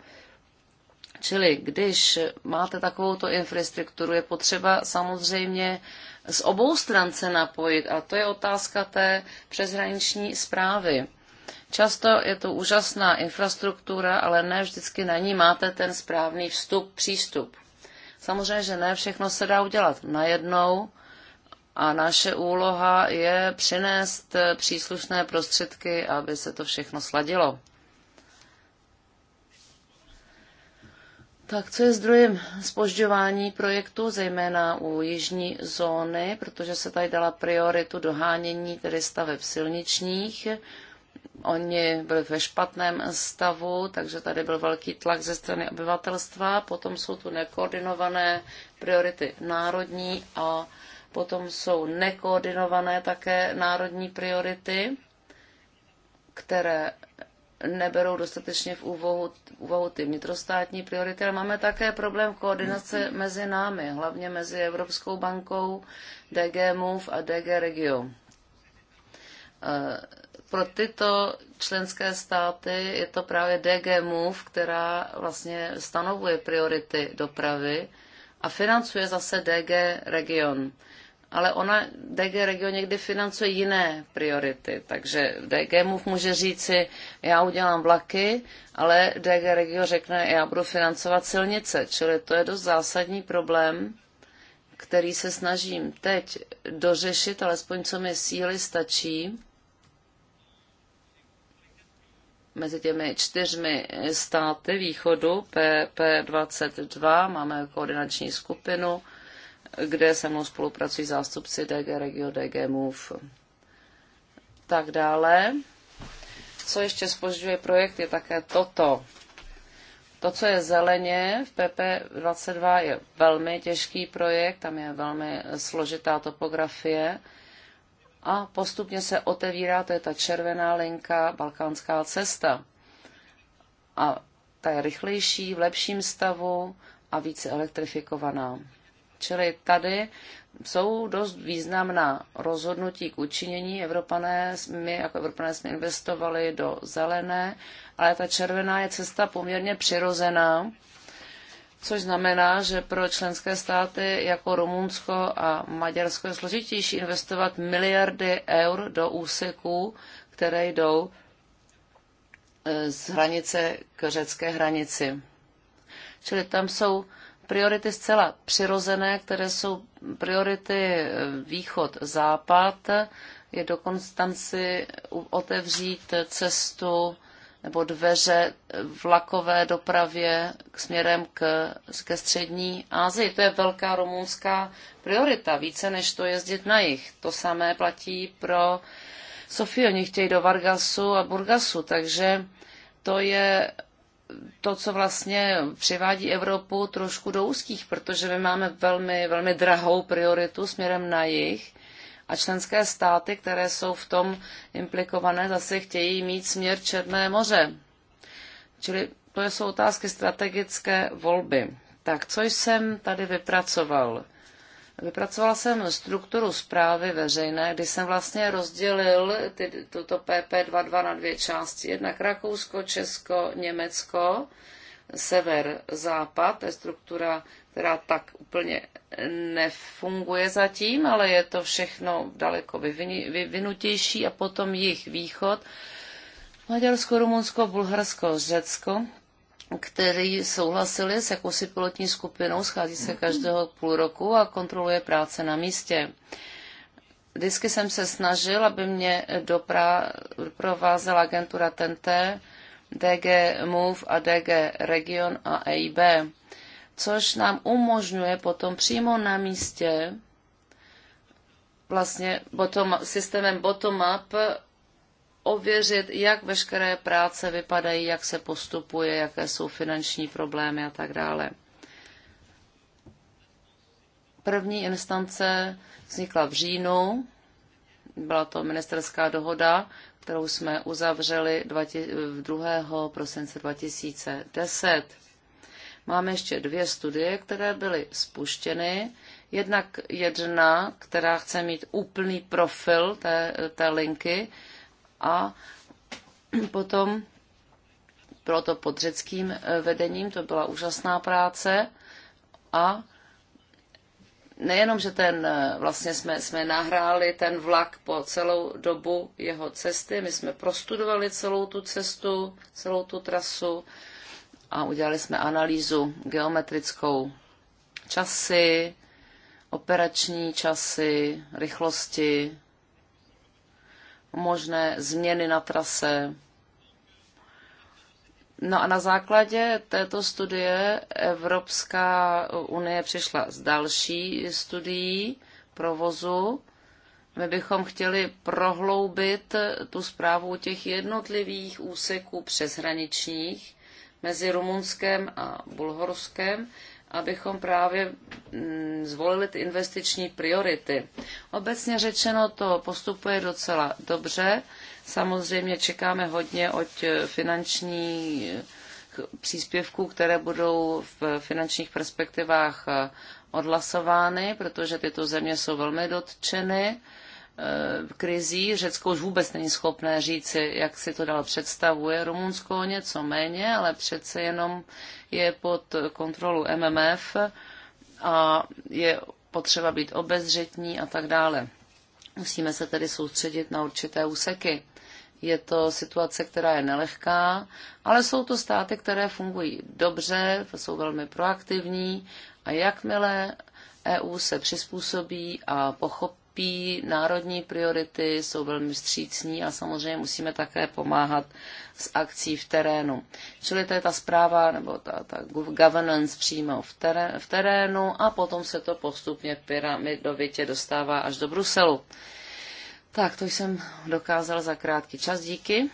Čili když máte takovouto infrastrukturu, je potřeba samozřejmě z obou stran se napojit. A to je otázka té přeshraniční zprávy. Často je to úžasná infrastruktura, ale ne vždycky na ní máte ten správný vstup, přístup. Samozřejmě, že ne všechno se dá udělat najednou a naše úloha je přinést příslušné prostředky, aby se to všechno sladilo. Tak co je zdrojem spožďování projektu, zejména u jižní zóny, protože se tady dala prioritu dohánění tedy staveb silničních. Oni byli ve špatném stavu, takže tady byl velký tlak ze strany obyvatelstva. Potom jsou tu nekoordinované priority národní a potom jsou nekoordinované také národní priority, které neberou dostatečně v úvahu, v úvahu ty vnitrostátní priority, ale máme také problém koordinace mezi námi, hlavně mezi Evropskou bankou, DG Move a DG Regio. Eh, pro tyto členské státy je to právě DG Move, která vlastně stanovuje priority dopravy a financuje zase DG Region ale ona DG Regio někdy financuje jiné priority, takže DG MUV může říci, já udělám vlaky, ale DG Regio řekne, já budu financovat silnice, čili to je dost zásadní problém, který se snažím teď dořešit, alespoň co mi síly stačí, mezi těmi čtyřmi státy východu P, P22, máme koordinační skupinu, kde se mnou spolupracují zástupci DG Regio, DG MOVE. Tak dále. Co ještě spožďuje projekt, je také toto. To, co je zeleně v PP22, je velmi těžký projekt, tam je velmi složitá topografie. A postupně se otevírá, to je ta červená linka, balkánská cesta. A ta je rychlejší, v lepším stavu a více elektrifikovaná. Čili tady jsou dost významná rozhodnutí k učinění. Evropané, my jako Evropané jsme investovali do zelené, ale ta červená je cesta poměrně přirozená, což znamená, že pro členské státy jako Rumunsko a Maďarsko je složitější investovat miliardy eur do úseků, které jdou e, z hranice k řecké hranici. Čili tam jsou priority zcela přirozené, které jsou priority e, východ-západ, je do Konstanci otevřít cestu nebo dveře vlakové dopravě k směrem k, ke střední Asii. To je velká rumunská priorita, více než to jezdit na jich. To samé platí pro Sofii, oni chtějí do Vargasu a Burgasu, takže to je to, co vlastně přivádí Evropu trošku do úzkých, protože my máme velmi, velmi drahou prioritu směrem na jich a členské státy, které jsou v tom implikované, zase chtějí mít směr Černé moře. Čili to jsou otázky strategické volby. Tak co jsem tady vypracoval? Vypracovala jsem strukturu zprávy veřejné, kdy jsem vlastně rozdělil ty, toto PP22 na dvě části. Jednak Rakousko, Česko, Německo, sever, západ. To je struktura, která tak úplně nefunguje zatím, ale je to všechno daleko vyvinutější. A potom jich východ, Maďarsko, Rumunsko, Bulharsko, Řecko který souhlasili s jakousi pilotní skupinou, schází se každého půl roku a kontroluje práce na místě. Vždycky jsem se snažil, aby mě doprovázela agentura TNT, DG Move a DG Region a EIB, což nám umožňuje potom přímo na místě vlastně bottom, systémem bottom-up ověřit, jak veškeré práce vypadají, jak se postupuje, jaké jsou finanční problémy a tak dále. První instance vznikla v říjnu, byla to ministerská dohoda, kterou jsme uzavřeli 2. prosince 2010. Máme ještě dvě studie, které byly spuštěny. Jednak jedna, která chce mít úplný profil té, té linky, a potom bylo to pod řeckým eh, vedením, to byla úžasná práce a nejenom, že ten, eh, vlastně jsme, jsme nahráli ten vlak po celou dobu jeho cesty, my jsme prostudovali celou tu cestu, celou tu trasu a udělali jsme analýzu geometrickou časy, operační časy, rychlosti, možné změny na trase. No a na základě této studie Evropská unie přišla s další studií provozu. My bychom chtěli prohloubit tu zprávu těch jednotlivých úseků přeshraničních mezi Rumunskem a Bulhorskem, abychom právě mm, zvolili ty investiční priority. Obecně řečeno to postupuje docela dobře. Samozřejmě čekáme hodně od eh, finanční eh, příspěvků, které budou v finančních perspektivách eh, odhlasovány, protože tyto země jsou velmi dotčeny Eh, krizí. Řecko už vůbec není schopné říci, jak si to dál představuje. Rumunsko něco méně, ale přece jenom je pod kontrolu MMF a je potřeba být obezřetní a tak dále. Musíme se tedy soustředit na určité úseky. Je to situace, která je nelehká, ale jsou to státy, které fungují dobře, jsou velmi proaktivní a jakmile EU se přizpůsobí a pochopí, chápí národní priority, jsou velmi vstřícní a samozřejmě musíme také pomáhat s akcí v terénu. Čili to je ta zpráva nebo ta, ta governance přímo v, teré, v terénu a potom se to postupně pyramidovitě dostává až do Bruselu. Tak, to jsem dokázal za krátký čas. Díky.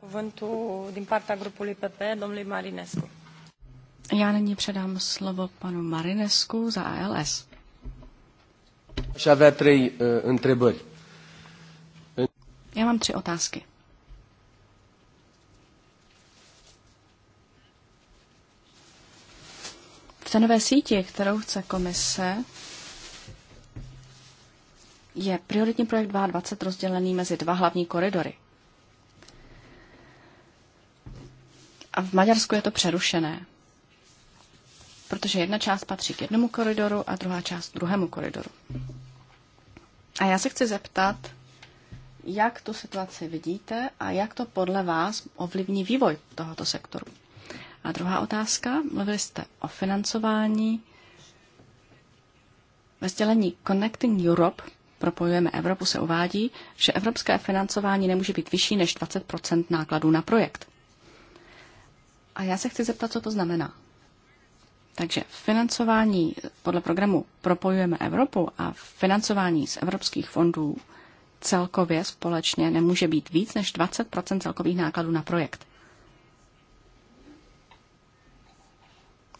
Cuvântul din partea grupului PP, domnului Marinescu. Já nyní předám slovo panu Marinesku za ALS. Uh, Já mám tři otázky. V té nové síti, kterou chce komise, je prioritní projekt 22 rozdělený mezi dva hlavní koridory. A v Maďarsku je to přerušené protože jedna část patří k jednomu koridoru a druhá část druhému koridoru. A já se chci zeptat, jak tu situaci vidíte a jak to podle vás ovlivní vývoj tohoto sektoru. A druhá otázka, mluvili jste o financování. Ve sdělení Connecting Europe, propojujeme Evropu, se uvádí, že evropské financování nemůže být vyšší než 20 nákladů na projekt. A já se chci zeptat, co to znamená. Takže financování podle programu Propojujeme Evropu a financování z evropských fondů celkově společně nemůže být víc než 20 celkových nákladů na projekt.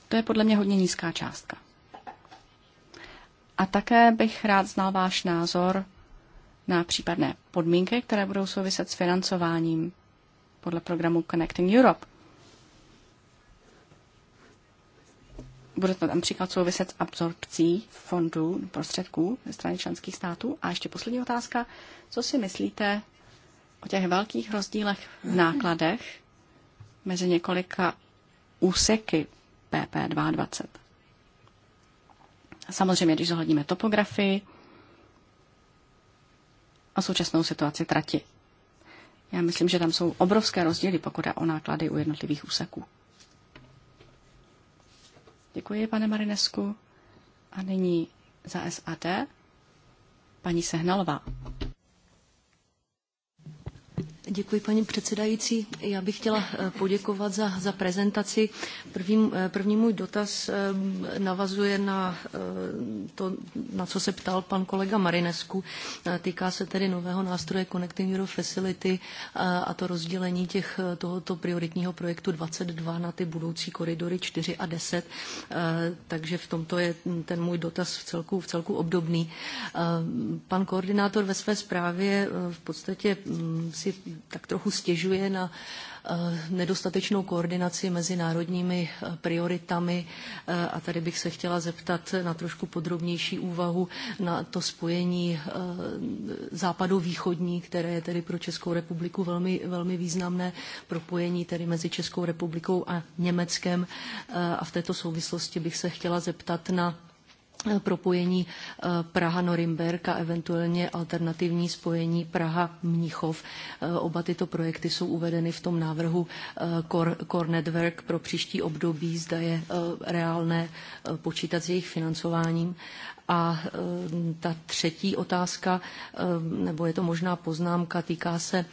To je podle mě hodně nízká částka. A také bych rád znal váš názor na případné podmínky, které budou souviset s financováním podle programu Connecting Europe. Bude to příklad souviset s absorpcí fondů prostředků ze strany členských států. A ještě poslední otázka. Co si myslíte o těch velkých rozdílech v nákladech mezi několika úseky PP22? Samozřejmě, když zohledníme topografii a současnou situaci trati. Já myslím, že tam jsou obrovské rozdíly, pokud je o náklady u jednotlivých úseků. Děkuji, pane Marinesku. A nyní za SAD paní Sehnalová. Děkuji, paní předsedající. Já bych chtěla eh, poděkovat za, za prezentaci. První, eh, první můj dotaz eh, navazuje na to, na co se ptal pan kolega Marinesku. Týká se tedy nového nástroje Connecting Euro Facility a to rozdělení těch, tohoto prioritního projektu 22 na ty budoucí koridory 4 a 10. Takže v tomto je ten můj dotaz v celku, v celku obdobný. Pan koordinátor ve své zprávě v podstatě mm, si tak trochu stěžuje na eh, nedostatečnou koordinaci mezi národními eh, prioritami eh, a tady bych se chtěla zeptat na trošku podrobnější úvahu na to spojení západovýchodní, které je tedy pro Českou republiku velmi, velmi významné propojení tedy mezi Českou republikou a Německem a v této souvislosti bych se chtěla zeptat na propojení eh, Praha-Norimberg a eventuálně alternativní spojení Praha-Mnichov. Eh, oba tyto projekty jsou uvedeny v tom návrhu Core, eh, Core Network pro příští období, zda je reálné počítat s jejich financováním. A e, ta třetí otázka, e, nebo je to možná poznámka, týká se e,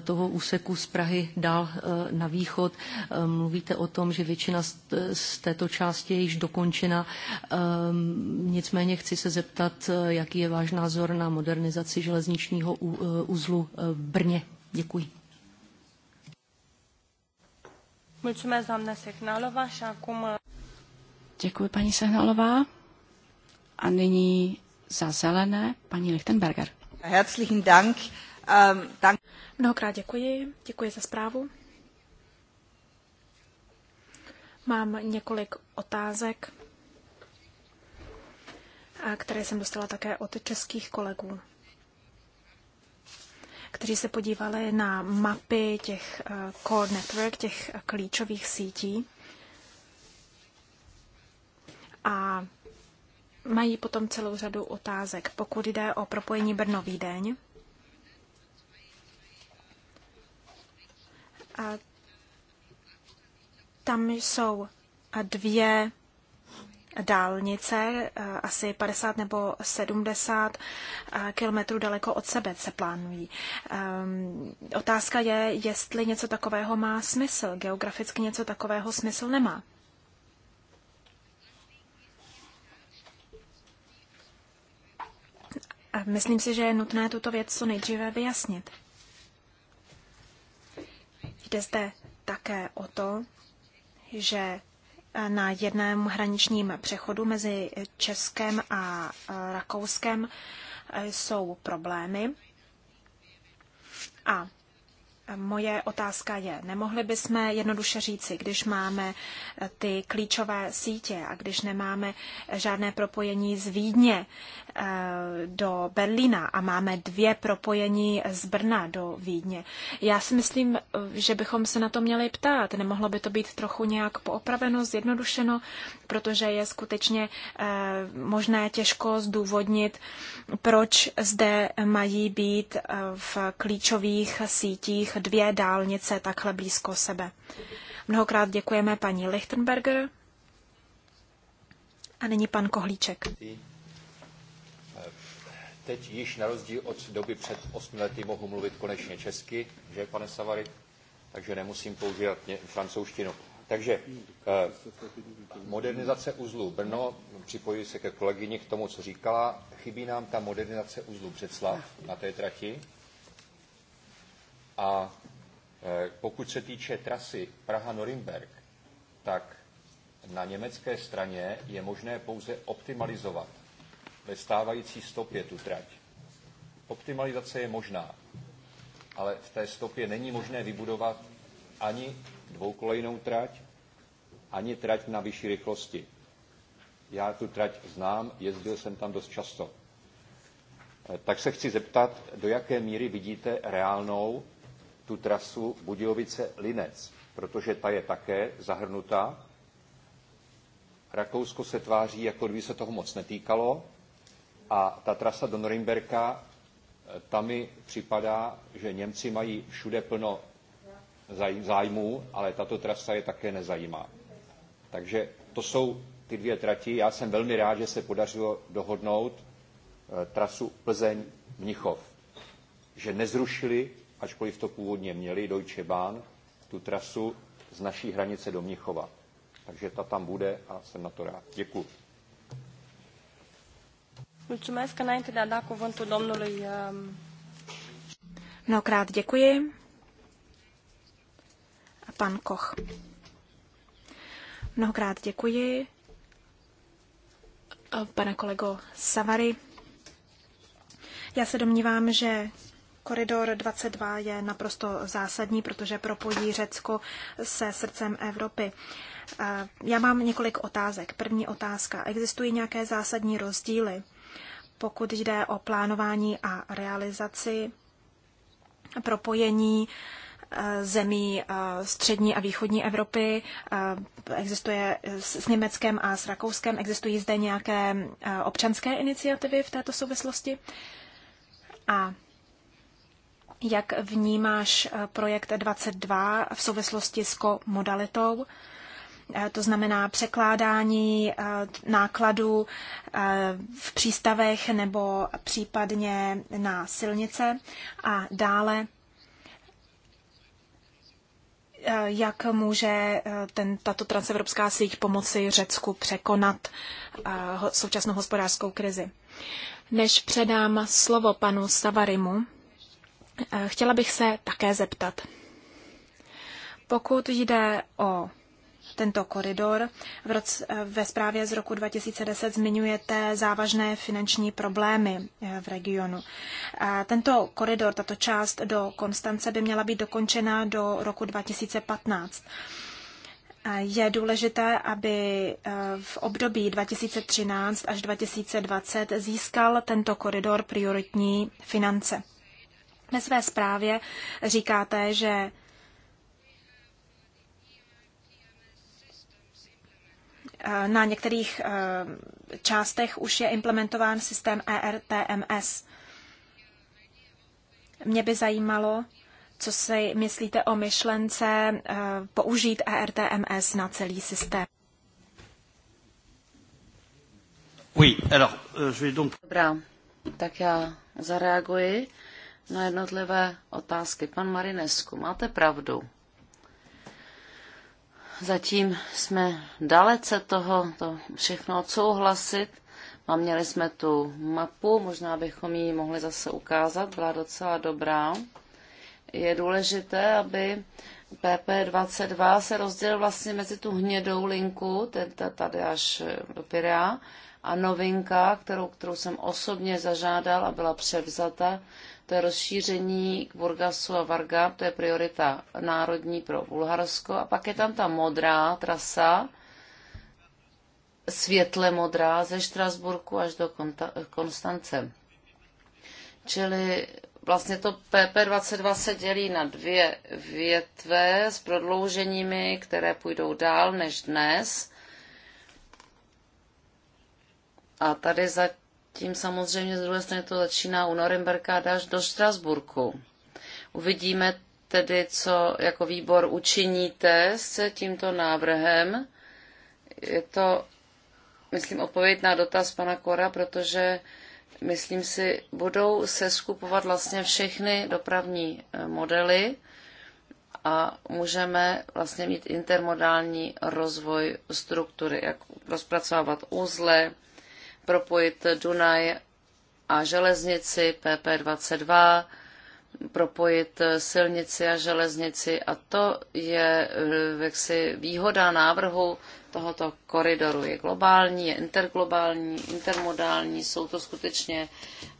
toho úseku z Prahy dál na východ. Mluvíte o tom, že většina z této části je již dokončena. Nicméně chci se zeptat, jaký je váš názor na modernizaci železničního uzlu v Brně. Děkuji. Děkuji, paní Sehnalová. A nyní za zelené paní Lichtenberger. Herzlichen Dank. Um, dank. Mnohokrát děkuji. Děkuji za zprávu. Mám několik otázek, které jsem dostala také od českých kolegů, kteří se podívali na mapy těch eh, core network, těch klíčových sítí. A mají potom celou řadu otázek. Pokud jde o propojení Brno-Vídeň, a tam jsou dvě dálnice, asi 50 nebo 70 kilometrů daleko od sebe se plánují. Ehm, otázka je, jestli něco takového má smysl. Geograficky něco takového smysl nemá. A Myslím si, že je nutné tuto věc co nejdříve vyjasnit. Jde zde také o to, že e, na jedném hraničním přechodu mezi Českem a e, Rakouskem e, jsou problémy a Moje otázka je, nemohli bychom jednoduše říci, když máme eh, ty klíčové sítě a když nemáme žádné propojení z Vídně eh, do Berlína a máme dvě propojení z Brna do Vídně. Já si myslím, eh, že bychom se na to měli ptát. Nemohlo by to být trochu nějak poopraveno, zjednodušeno, protože je skutečně možné těžko zdůvodnit, proč zde mají být v klíčových sítích dvě dálnice takhle blízko sebe. Mnohokrát děkujeme paní Lichtenberger. A nyní pan Kohlíček. Teď již na rozdíl od doby před osmi lety mohu mluvit konečně česky, že pane Savary, takže nemusím používat francouzštinu. Takže eh, modernizace uzlu Brno, připojuji se ke kolegyni k tomu, co říkala, chybí nám ta modernizace uzlu Břeclav na té trati a e, pokud se týče trasy Praha-Norimberg, tak na německé straně je možné pouze optimalizovat ve stávající stopě tu trať. Optimalizace je možná, ale v té stopě není možné vybudovat ani dvoukolejnou trať, ani trať na vyšší rychlosti. Já tu trať znám, jezdil jsem tam dost často. E, tak se chci zeptat, do jaké míry vidíte reálnou tu trasu Budějovice-Linec, protože ta je také zahrnuta. Rakousko se tváří, jako kdyby se toho moc netýkalo. A ta trasa do Norimberka, eh, tam mi připadá, že Němci mají všude plno zájmů, ale tato trasa je také nezajímá. Takže to jsou ty dvě trati. Já jsem velmi rád, že se podařilo dohodnout eh, trasu Plzeň-Mnichov. Že nezrušili ačkoliv to původně měli, Deutsche Bahn, tu trasu z naší hranice do Mnichova. Takže ta tam bude a jsem na to rád. Děkuji. Mulțumesc înainte de a da cuvântul domnului. Um, Mnohokrát děkuji. A pan Koch. Mnohokrát děkuji. Pane kolego Savary, já se domnívám, že Koridor 22 je naprosto zásadní, protože propojí Řecko se srdcem Evropy. Eh, já mám několik otázek. První otázka. Existují nějaké zásadní rozdíly, pokud jde o plánování a realizaci propojení eh, zemí eh, střední a východní Evropy. Existuje s Německem a s Rakouskem. Existují zde nějaké občanské iniciativy v této souvislosti? A jak vnímáš eh, projekt 22 v souvislosti s komodalitou, eh, to znamená překládání eh, nákladů v přístavech nebo případně na silnice a dále jak může ten, tato transevropská síť pomoci Řecku překonat současnou hospodářskou krizi. Než předám slovo panu Savarimu, Eh, chtěla bych se také zeptat. Pokud jde o tento koridor. V roce, eh, ve zprávě z roku 2010 zmiňujete závažné finanční problémy eh, v regionu. A tento koridor, tato část do Konstance by měla být dokončena do roku 2015. Je důležité, aby v období 2013 až 2020 získal tento koridor prioritní finance. Ve své zprávě říkáte, že na některých eh, částech už je implementován systém ERTMS. Mě by zajímalo, co si myslíte o myšlence eh, použít ERTMS na celý systém. Euh, Dobrá, tak já zareaguji na jednotlivé otázky. Pan Marinesku, máte pravdu. Zatím jsme dalece toho to všechno odsouhlasit. A měli jsme tu mapu, možná bychom ji mohli zase ukázat, byla docela dobrá. Je důležité, aby PP22 se rozdělil vlastně mezi tu hnědou linku, tady až eh, do Pirea, a novinka, kterou, kterou jsem osobně zažádal a byla převzata, to je rozšíření k Burgasu a varga to je priorita národní pro Bulharsko. A pak je tam ta modrá trasa, světle modrá ze Štrasburku až do Konstance. Čili vlastně to PP22 se dělí na dvě větve s prodlouženími, které půjdou dál než dnes. A tady za tím samozřejmě z druhé strany to začíná u Norimberka až do Štrasburku. Uvidíme tedy, co jako výbor učiníte s tímto návrhem. Je to, myslím, odpověď na dotaz pana Kora, protože myslím si, budou se skupovat vlastně všechny dopravní eh, modely a můžeme vlastně mít intermodální rozvoj struktury, jak rozpracovávat uzly, propojit Dunaj a železnici PP22, propojit silnici a železnici a to je eh, jaksi výhoda návrhu tohoto koridoru. Je globální, je interglobální, intermodální, jsou to skutečně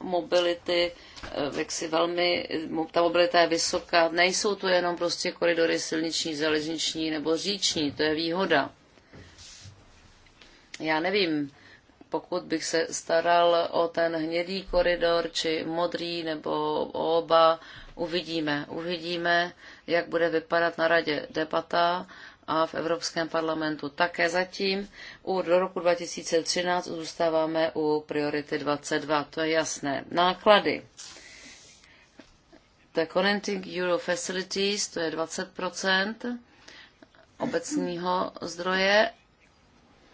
mobility, eh, jaksi velmi, ta mobilita je vysoká, nejsou to jenom prostě koridory silniční, železniční nebo říční, to je výhoda. Já nevím, pokud bych se staral o ten hnědý koridor, či modrý, nebo o oba, uvidíme. Uvidíme, jak bude vypadat na radě debata a v Evropském parlamentu také zatím. U, do roku 2013 zůstáváme u priority 22, to je jasné. Náklady. The Connecting Euro Facilities, to je 20% obecního zdroje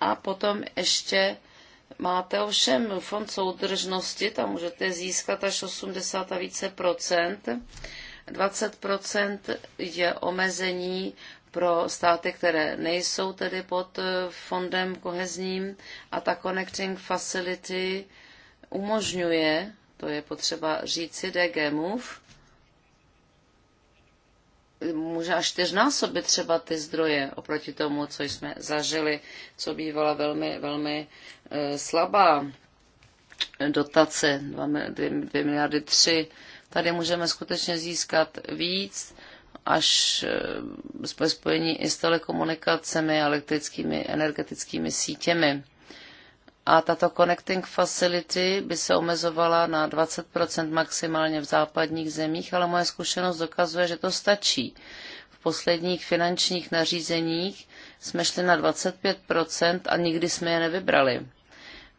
a potom ještě Máte ovšem fond soudržnosti, tam můžete získat až 80 a více procent. 20 procent je omezení pro státy, které nejsou tedy pod eh, fondem kohezním a ta Connecting Facility umožňuje, to je potřeba říci DG Move, možná až čtyřnásobit třeba ty zdroje oproti tomu, co jsme zažili, co bývala velmi, velmi e, slabá dotace, 2, 2 miliardy 3. Tady můžeme skutečně získat víc, až e, jsme spojení i s telekomunikacemi, elektrickými, energetickými sítěmi a tato Connecting Facility by se omezovala na 20% maximálně v západních zemích, ale moje zkušenost dokazuje, že to stačí. V posledních finančních nařízeních jsme šli na 25% a nikdy jsme je nevybrali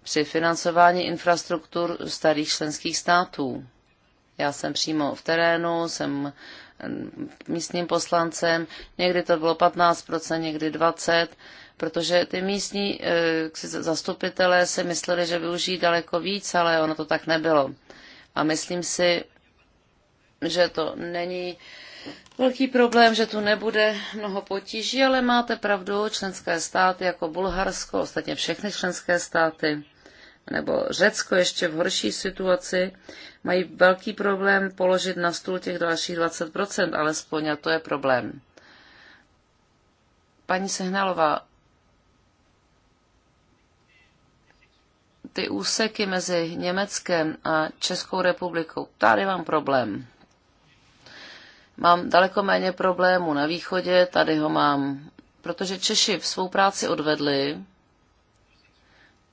při financování infrastruktur starých členských států. Já jsem přímo v terénu, jsem mm, místním poslancem, někdy to bylo 15%, někdy 20%, protože ty místní eh, zastupitelé si mysleli, že využijí daleko víc, ale ono to tak nebylo. A myslím si, že to není velký problém, že tu nebude mnoho potíží, ale máte pravdu, členské státy jako Bulharsko, ostatně všechny členské státy, nebo Řecko ještě v horší situaci, mají velký problém položit na stůl těch dalších 20%, alespoň a to je problém. Paní Sehnalová, ty úseky mezi Německem a Českou republikou, tady mám problém. Mám daleko méně problémů na východě, tady ho mám, protože Češi v svou práci odvedli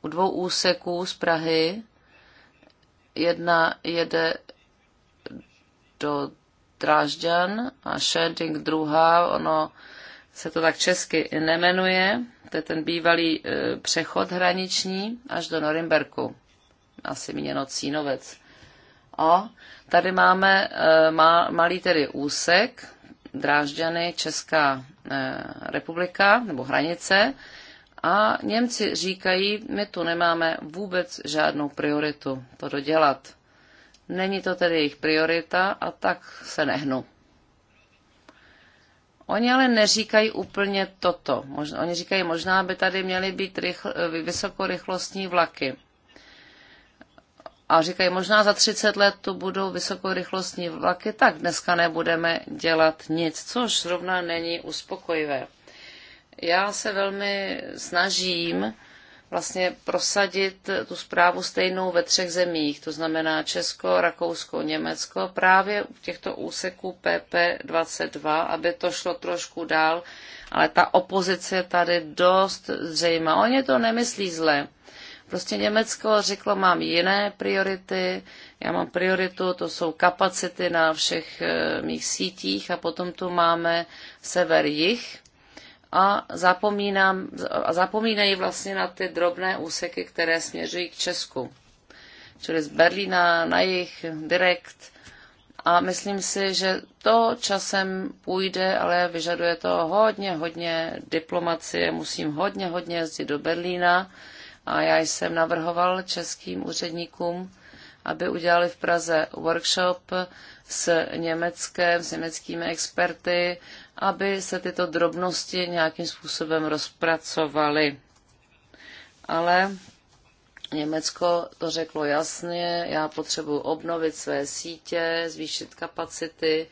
u dvou úseků z Prahy. Jedna jede do Drážďan a Šerding druhá, ono se to tak česky nemenuje, to je ten bývalý e, přechod hraniční až do Norimberku, asi měno Cínovec. A tady máme e, malý tedy úsek, Drážďany, Česká e, republika nebo hranice a Němci říkají, my tu nemáme vůbec žádnou prioritu to dodělat. Není to tedy jejich priorita a tak se nehnu. Oni ale neříkají úplně toto. Možná, oni říkají, možná by tady měly být rychl, eh, vysokorychlostní vlaky. A říkají, možná za 30 let tu budou vysokorychlostní vlaky, tak dneska nebudeme dělat nic, což zrovna není uspokojivé. Já se velmi snažím vlastně prosadit tu zprávu stejnou ve třech zemích, to znamená Česko, Rakousko, Německo, právě u těchto úseků PP22, aby to šlo trošku dál, ale ta opozice je tady dost zřejmá. Oni to nemyslí zle. Prostě Německo řeklo, mám jiné priority, já mám prioritu, to jsou kapacity na všech eh, mých sítích a potom tu máme sever-jih, a, zapomínám, a zapomínají vlastně na ty drobné úseky, které směřují k Česku. Čili z Berlína na jich direkt. A myslím si, že to časem půjde, ale vyžaduje to hodně, hodně diplomacie. Musím hodně, hodně jezdit do Berlína. A já jsem navrhoval českým úředníkům, aby udělali v Praze workshop s Německem, s německými experty aby se tyto drobnosti nějakým způsobem rozpracovaly. Ale Německo to řeklo jasně, já potřebuji obnovit své sítě, zvýšit kapacity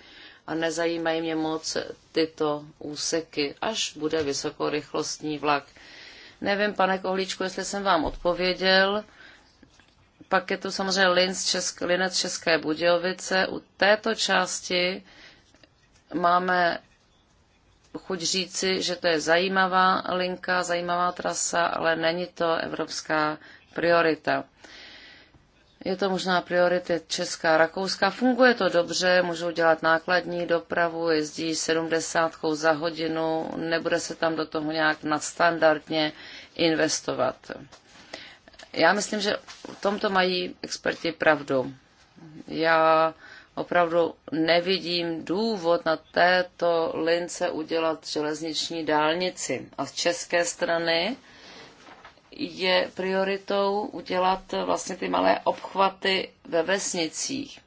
a nezajímají mě moc tyto úseky, až bude vysokorychlostní vlak. Nevím, pane Kohlíčku, jestli jsem vám odpověděl. Pak je tu samozřejmě Linz, Česk, Linec České Budějovice. U této části máme chuť říci, že to je zajímavá linka, zajímavá trasa, ale není to evropská priorita. Je to možná priority Česká, Rakouska. Funguje to dobře, můžou dělat nákladní dopravu, jezdí 70 za hodinu, nebude se tam do toho nějak nadstandardně investovat. Já myslím, že v tomto mají experti pravdu. Já Opravdu nevidím důvod na této lince udělat železniční dálnici. A z české strany je prioritou udělat vlastně ty malé obchvaty ve vesnicích.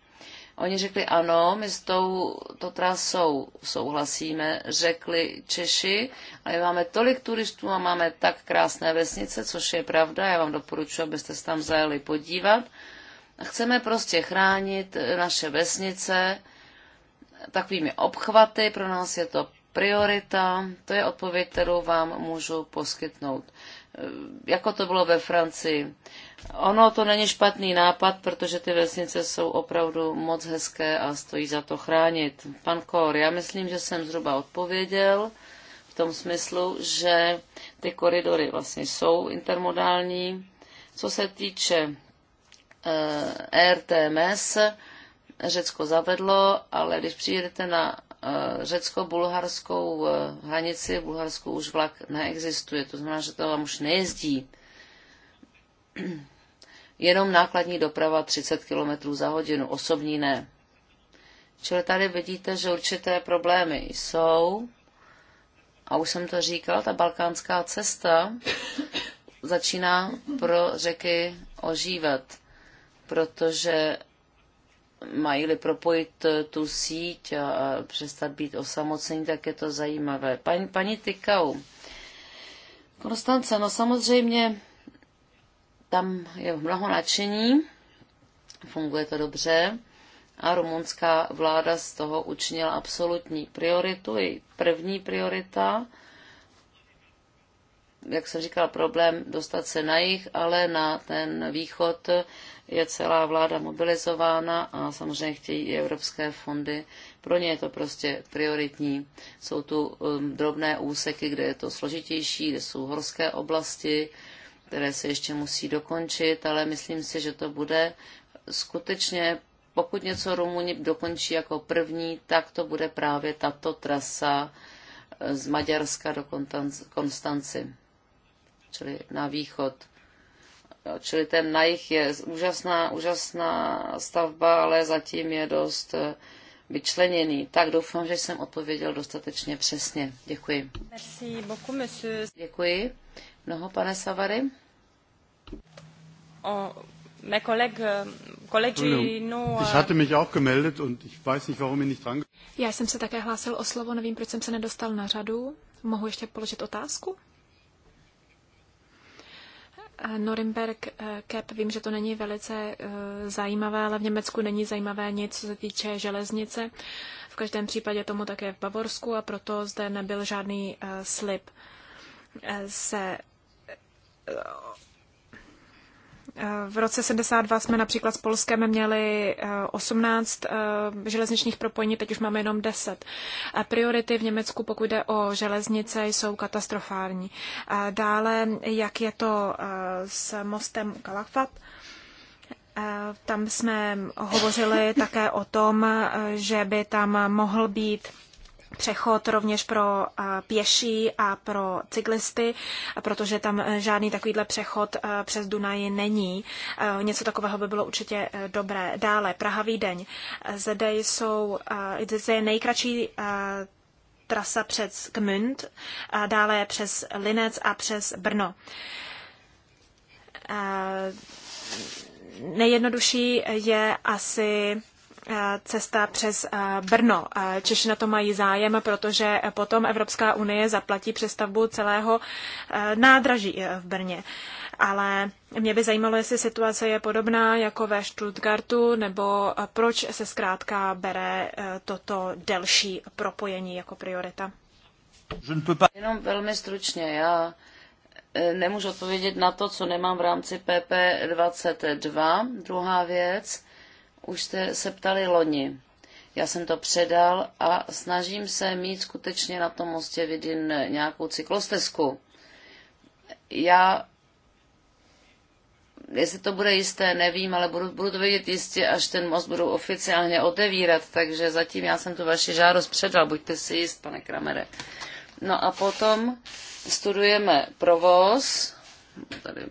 Oni řekli ano, my s tou to trasou souhlasíme, řekli Češi, a my máme tolik turistů a máme tak krásné vesnice, což je pravda, já vám doporučuji, abyste se tam zajeli podívat. Chceme prostě chránit naše vesnice takovými obchvaty, pro nás je to priorita, to je odpověď, kterou vám můžu poskytnout. Jako to bylo ve Francii. Ono to není špatný nápad, protože ty vesnice jsou opravdu moc hezké a stojí za to chránit. Pan Kor, já myslím, že jsem zhruba odpověděl v tom smyslu, že ty koridory vlastně jsou intermodální. Co se týče Eh, RTMS Řecko zavedlo, ale když přijedete na eh, řecko-bulharskou eh, hranici, v Bulharsku už vlak neexistuje, to znamená, že to vám už nejezdí. Jenom nákladní doprava 30 km za hodinu, osobní ne. Čili tady vidíte, že určité problémy jsou. A už jsem to říkal, ta balkánská cesta začíná pro řeky ožívat protože mají-li propojit eh, tu síť a přestat být osamocení, tak je to zajímavé. Paní, paní Tykau, Konstance, no samozřejmě tam je mnoho nadšení, funguje to dobře a rumunská vláda z toho učinila absolutní prioritu, její první priorita. Jak jsem říkala, problém dostat se na jich, ale na ten východ je celá vláda mobilizována a samozřejmě chtějí i evropské fondy. Pro ně je to prostě prioritní. Jsou tu um, drobné úseky, kde je to složitější, kde jsou horské oblasti, které se ještě musí dokončit, ale myslím si, že to bude skutečně, pokud něco Rumuni dokončí jako první, tak to bude právě tato trasa eh, z Maďarska do Konstanci, čili na východ. No, čili ten na jich je úžasná, úžasná stavba, ale zatím je dost eh, vyčleněný. Tak doufám, že jsem odpověděl dostatečně přesně. Děkuji. Merci beaucoup, monsieur. Děkuji. Mnoho, pane Savary. O, oh, mé kolegy, eh, kolegi, no, ich eh, hatte mich auch gemeldet und ich weiß nicht, warum ich nicht dran... Já jsem se také hlásil o slovo, nevím, proč jsem se nedostal na řadu. Mohu ještě položit otázku? Norimberg Cap, eh, vím, že to není velice eh, zajímavé, ale v Německu není zajímavé nic, co se týče železnice. V každém případě tomu také v Bavorsku a proto zde nebyl žádný eh, slib se v roce 72 jsme například s Polskem měli 18 eh, eh, železničních propojení, teď už máme jenom 10. priority v Německu, pokud jde o železnice, jsou katastrofální. dále, jak je to eh, s mostem Kalafat, tam jsme hovořili také o tom, že by tam mohl být přechod rovněž pro eh, pěší a pro cyklisty, protože tam eh, žádný takovýhle přechod eh, přes Dunaji není. Něco takového by bylo určitě dobré. Dále, Praha-Vídeň. Zde jsou, zde je nejkratší trasa přes Gmünd, a dále přes Linec a přes Brno. Nejjednodušší je asi Eh, cesta přes eh, Brno. Eh, Češi na to mají zájem, protože potom Evropská unie zaplatí přestavbu celého nádraží v Brně. Ale mě by zajímalo, jestli situace je podobná jako ve Stuttgartu, nebo proč se zkrátka bere toto delší propojení jako priorita. Jenom velmi stručně, já nemůžu odpovědět na to, co nemám v rámci PP22. Druhá věc, už jste se ptali loni. Já jsem to předal a snažím se mít skutečně na tom mostě vidin nějakou cyklostezku. Já jestli to bude jisté, nevím, ale budu, budu to vědět jistě, až ten most budou oficiálně otevírat, takže zatím já jsem tu vaši žádost předal, buďte si jist, pane Kramere. No a potom studujeme provoz, tady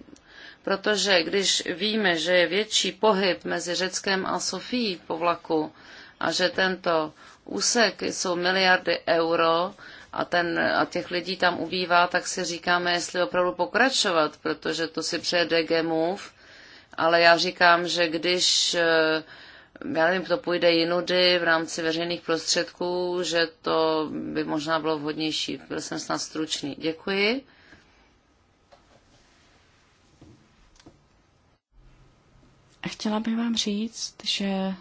protože když víme, že je větší pohyb mezi Řeckem a Sofií po vlaku a že tento úsek jsou miliardy euro a, ten, a těch lidí tam ubývá, tak si říkáme, jestli opravdu pokračovat, protože to si přejede Gemův, ale já říkám, že když eh, já nevím, to půjde jinudy v rámci veřejných prostředků, že to by možná bylo vhodnější. Byl jsem snad stručný. Děkuji. Chtěla bych vám říct, že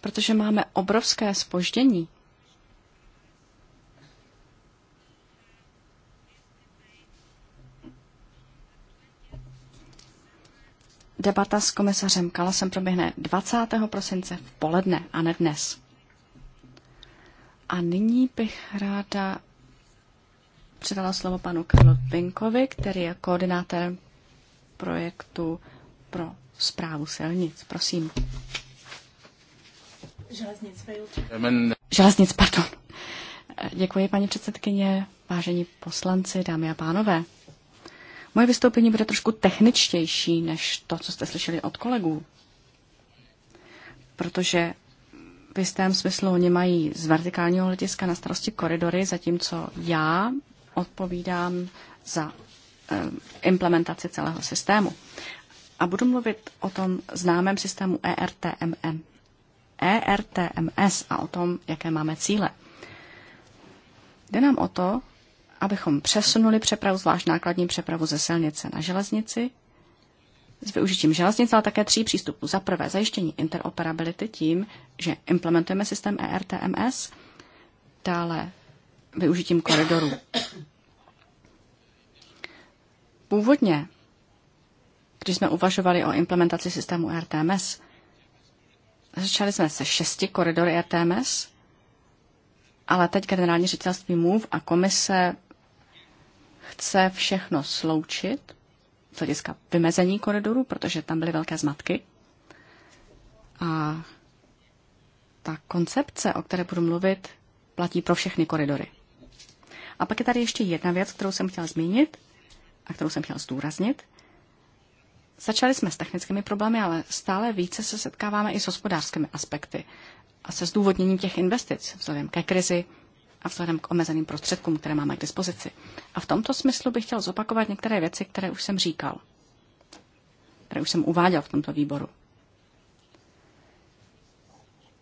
protože máme obrovské spoždění, Debata s komisařem Kalasem proběhne 20. prosince v poledne a ne dnes. A nyní bych ráda předala slovo panu Karlu Pinkovi, který je koordinátorem projektu pro zprávu silnic. Prosím. Železnic, Železnic, pardon. Děkuji, paní předsedkyně, vážení poslanci, dámy a pánové. Moje vystoupení bude trošku techničtější než to, co jste slyšeli od kolegů, protože v jistém smyslu oni mají z vertikálního hlediska na starosti koridory, zatímco já odpovídám za eh, implementaci celého systému. A budu mluvit o tom známém systému ERTMM. ERTMS a o tom, jaké máme cíle. Jde nám o to, abychom přesunuli přepravu, zvlášť nákladní přepravu ze silnice na železnici, s využitím železnice, ale také tří přístupů. Za prvé zajištění interoperability tím, že implementujeme systém ERTMS, dále využitím koridorů. Původně když jsme uvažovali o implementaci systému RTMS, začali jsme se šesti koridory RTMS, ale teď generální ředitelství MOVE a komise chce všechno sloučit z hlediska vymezení koridoru, protože tam byly velké zmatky. A ta koncepce, o které budu mluvit, platí pro všechny koridory. A pak je tady ještě jedna věc, kterou jsem chtěla zmínit a kterou jsem chtěla zdůraznit. Začali jsme s technickými problémy, ale stále více se setkáváme i s hospodářskými aspekty a se zdůvodněním těch investic vzhledem ke krizi a vzhledem k omezeným prostředkům, které máme k dispozici. A v tomto smyslu bych chtěl zopakovat některé věci, které už jsem říkal, které už jsem uváděl v tomto výboru.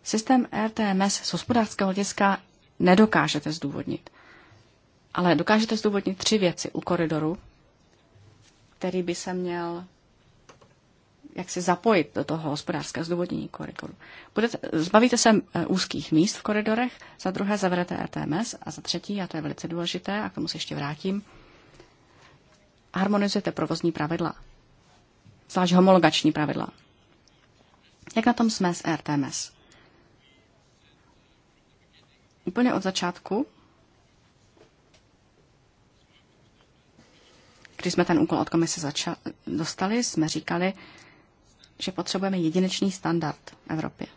Systém RTMS z hospodářského hlediska nedokážete zdůvodnit. Ale dokážete zdůvodnit tři věci u koridoru, který by se měl jak si zapojit do toho hospodářského zdůvodnění koridoru. Budete, zbavíte se eh, úzkých míst v koridorech, za druhé zavedete RTMS a za třetí, a to je velice důležité, a k tomu se ještě vrátím, harmonizujete provozní pravidla, zvlášť homologační pravidla. Jak na tom jsme s RTMS? Úplně od začátku, když jsme ten úkol od komise začal, dostali, jsme říkali, že potřebujeme jedinečný standard v Evropě.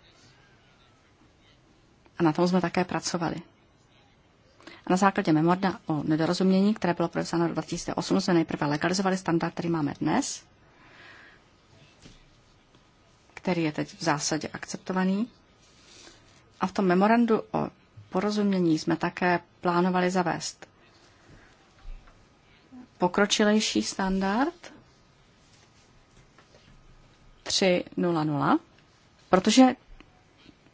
A na tom jsme také pracovali. A na základě memorda o nedorozumění, které bylo prodesáno v 2008, jsme nejprve legalizovali standard, který máme dnes, který je teď v zásadě akceptovaný. A v tom memorandu o porozumění jsme také plánovali zavést pokročilejší standard, 3.0.0, protože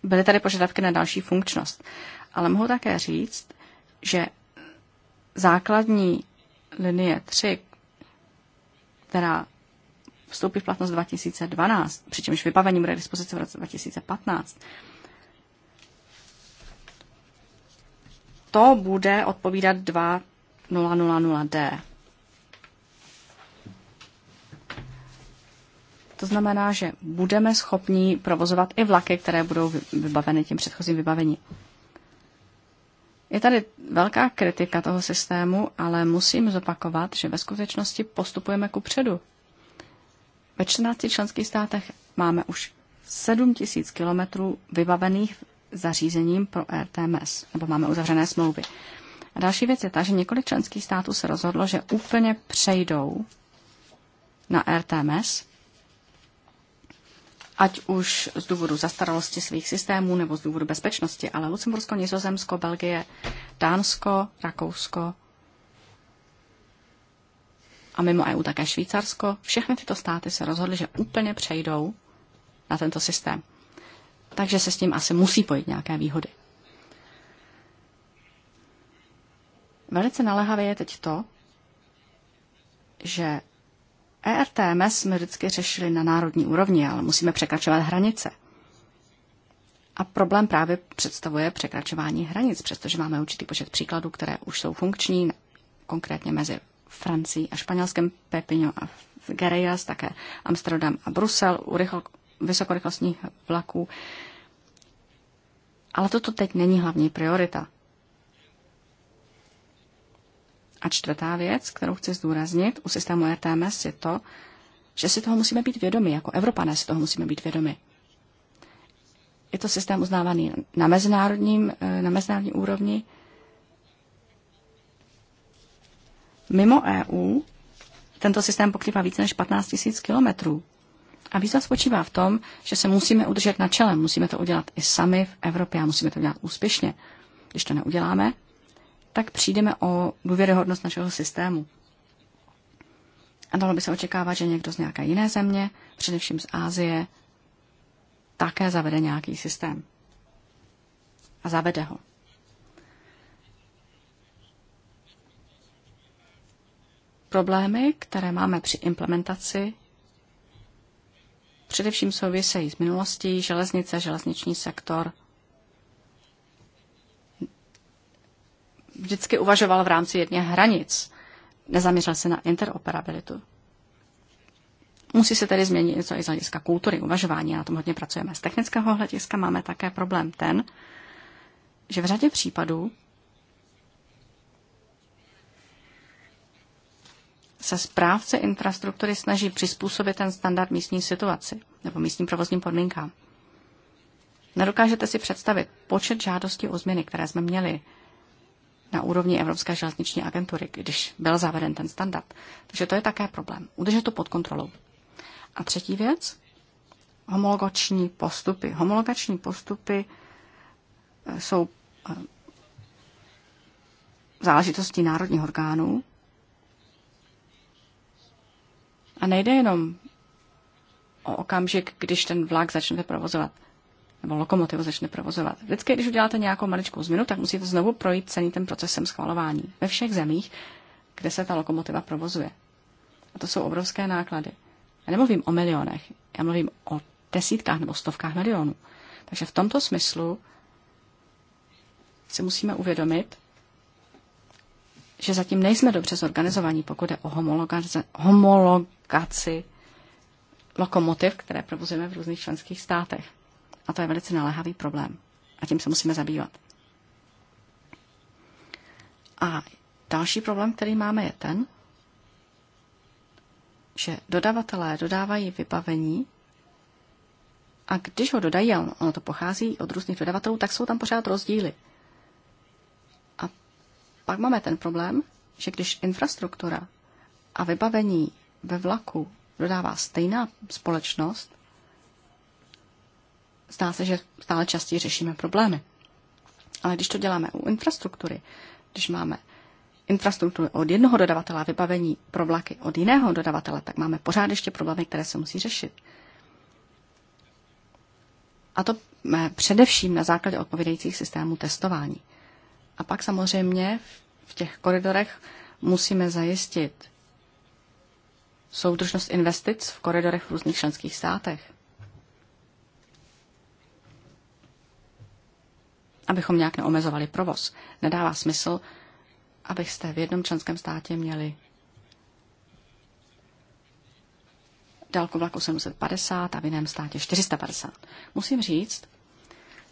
byly tady požadavky na další funkčnost. Ale mohu také říct, že základní linie 3, která vstoupí v platnost 2012, přičemž vybavení bude k dispozici v roce 2015, to bude odpovídat 2000D. To znamená, že budeme schopni provozovat i vlaky, které budou vybaveny tím předchozím vybavením. Je tady velká kritika toho systému, ale musím zopakovat, že ve skutečnosti postupujeme ku předu. Ve 14 členských státech máme už 7 tisíc kilometrů vybavených zařízením pro RTMS, nebo máme uzavřené smlouvy. A další věc je ta, že několik členských států se rozhodlo, že úplně přejdou na RTMS ať už z důvodu zastaralosti svých systémů nebo z důvodu bezpečnosti, ale Lucembursko, Nizozemsko, Belgie, Dánsko, Rakousko a mimo EU také Švýcarsko, všechny tyto státy se rozhodly, že úplně přejdou na tento systém. Takže se s tím asi musí pojít nějaké výhody. Velice naléhavé je teď to, že ERTMS jsme vždycky řešili na národní úrovni, ale musíme překračovat hranice. A problém právě představuje překračování hranic, přestože máme určitý počet příkladů, které už jsou funkční, konkrétně mezi Francií a Španělskem, Pepino a Gereas, také Amsterdam a Brusel, u rychl, vysokorychlostních vlaků. Ale toto teď není hlavní priorita. A čtvrtá věc, kterou chci zdůraznit u systému RTMS, je to, že si toho musíme být vědomi, jako Evropané si toho musíme být vědomi. Je to systém uznávaný na, mezinárodním, eh, na mezinárodní úrovni. Mimo EU tento systém pokrývá více než 15 000 kilometrů. A výzva spočívá v tom, že se musíme udržet na čele, musíme to udělat i sami v Evropě a musíme to dělat úspěšně. Když to neuděláme, tak přijdeme o důvěryhodnost našeho systému. A dalo by se očekávat, že někdo z nějaké jiné země, především z Ázie, také zavede nějaký systém. A zavede ho. Problémy, které máme při implementaci, především souvisejí s minulostí, železnice, železniční sektor – vždycky uvažoval v rámci jedné hranic. Nezaměřil se na interoperabilitu. Musí se tedy změnit něco i z hlediska kultury, uvažování. Na tom hodně pracujeme. Z technického hlediska máme také problém ten, že v řadě případů se správce infrastruktury snaží přizpůsobit ten standard místní situaci nebo místním provozním podmínkám. Nedokážete si představit počet žádostí o změny, které jsme měli na úrovni Evropské železniční agentury, když byl zaveden ten standard. Takže to je také problém. Udržet to pod kontrolou. A třetí věc, homologační postupy. Homologační postupy eh, jsou eh, záležitostí národních orgánů. A nejde jenom o okamžik, když ten vlak začnete provozovat nebo lokomotivu začne provozovat. Vždycky, když uděláte nějakou maličkou změnu, tak musíte znovu projít celý ten procesem schvalování ve všech zemích, kde se ta lokomotiva provozuje. A to jsou obrovské náklady. Já nemluvím o milionech, já mluvím o desítkách nebo stovkách milionů. Takže v tomto smyslu si musíme uvědomit, že zatím nejsme dobře zorganizovaní, pokud je o homologaci lokomotiv, které provozujeme v různých členských státech. A to je velice naléhavý problém. A tím se musíme zabývat. A další problém, který máme, je ten, že dodavatelé dodávají vybavení a když ho dodají, a ono to pochází od různých dodavatelů, tak jsou tam pořád rozdíly. A pak máme ten problém, že když infrastruktura a vybavení ve vlaku dodává stejná společnost, zdá se, že stále častěji řešíme problémy. Ale když to děláme u infrastruktury, když máme infrastrukturu od jednoho dodavatele a vybavení pro vlaky od jiného dodavatele, tak máme pořád ještě problémy, které se musí řešit. A to eh, především na základě odpovědajících systémů testování. A pak samozřejmě v těch koridorech musíme zajistit soudržnost investic v koridorech v různých členských státech. abychom nějak neomezovali provoz. Nedává smysl, abyste v jednom členském státě měli dálku vlaku 750 a v jiném státě 450. Musím říct,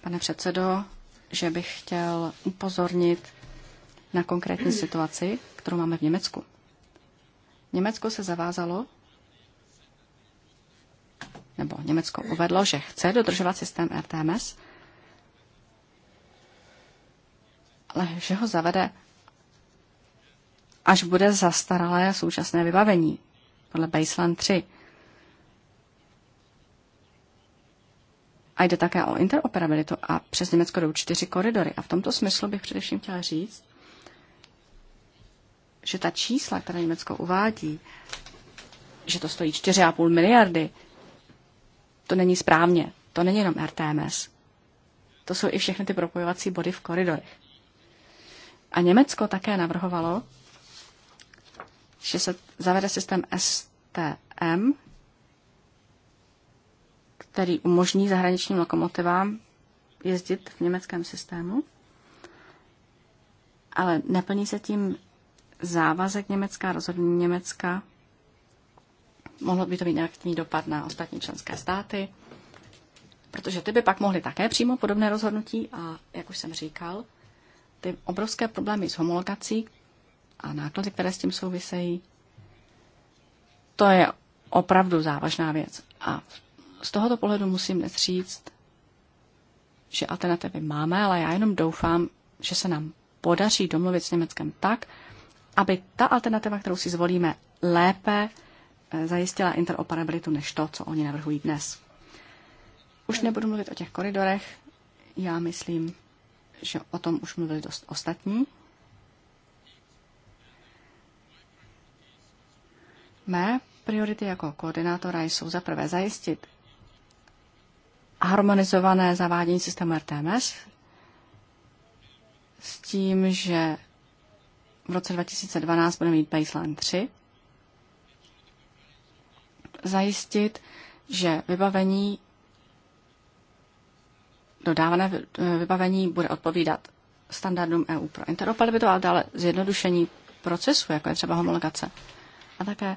pane předsedo, že bych chtěl upozornit na konkrétní situaci, kterou máme v Německu. Německo se zavázalo, nebo Německo uvedlo, že chce dodržovat systém RTMS ale že ho zavede, až bude zastaralé současné vybavení, podle Baseline 3. A jde také o interoperabilitu a přes Německo jdou čtyři koridory. A v tomto smyslu bych především chtěla říct, že ta čísla, která Německo uvádí, že to stojí 4,5 miliardy, to není správně. To není jenom RTMS. To jsou i všechny ty propojovací body v koridorech. A Německo také navrhovalo, že se zavede systém STM, který umožní zahraničním lokomotivám jezdit v německém systému, ale neplní se tím závazek Německa, rozhodnutí Německa. Mohlo by to mít nějaký dopad na ostatní členské státy, protože ty by pak mohly také přímo podobné rozhodnutí a, jak už jsem říkal, ty obrovské problémy s homologací a náklady, které s tím souvisejí, to je opravdu závažná věc. A z tohoto pohledu musím dnes říct, že alternativy máme, ale já jenom doufám, že se nám podaří domluvit s Německem tak, aby ta alternativa, kterou si zvolíme, lépe eh, zajistila interoperabilitu než to, co oni navrhují dnes. Už nebudu mluvit o těch koridorech. Já myslím, že o tom už mluvili dost ostatní. Mé priority jako koordinátora jsou zaprvé zajistit harmonizované zavádění systému RTMS s tím, že v roce 2012 budeme mít baseline 3, zajistit, že vybavení dodávané vybavení bude odpovídat standardům EU pro interoperabilitu, ale dále zjednodušení procesu, jako je třeba homologace. A také eh,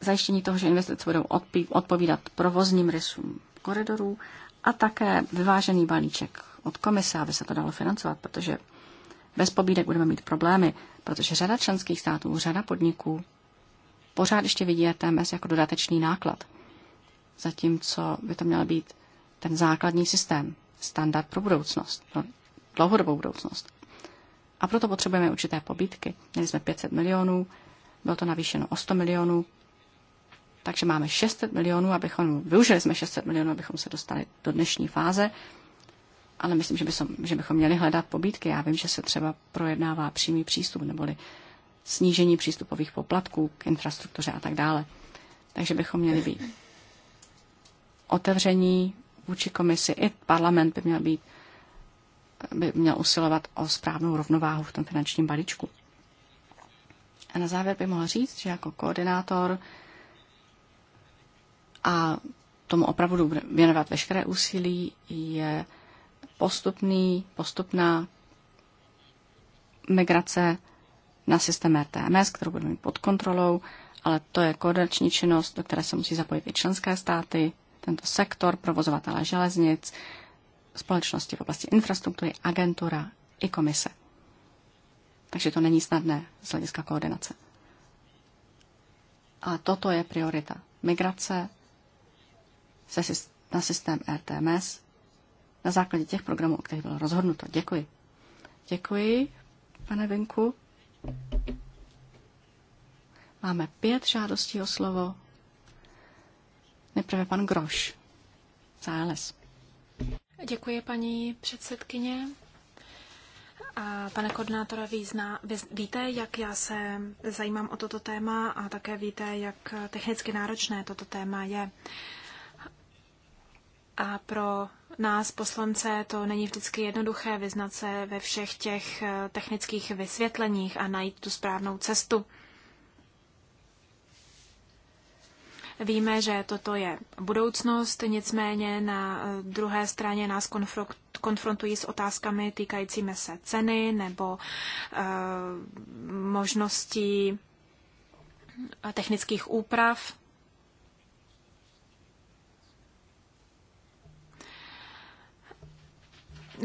zajištění toho, že investice budou odpovídat provozním rysům koridorů a také vyvážený balíček od komise, aby se to dalo financovat, protože bez pobídek budeme mít problémy, protože řada členských států, řada podniků pořád ještě vidí e TMS jako dodatečný náklad, zatímco by to měla být ten základní systém, standard pro budoucnost, pro dlouhodobou budoucnost. A proto potřebujeme určité pobídky. Měli jsme 500 milionů, bylo to navýšeno o 100 milionů, takže máme 600 milionů, abychom, využili jsme 600 milionů, abychom se dostali do dnešní fáze, ale myslím, že, bychom, že bychom měli hledat pobídky. Já vím, že se třeba projednává přímý přístup, neboli snížení přístupových poplatků k infrastruktuře a tak dále. Takže bychom měli být otevření vůči komisi i parlament by měl být by měl usilovat o správnou rovnováhu v tom finančním balíčku. A na závěr bych mohl říct, že jako koordinátor a tomu opravdu věnovat veškeré úsilí je postupný, postupná migrace na systém RTMS, kterou budeme mít pod kontrolou, ale to je koordinační činnost, do které se musí zapojit i členské státy, tento sektor, provozovatele železnic, společnosti v oblasti infrastruktury, agentura i komise. Takže to není snadné z hlediska koordinace. A toto je priorita. Migrace se, na systém RTMS na základě těch programů, o kterých bylo rozhodnuto. Děkuji. Děkuji, pane Vinku. Máme pět žádostí o slovo. Nejprve pan Groš. Záles. Děkuji, paní předsedkyně. A pane koordinátore, vy vy víte, jak já se zajímám o toto téma a také víte, jak technicky náročné toto téma je. A pro nás, poslance, to není vždycky jednoduché vyznat se ve všech těch technických vysvětleních a najít tu správnou cestu. Víme, že toto je budoucnost, nicméně na eh, druhé straně nás konfrontují s otázkami týkajícími se ceny nebo eh, možností eh, technických úprav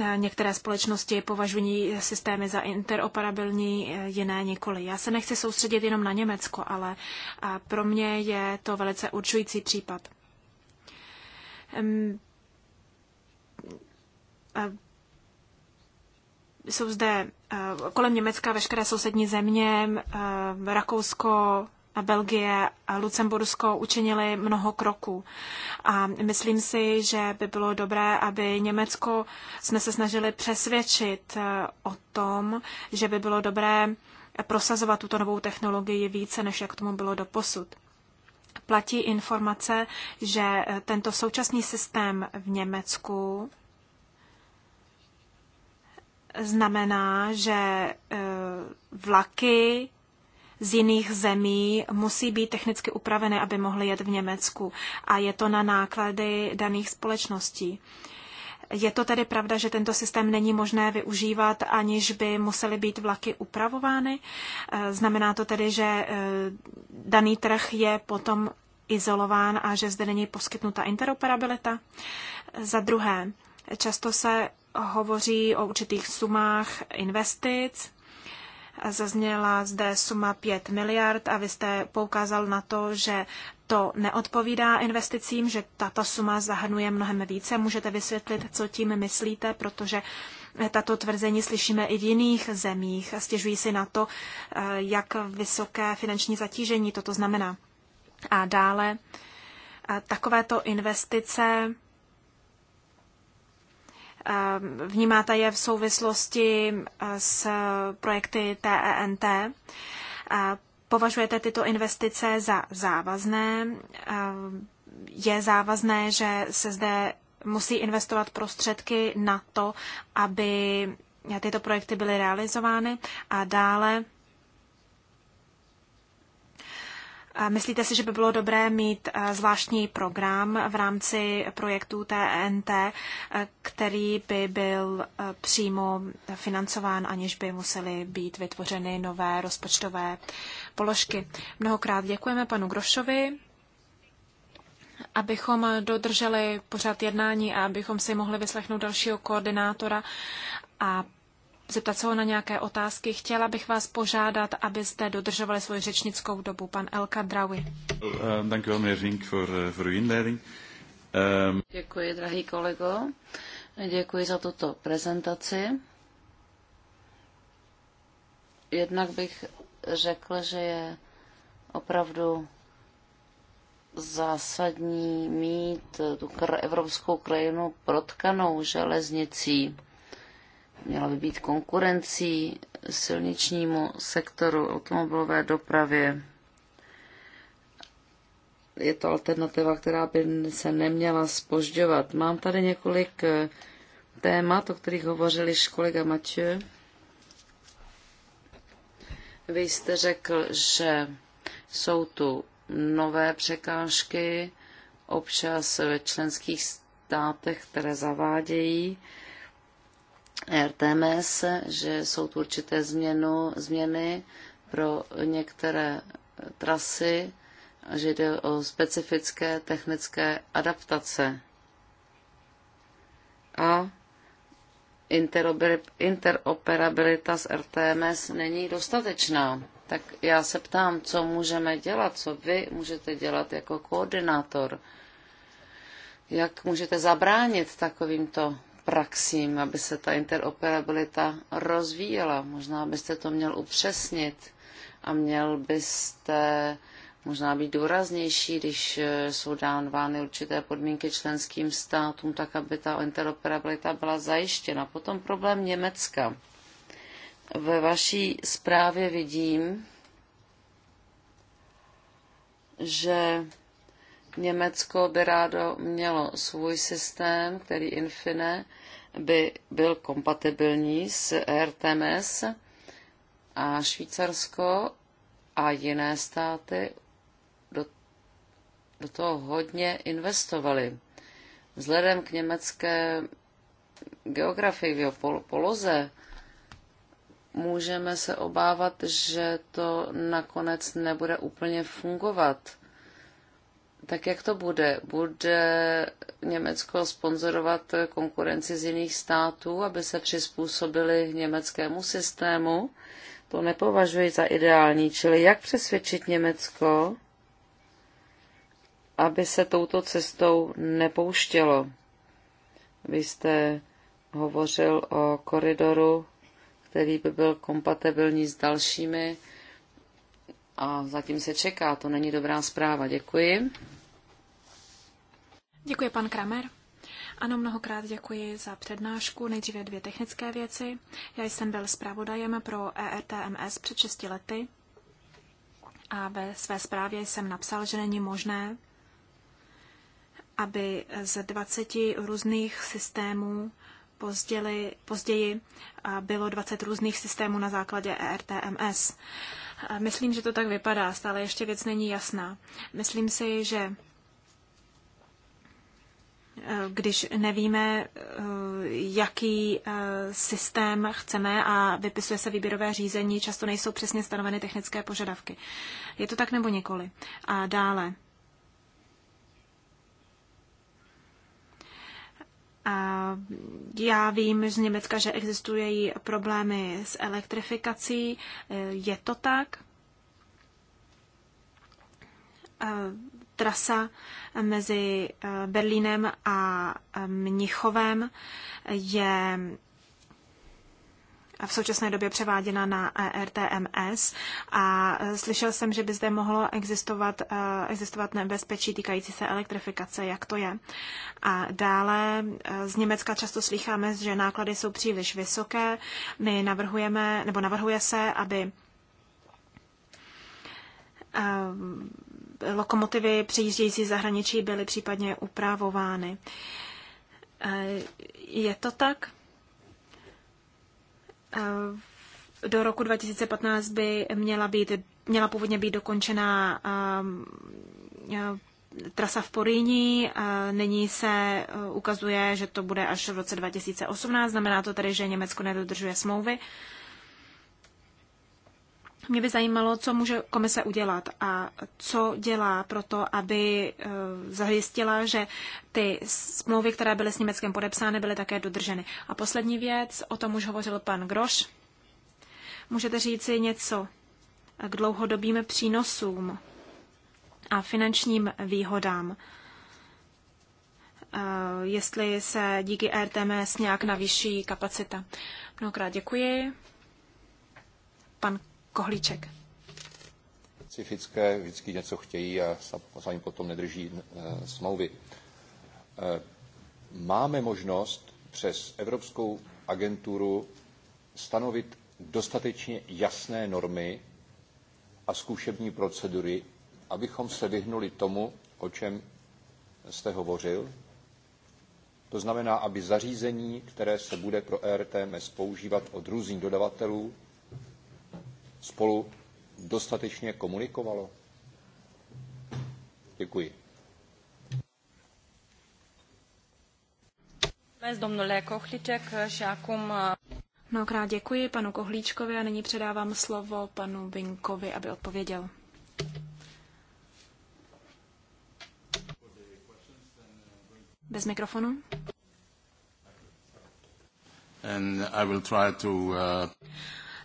Eh, některé společnosti považují systémy za interoperabilní, eh, jiné nikoli. Já se nechci soustředit jenom na Německo, ale pro mě je to velice určující případ. Jsou zde eh, kolem Německa veškeré sousední země, Rakousko, Belgie a Lucembursko učinili mnoho kroků. A myslím si, že by bylo dobré, aby Německo jsme se snažili přesvědčit eh, o tom, že by bylo dobré prosazovat tuto novou technologii více, než jak tomu bylo doposud. Platí informace, že eh, tento současný systém v Německu znamená, že eh, vlaky z jiných zemí musí být technicky upravené, aby mohly jet v Německu. A je to na náklady daných společností. Je to tedy pravda, že tento systém není možné využívat, aniž by musely být vlaky upravovány? Eh, znamená to tedy, že eh, daný trh je potom izolován a že zde není poskytnuta interoperabilita? Eh, za druhé, často se hovoří o určitých sumách investic, Zazněla zde suma 5 miliard a vy jste poukázal na to, že to neodpovídá investicím, že tato suma zahrnuje mnohem více. Můžete vysvětlit, co tím myslíte, protože tato tvrzení slyšíme i v jiných zemích a stěžují si na to, eh, jak vysoké finanční zatížení toto znamená. A dále eh, takovéto investice Eh, vnímáte je v souvislosti eh, s projekty TENT. E eh, považujete tyto investice za závazné? Je závazné, že se zde musí investovat prostředky na to, aby tyto projekty byly realizovány? A dále, Myslíte si, že by bylo dobré mít eh, zvláštní program v rámci projektů TNT, eh, který by byl eh, přímo financován, aniž by musely být vytvořeny nové rozpočtové položky? Mnohokrát děkujeme panu Grošovi abychom dodrželi pořád jednání a abychom si mohli vyslechnout dalšího koordinátora a zeptat se ho na nějaké otázky. Chtěla bych vás požádat, abyste dodržovali svoji řečnickou dobu. Pan Elka Drawi. Eh, eh, ehm, Děkuji, drahý kolego. Děkuji za tuto prezentaci. Jednak bych řekl, že je opravdu zásadní mít tu evropskou krajinu protkanou železnicí měla by být konkurencí silničnímu sektoru automobilové dopravě. Je to alternativa, která by se neměla spožďovat. Mám tady několik eh, témat, o kterých hovořil již kolega Matěj. Vy jste řekl, že jsou tu nové překážky, občas ve členských státech, které zavádějí RTMS, že jsou tu určité změnu, změny pro některé trasy, že jde o specifické technické adaptace a interoperabilita s RTMS není dostatečná. Tak já se ptám, co můžeme dělat, co vy můžete dělat jako koordinátor. Jak můžete zabránit takovýmto praxím, aby se ta interoperabilita rozvíjela. Možná byste to měl upřesnit a měl byste možná být důraznější, když eh, jsou dávány určité podmínky členským státům, tak aby ta interoperabilita byla zajištěna. Potom problém Německa. Ve vaší zprávě vidím, že Německo by rádo mělo svůj systém, který Infine by byl kompatibilní s RTMS a Švýcarsko a jiné státy do, do toho hodně investovali. Vzhledem k německé geografii v jeho poloze můžeme se obávat, že to nakonec nebude úplně fungovat tak jak to bude? Bude Německo sponzorovat konkurenci z jiných států, aby se přizpůsobili německému systému? To nepovažuji za ideální. Čili jak přesvědčit Německo, aby se touto cestou nepouštělo? Vy jste hovořil o koridoru, který by byl kompatibilní s dalšími a zatím se čeká. To není dobrá zpráva. Děkuji. Děkuji, pan Kramer. Ano, mnohokrát děkuji za přednášku. Nejdříve dvě technické věci. Já jsem byl zpravodajem pro ERTMS před 6 lety a ve své zprávě jsem napsal, že není možné, aby z 20 různých systémů později, později bylo 20 různých systémů na základě ERTMS. Myslím, že to tak vypadá, stále ještě věc není jasná. Myslím si, že eh, když nevíme, eh, jaký eh, systém chceme a vypisuje se výběrové řízení, často nejsou přesně stanoveny technické požadavky. Je to tak nebo nikoli? A dále. Já vím z Německa, že existují problémy s elektrifikací. Je to tak? Trasa mezi Berlínem a Mnichovem je v současné době převáděna na ERTMS a e, slyšel jsem, že by zde mohlo existovat, e, existovat nebezpečí týkající se elektrifikace, jak to je. A dále e, z Německa často slycháme, že náklady jsou příliš vysoké. My navrhujeme, nebo navrhuje se, aby lokomotivy přejíždějící zahraničí byly případně upravovány. Je to tak? do roku 2015 by měla, být, měla původně být dokončena um, trasa v Poríní. Nyní se uh, ukazuje, že to bude až v roce 2018. Znamená to tedy, že Německo nedodržuje smlouvy. Mě by zajímalo, co může komise udělat a co dělá pro to, aby eh, zajistila, že ty smlouvy, které byly s Německem podepsány, byly také dodrženy. A poslední věc, o tom už hovořil pan Groš. Můžete říci něco k dlouhodobým přínosům a finančním výhodám? Eh, jestli se díky RTMS nějak navýší kapacita. Mnohokrát děkuji. Pan Kohlíček. Specifické vždycky něco chtějí a sami potom nedrží e, smlouvy. E, máme možnost přes Evropskou agenturu stanovit dostatečně jasné normy a zkušební procedury, abychom se vyhnuli tomu, o čem jste hovořil. To znamená, aby zařízení, které se bude pro ERTMS používat od různých dodavatelů, spolu dostatečně komunikovalo? Děkuji. Domnule Kochliček, și eh, Mnohokrát děkuji panu Kohlíčkovi a nyní předávám slovo panu Vinkovi, aby odpověděl. Bez mikrofonu. And I will try to, uh...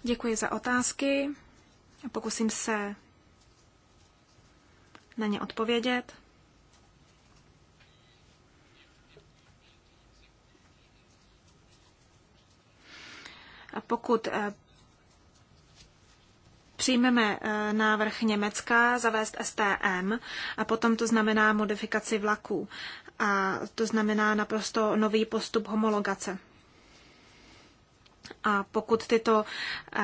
Děkuji za otázky. Pokusím se na ně odpovědět. A pokud eh, přijmeme eh, návrh Německa zavést STM a potom to znamená modifikaci vlaků. A to znamená naprosto nový postup homologace. A pokud tyto eh,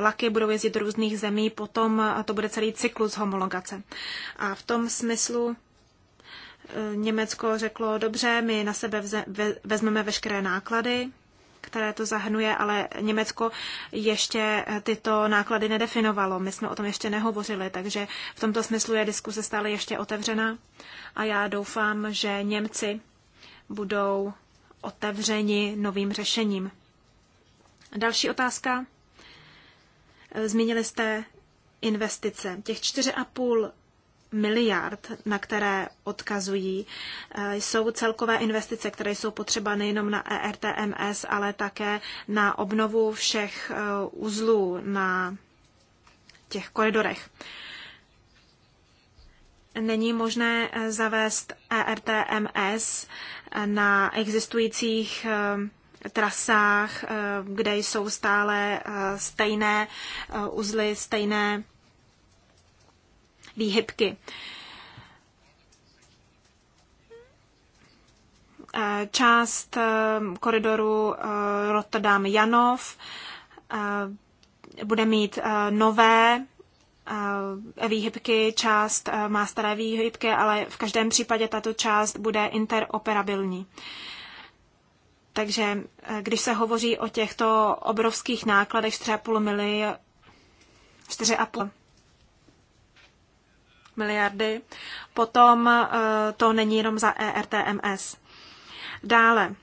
vlaky budou jezdit do různých zemí, potom eh, to bude celý cyklus homologace. A v tom smyslu eh, Německo řeklo, dobře, my na sebe vezmeme veškeré náklady, které to zahrnuje, ale Německo ještě tyto náklady nedefinovalo. My jsme o tom ještě nehovořili, takže v tomto smyslu je diskuse stále ještě otevřená a já doufám, že Němci budou otevřeni novým řešením. Další otázka. Zmínili jste investice. Těch 4,5 miliard, na které odkazují, eh, jsou celkové investice, které jsou potřeba nejenom na ERTMS, ale také na obnovu všech eh, uzlů na těch koridorech. Není možné eh, zavést ERTMS na existujících trasách, eh, kde jsou stále eh, stejné eh, uzly, stejné výhybky. Část koridoru Rotterdam-Janov bude mít nové výhybky, část má staré výhybky, ale v každém případě tato část bude interoperabilní. Takže eh, když se hovoří o těchto obrovských nákladech 4,5 mili 4,5 miliardy, potom eh, to není jenom za ERTMS. Dále,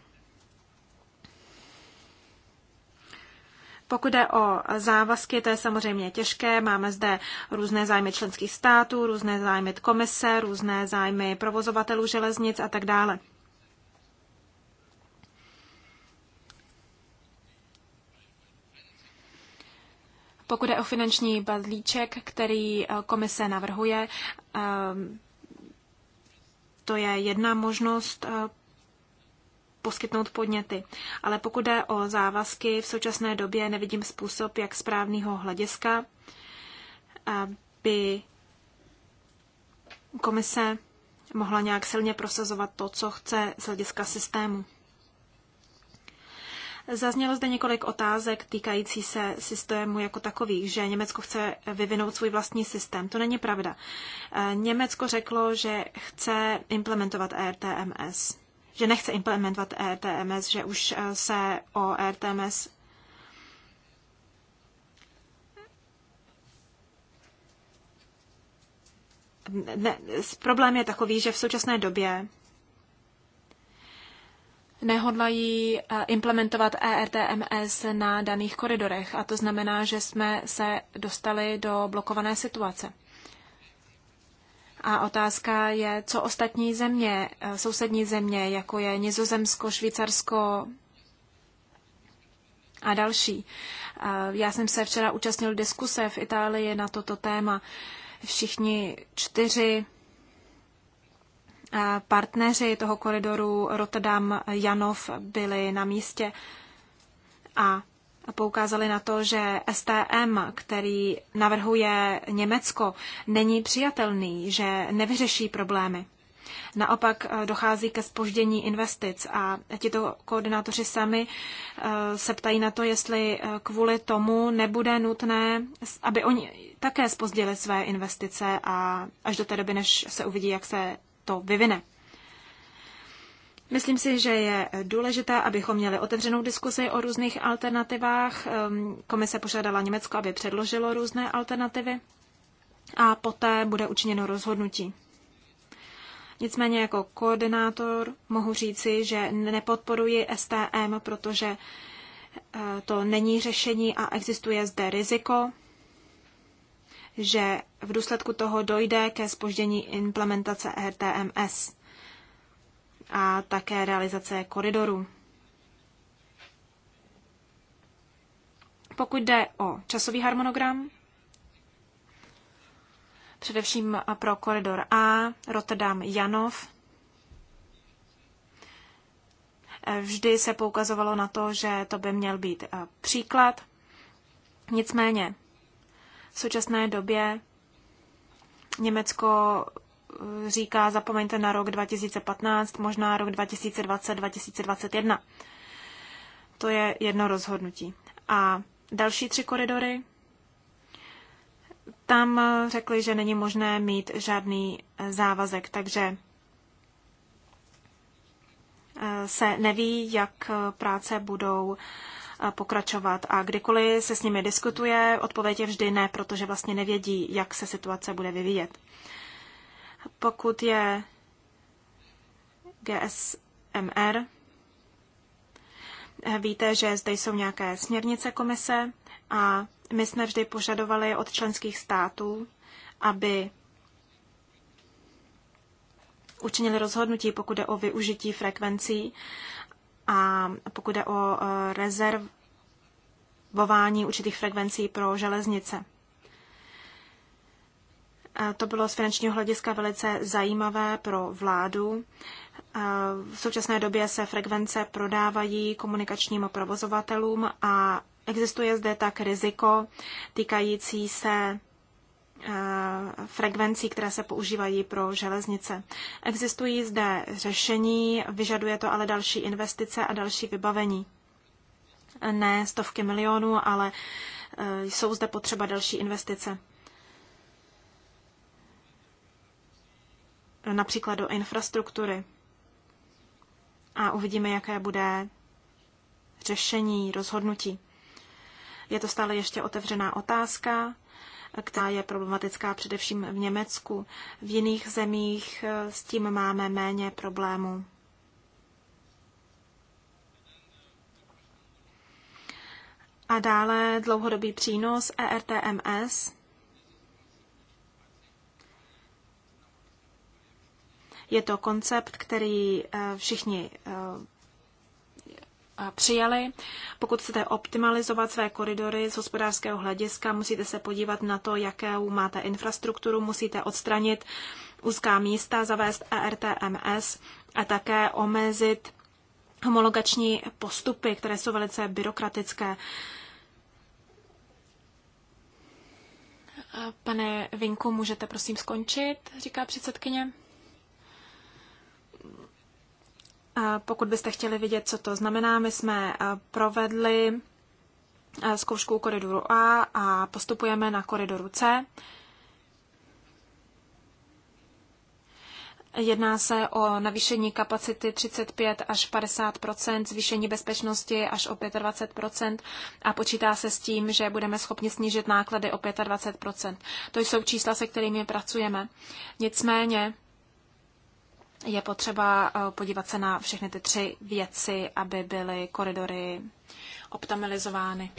Pokud jde o závazky, to je samozřejmě těžké. Máme zde různé zájmy členských států, různé zájmy komise, různé zájmy provozovatelů železnic a tak dále. Pokud je o finanční balíček, který eh, komise navrhuje, ehm, to je jedna možnost eh, poskytnout podněty. Ale pokud jde o závazky, v současné době nevidím způsob, jak z právního hlediska eh, by komise mohla nějak silně prosazovat to, co chce z hlediska systému. Zaznělo zde několik otázek týkající se systému jako takových, že Německo chce vyvinout svůj vlastní systém. To není pravda. Eh, Německo řeklo, že chce implementovat ERTMS, že nechce implementovat ERTMS, že už eh, se o ERTMS ne, problém je takový, že v současné době nehodlají eh, implementovat ERTMS na daných koridorech a to znamená, že jsme se dostali do blokované situace. A otázka je, co ostatní země, eh, sousední země, jako je Nizozemsko, Švýcarsko a další. Eh, já jsem se včera účastnil diskuse v Itálii na toto téma. Všichni čtyři partneři toho koridoru Rotterdam-Janov byli na místě a poukázali na to, že STM, který navrhuje Německo, není přijatelný, že nevyřeší problémy. Naopak eh, dochází ke spoždění investic a tito koordinátoři sami eh, se ptají na to, jestli eh, kvůli tomu nebude nutné, aby oni také spozdili své investice a až do té doby, než se uvidí, jak se to vyvine. Myslím si, že je důležité, abychom měli otevřenou diskusi o různých alternativách. Ehm, komise požádala Německo, aby předložilo různé alternativy a poté bude učiněno rozhodnutí. Nicméně jako koordinátor mohu říci, že nepodporuji STM, protože eh, to není řešení a existuje zde riziko, že v důsledku toho dojde ke spoždění implementace RTMS a také realizace koridoru. Pokud jde o časový harmonogram, především pro koridor A, Rotterdam, Janov. Vždy se poukazovalo na to, že to by měl být eh, příklad. Nicméně v současné době Německo eh, říká, zapomeňte na rok 2015, možná rok 2020, 2021. To je jedno rozhodnutí. A další tři koridory, tam eh, řekli, že není možné mít žádný eh, závazek, takže se neví, jak práce budou pokračovat. A kdykoliv se s nimi diskutuje, odpověď je vždy ne, protože vlastně nevědí, jak se situace bude vyvíjet. Pokud je GSMR, víte, že zde jsou nějaké směrnice komise a my jsme vždy požadovali od členských států, aby učinili rozhodnutí, pokud jde o využití frekvencí a pokud jde o e, rezervování určitých frekvencí pro železnice. E, to bylo z finančního hlediska velice zajímavé pro vládu. E, v současné době se frekvence prodávají komunikačním provozovatelům a existuje zde tak riziko týkající se frekvencí, které se používají pro železnice. Existují zde řešení, vyžaduje to ale další investice a další vybavení. Ne stovky milionů, ale e, jsou zde potřeba další investice. Například do infrastruktury. A uvidíme, jaké bude řešení, rozhodnutí. Je to stále ještě otevřená otázka která je problematická především v Německu. V jiných zemích eh, s tím máme méně problémů. A dále dlouhodobý přínos ERTMS. Je to koncept, který eh, všichni eh, přijali. Pokud chcete optimalizovat své koridory z hospodářského hlediska, musíte se podívat na to, jakou máte infrastrukturu, musíte odstranit úzká místa, zavést ERTMS a také omezit homologační postupy, které jsou velice byrokratické. Pane Vinku, můžete prosím skončit, říká předsedkyně. Pokud byste chtěli vidět, co to znamená, my jsme eh, provedli eh, zkoušku koridoru A a postupujeme na koridoru C. Jedná se o navýšení kapacity 35 až 50 zvýšení bezpečnosti až o 25 a počítá se s tím, že budeme schopni snížit náklady o 25 To jsou čísla, se kterými pracujeme. Nicméně je potřeba eh, podívat se na všechny ty tři věci, aby byly koridory optimalizovány.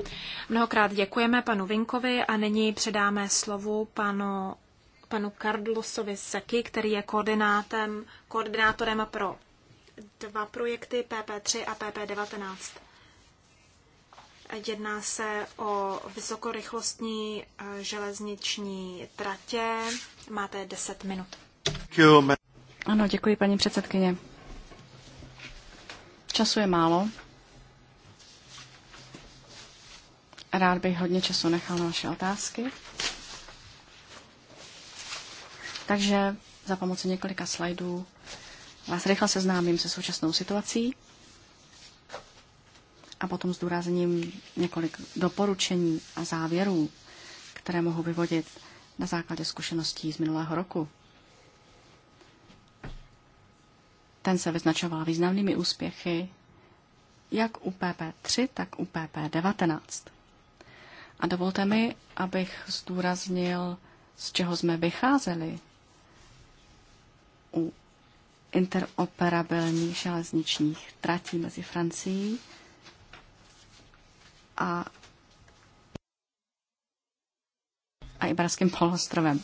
Mnohokrát děkujeme panu Vinkovi a nyní předáme slovu panu, panu Karlosovi Seky, který je koordinátem, koordinátorem pro dva projekty PP3 a PP19. Jedná se o vysokorychlostní eh, železniční tratě. Máte 10 minut. Ano, děkuji, paní předsedkyně. Času je málo. Rád bych hodně času nechal na vaše otázky. Takže za pomoci několika slajdů vás rychle seznámím se současnou situací a potom zdůrazním několik doporučení a závěrů, které mohu vyvodit na základě zkušeností z minulého roku. Ten se vyznačoval významnými úspěchy jak u PP3, tak u PP19. A dovolte mi, abych zdůraznil, z čeho jsme vycházeli u interoperabilních železničních tratí mezi Francií a, a Iberským polostrovem.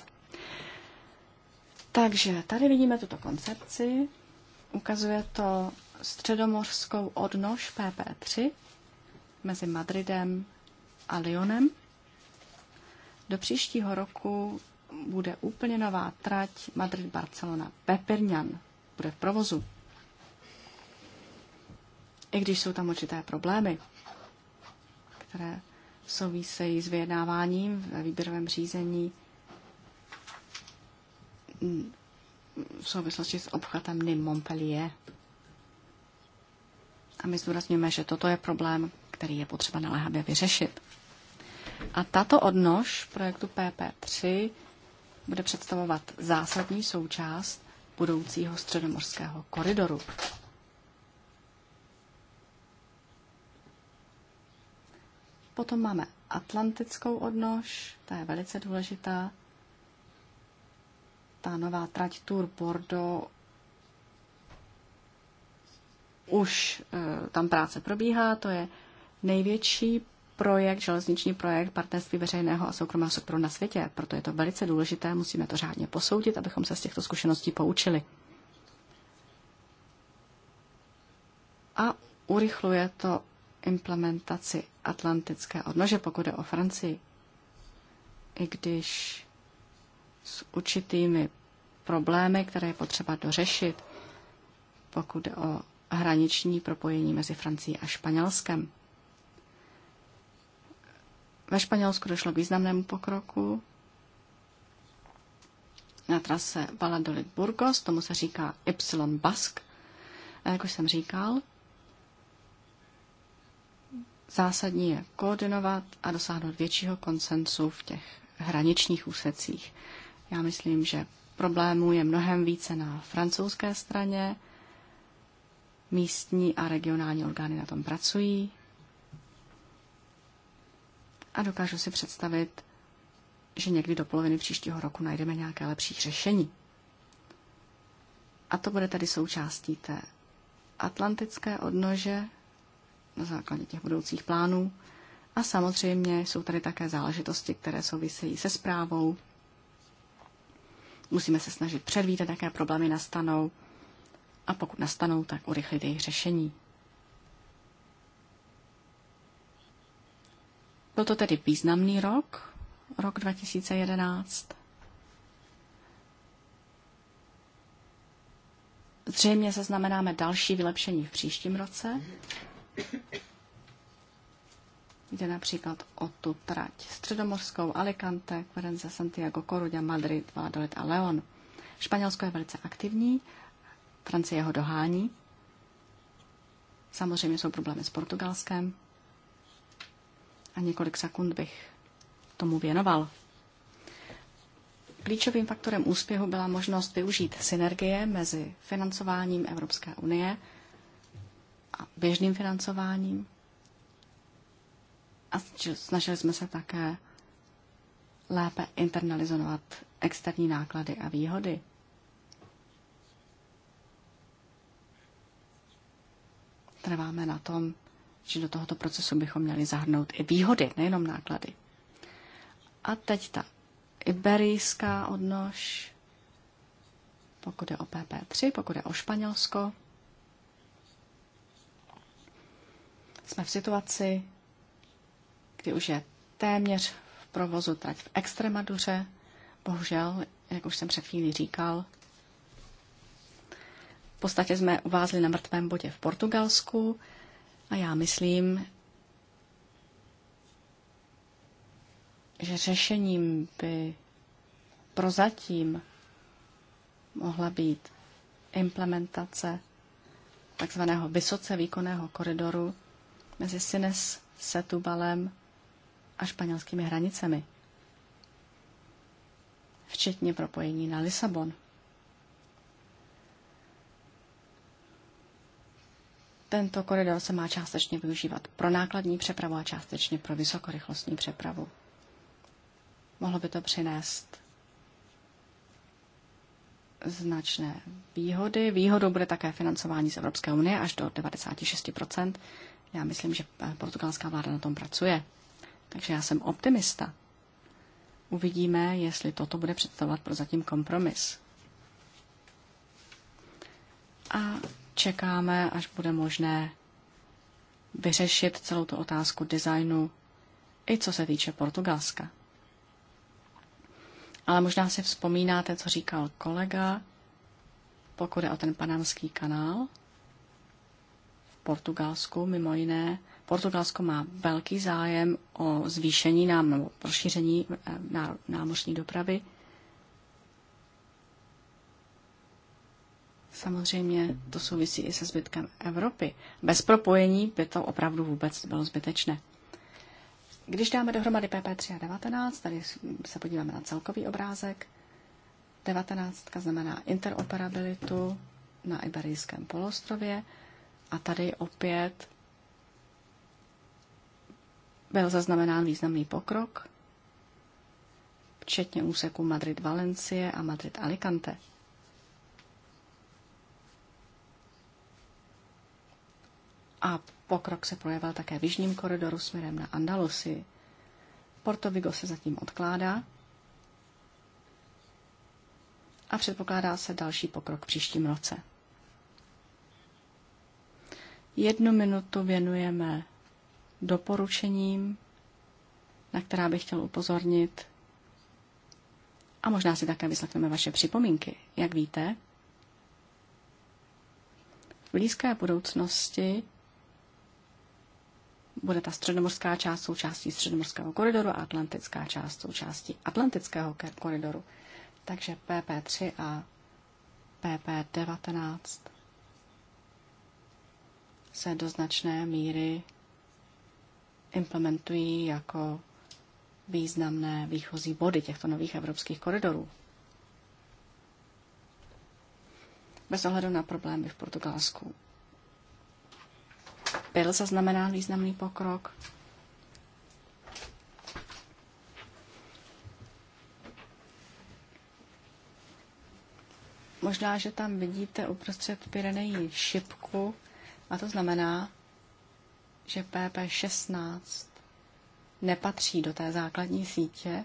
Takže tady vidíme tuto koncepci, Ukazuje to středomořskou odnož PP3 mezi Madridem a Lyonem. Do příštího roku bude úplně nová trať Madrid-Barcelona. Pepirňan bude v provozu. I když jsou tam určité problémy, které souvisejí s vyjednáváním ve výběrovém řízení v souvislosti s obchvatem Nîmes Montpellier. A my zdůrazňujeme, že toto je problém, který je potřeba naléhavě vyřešit. A tato odnož projektu PP3 bude představovat zásadní součást budoucího středomorského koridoru. Potom máme atlantickou odnož, ta je velice důležitá ta nová trať Tour Bordeaux už e, tam práce probíhá, to je největší projekt, železniční projekt partnerství veřejného a soukromého sektoru na světě. Proto je to velice důležité, musíme to řádně posoudit, abychom se z těchto zkušeností poučili. A urychluje to implementaci atlantické odnože, pokud je o Francii. I když s určitými problémy, které je potřeba dořešit, pokud jde o hraniční propojení mezi Francií a Španělskem. Ve Španělsku došlo k významnému pokroku na trase Valladolid Burgos, tomu se říká Y Bask. A jak už jsem říkal, zásadní je koordinovat a dosáhnout většího konsensu v těch hraničních úsecích. Já myslím, že problémů je mnohem více na francouzské straně. Místní a regionální orgány na tom pracují. A dokážu si představit, že někdy do poloviny příštího roku najdeme nějaké lepší řešení. A to bude tady součástí té atlantické odnože na základě těch budoucích plánů. A samozřejmě jsou tady také záležitosti, které souvisejí se zprávou, Musíme se snažit předvídat, jaké problémy nastanou a pokud nastanou, tak urychlit jejich řešení. Byl to tedy významný rok, rok 2011. Zřejmě zaznamenáme další vylepšení v příštím roce. Jde například o tu trať středomorskou, Alicante, Querenza, Santiago, Coruña, Madrid, Valladolid a León. Španělsko je velice aktivní, Francie ho dohání. Samozřejmě jsou problémy s Portugalskem. A několik sekund bych tomu věnoval. Klíčovým faktorem úspěchu byla možnost využít synergie mezi financováním Evropské unie a běžným financováním a snažili jsme se také lépe internalizovat externí náklady a výhody. Trváme na tom, že do tohoto procesu bychom měli zahrnout i výhody, nejenom náklady. A teď ta iberijská odnož, pokud je o PP3, pokud je o Španělsko. Jsme v situaci, kdy už je téměř v provozu trať v Extremaduře. Bohužel, jak už jsem před chvíli říkal, v podstatě jsme uvázli na mrtvém bodě v Portugalsku a já myslím, že řešením by prozatím mohla být implementace takzvaného vysoce výkonného koridoru mezi Sines, Setubalem a španělskými hranicemi, včetně propojení na Lisabon. Tento koridor se má částečně využívat pro nákladní přepravu a částečně pro vysokorychlostní přepravu. Mohlo by to přinést značné výhody. Výhodou bude také financování z Evropské unie až do 96%. Já myslím, že portugalská vláda na tom pracuje. Takže já jsem optimista. Uvidíme, jestli toto bude představovat pro zatím kompromis. A čekáme, až bude možné vyřešit celou tu otázku designu, i co se týče Portugalska. Ale možná si vzpomínáte, co říkal kolega, pokud je o ten panamský kanál v Portugalsku, mimo jiné, Portugalsko má velký zájem o zvýšení nám nebo rozšíření eh, námořní dopravy. Samozřejmě to souvisí i se zbytkem Evropy. Bez propojení by to opravdu vůbec bylo zbytečné. Když dáme dohromady PP3 a 19, tady se podíváme na celkový obrázek. 19 znamená interoperabilitu na Iberijském polostrově a tady opět byl zaznamenán významný pokrok, včetně úseku Madrid-Valencie a Madrid-Alicante. A pokrok se projevil také v jižním koridoru směrem na Andalusii. Porto Vigo se zatím odkládá a předpokládá se další pokrok v příštím roce. Jednu minutu věnujeme doporučením, na která bych chtěl upozornit. A možná si také vyslechneme vaše připomínky. Jak víte, v blízké budoucnosti bude ta středomorská část součástí středomorského koridoru a atlantická část součástí atlantického koridoru. Takže PP3 a PP19 se do značné míry implementují jako významné výchozí body těchto nových evropských koridorů. Bez ohledu na problémy v Portugalsku. Byl zaznamenán významný pokrok. Možná, že tam vidíte uprostřed Pirenejí šipku, a to znamená, že PP16 nepatří do té základní sítě,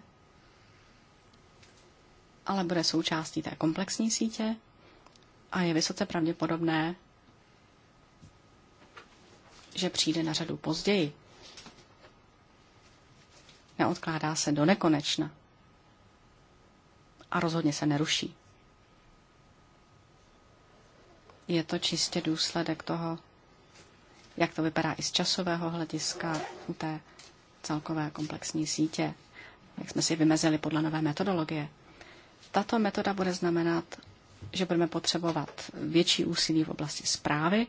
ale bude součástí té komplexní sítě a je vysoce pravděpodobné, že přijde na řadu později. Neodkládá se do nekonečna a rozhodně se neruší. Je to čistě důsledek toho, jak to vypadá i z časového hlediska u té celkové komplexní sítě, jak jsme si vymezili podle nové metodologie. Tato metoda bude znamenat, že budeme potřebovat větší úsilí v oblasti zprávy.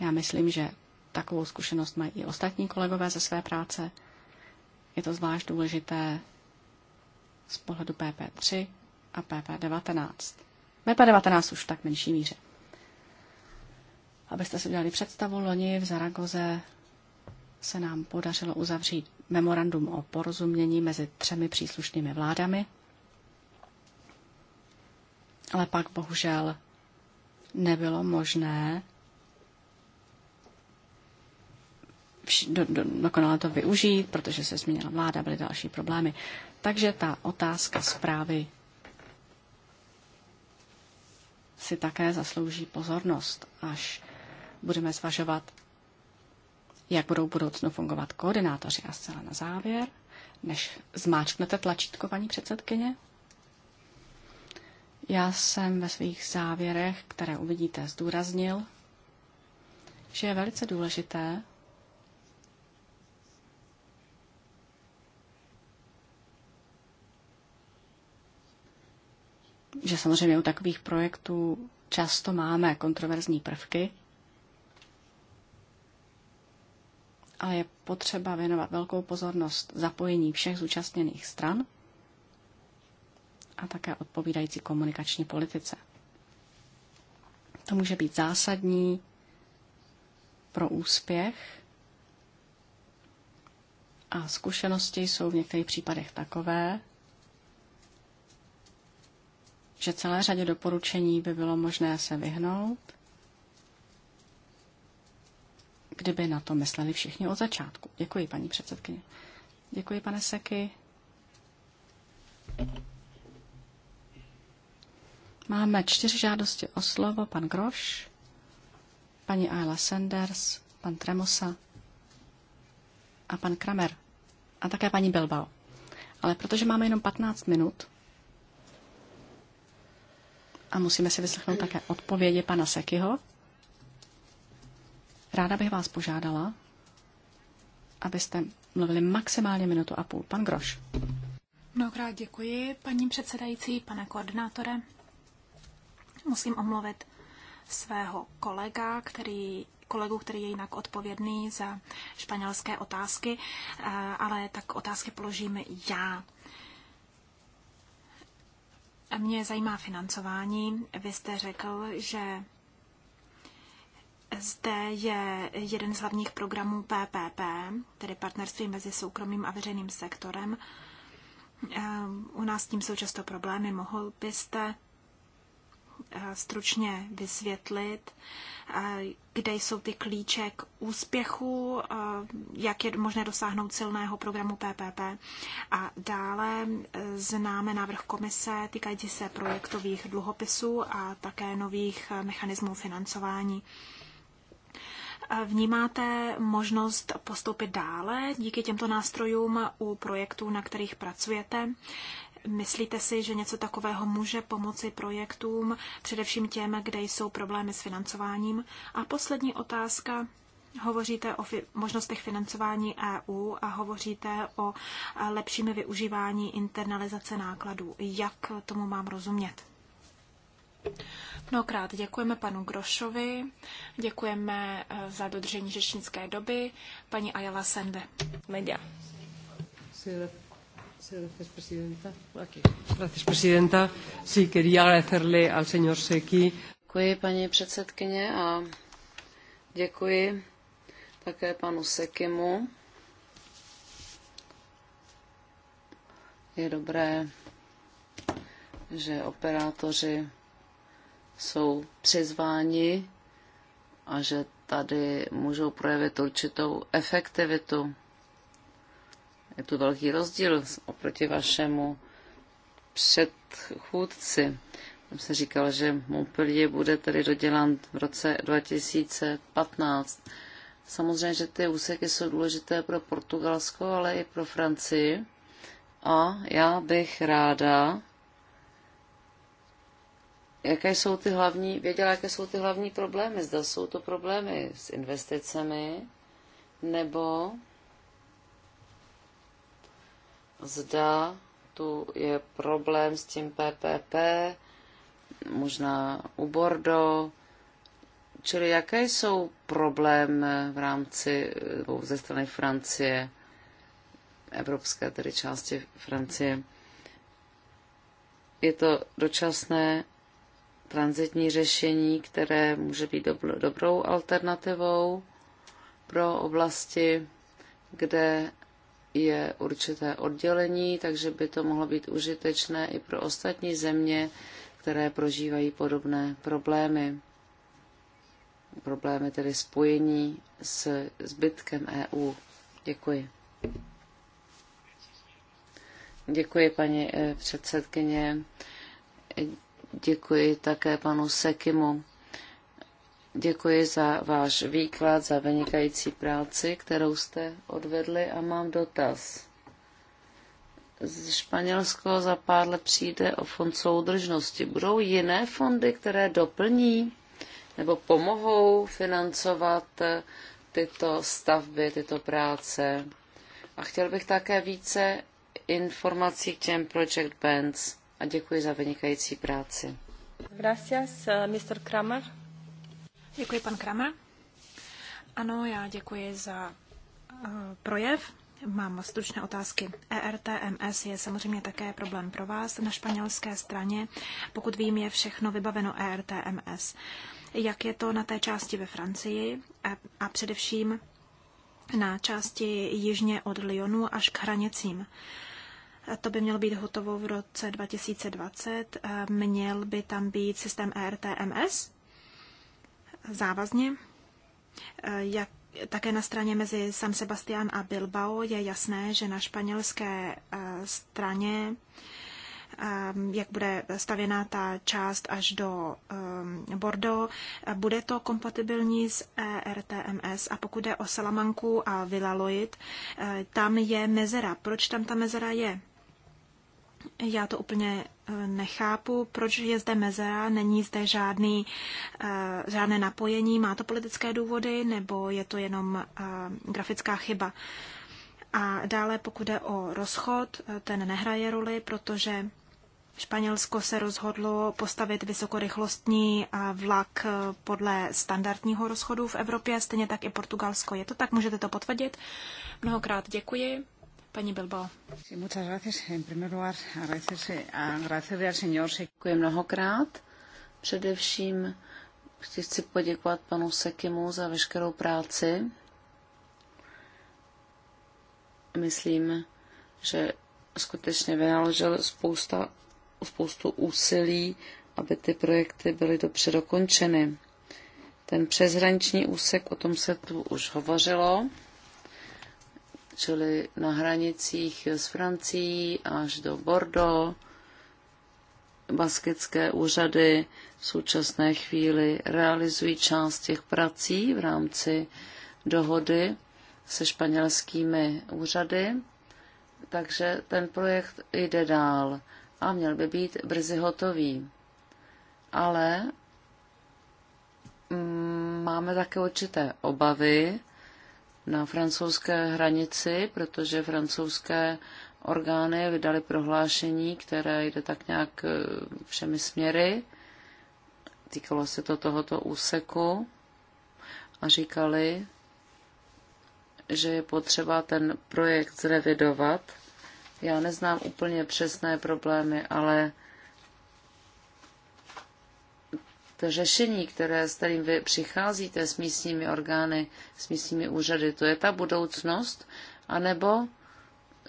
Já myslím, že takovou zkušenost mají i ostatní kolegové ze své práce. Je to zvlášť důležité z pohledu PP3 a PP19. PP19 už v tak menší míře. Abyste si udělali představu, loni v Zaragoze se nám podařilo uzavřít memorandum o porozumění mezi třemi příslušnými vládami, ale pak bohužel nebylo možné do, do, dokonale to využít, protože se změnila vláda, byly další problémy. Takže ta otázka zprávy si také zaslouží pozornost, až budeme zvažovat, jak budou v budoucnu fungovat koordinátoři. A zcela na závěr, než zmáčknete tlačítko, paní předsedkyně, já jsem ve svých závěrech, které uvidíte, zdůraznil, že je velice důležité, že samozřejmě u takových projektů často máme kontroverzní prvky, a je potřeba věnovat velkou pozornost zapojení všech zúčastněných stran a také odpovídající komunikační politice. To může být zásadní pro úspěch a zkušenosti jsou v některých případech takové, že celé řadě doporučení by bylo možné se vyhnout kdyby na to mysleli všichni od začátku. Děkuji, paní předsedkyně. Děkuji, pane Seky. Máme čtyři žádosti o slovo. Pan Groš, paní Ayla Sanders, pan Tremosa a pan Kramer. A také paní Bilbao. Ale protože máme jenom 15 minut a musíme si vyslechnout také odpovědi pana Sekyho, Ráda bych vás požádala, abyste mluvili maximálně minutu a půl. Pan Groš. Mnohokrát děkuji, paní předsedající, pane koordinátore. Musím omluvit svého kolega, který, kolegu, který je jinak odpovědný za španělské otázky, eh, ale tak otázky položím já. A mě zajímá financování. Vy jste řekl, že zde je jeden z hlavních programů PPP, tedy partnerství mezi soukromým a veřejným sektorem. Eh, u nás s tím jsou často problémy. Mohl byste eh, stručně vysvětlit, eh, kde jsou ty klíče k úspěchu, jak je možné dosáhnout silného programu PPP. A dále známe návrh komise týkající se projektových dluhopisů a také nových mechanismů financování. Vnímáte možnost postoupit dále díky těmto nástrojům u projektů, na kterých pracujete? Myslíte si, že něco takového může pomoci projektům, především těm, kde jsou problémy s financováním? A poslední otázka. Hovoříte o fi- možnostech financování EU a hovoříte o lepším využívání internalizace nákladů. Jak tomu mám rozumět? Mnohokrát děkujeme panu Grošovi, děkujeme eh, za dodržení řečnické doby, paní Ayala Sende. Media. Gracias, presidenta. Aquí. Gracias, presidenta. Sí, quería agradecerle al señor Seki. Děkuji, paní předsedkyně, a děkuji také panu Sekimu. Je dobré, že operátoři jsou přizváni a že tady můžou projevit určitou efektivitu. Je tu velký rozdíl oproti vašemu předchůdci. Tam se říkal, že Montpellier bude tedy dodělán v roce 2015. Samozřejmě, že ty úseky jsou důležité pro Portugalsko, ale i pro Francii. A já bych ráda jaké jsou ty hlavní, věděla, jaké jsou ty hlavní problémy. Zda jsou to problémy s investicemi, nebo zda tu je problém s tím PPP, možná u Bordo, čili jaké jsou problémy v rámci, ze strany Francie, evropské tedy části Francie. Je to dočasné transitní řešení, které může být dobrou alternativou pro oblasti, kde je určité oddělení, takže by to mohlo být užitečné i pro ostatní země, které prožívají podobné problémy. Problémy tedy spojení s zbytkem EU. Děkuji. Děkuji, paní eh, předsedkyně. Děkuji také panu Sekimu. Děkuji za váš výklad, za vynikající práci, kterou jste odvedli a mám dotaz. Z Španělsko za pár let přijde o fond soudržnosti. Budou jiné fondy, které doplní nebo pomohou financovat tyto stavby, tyto práce? A chtěl bych také více informací k těm Project Bands a děkuji za vynikající práci. Gracias, eh, Mr. Kramer. Děkuji, pan Kramer. Ano, já děkuji za uh, projev. Mám stručné otázky. ERTMS je samozřejmě také problém pro vás. Na španělské straně, pokud vím, je všechno vybaveno ERTMS. Jak je to na té části ve Francii a, a především na části jižně od Lyonu až k hranicím? To by mělo být hotovo v roce 2020. Měl by tam být systém ERTMS závazně. Jak také na straně mezi San Sebastián a Bilbao je jasné, že na španělské e, straně, e, jak bude stavěná ta část až do e, Bordeaux, bude to kompatibilní s ERTMS. A pokud jde o Salamanku a Villaloid, tam je mezera. Proč tam ta mezera je? Já to úplně eh, nechápu, proč je zde mezera, není zde žádný, eh, žádné napojení, má to politické důvody, nebo je to jenom eh, grafická chyba. A dále, pokud jde o rozchod, ten nehraje roli, protože Španělsko se rozhodlo postavit vysokorychlostní vlak podle standardního rozchodu v Evropě, stejně tak i Portugalsko. Je to tak? Můžete to potvrdit? Mnohokrát děkuji. Paní Bilbao. Děkuji mnohokrát. Především chci poděkovat panu Sekimu za veškerou práci. Myslím, že skutečně vynaložil spousta, spoustu úsilí, aby ty projekty byly dobře dokončeny. Ten přeshraniční úsek, o tom se tu už hovořilo čili na hranicích s Francií až do Bordeaux. Baskické úřady v současné chvíli realizují část těch prací v rámci dohody se španělskými úřady, takže ten projekt jde dál a měl by být brzy hotový. Ale mm, máme také určité obavy, na francouzské hranici, protože francouzské orgány vydali prohlášení, které jde tak nějak e, všemi směry. Týkalo se to tohoto úseku a říkali, že je potřeba ten projekt zrevidovat. Já neznám úplně přesné problémy, ale To řešení, které, s kterým vy přicházíte s místními orgány, s místními úřady, to je ta budoucnost, anebo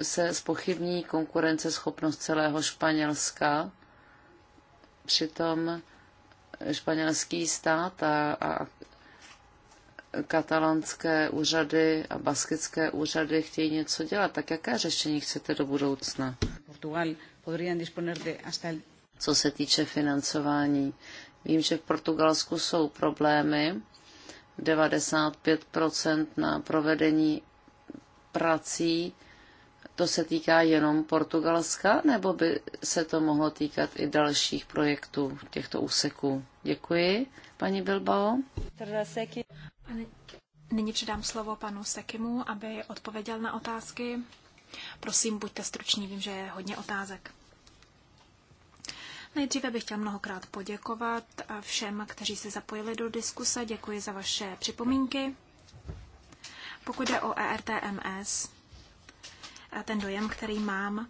se spochybní konkurenceschopnost celého Španělska, přitom španělský stát a, a katalánské úřady a baskické úřady chtějí něco dělat, tak jaké řešení chcete do budoucna? Co se týče financování, Vím, že v Portugalsku jsou problémy. 95% na provedení prací, to se týká jenom Portugalska, nebo by se to mohlo týkat i dalších projektů těchto úseků? Děkuji, paní Bilbao. Nyní předám slovo panu Sekimu, aby odpověděl na otázky. Prosím, buďte struční, vím, že je hodně otázek. Nejdříve bych chtěl mnohokrát poděkovat všem, kteří se zapojili do diskuse. Děkuji za vaše připomínky. Pokud jde o ERTMS, ten dojem, který mám,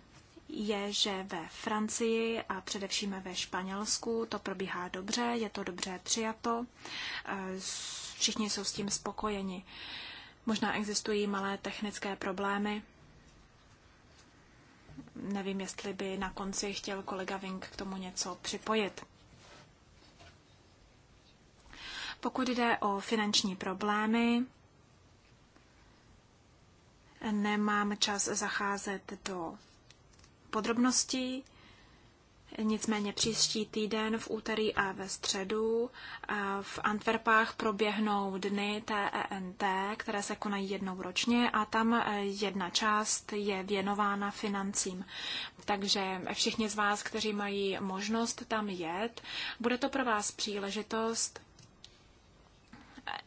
je, že ve Francii a především ve Španělsku to probíhá dobře, je to dobře přijato, všichni jsou s tím spokojeni. Možná existují malé technické problémy, Nevím, jestli by na konci chtěl kolega Vink k tomu něco připojit. Pokud jde o finanční problémy, nemám čas zacházet do podrobností. Nicméně příští týden v úterý a ve středu v Antwerpách proběhnou dny TENT, e které se konají jednou ročně a tam e, jedna část je věnována financím. Takže všichni z vás, kteří mají možnost tam jet, bude to pro vás příležitost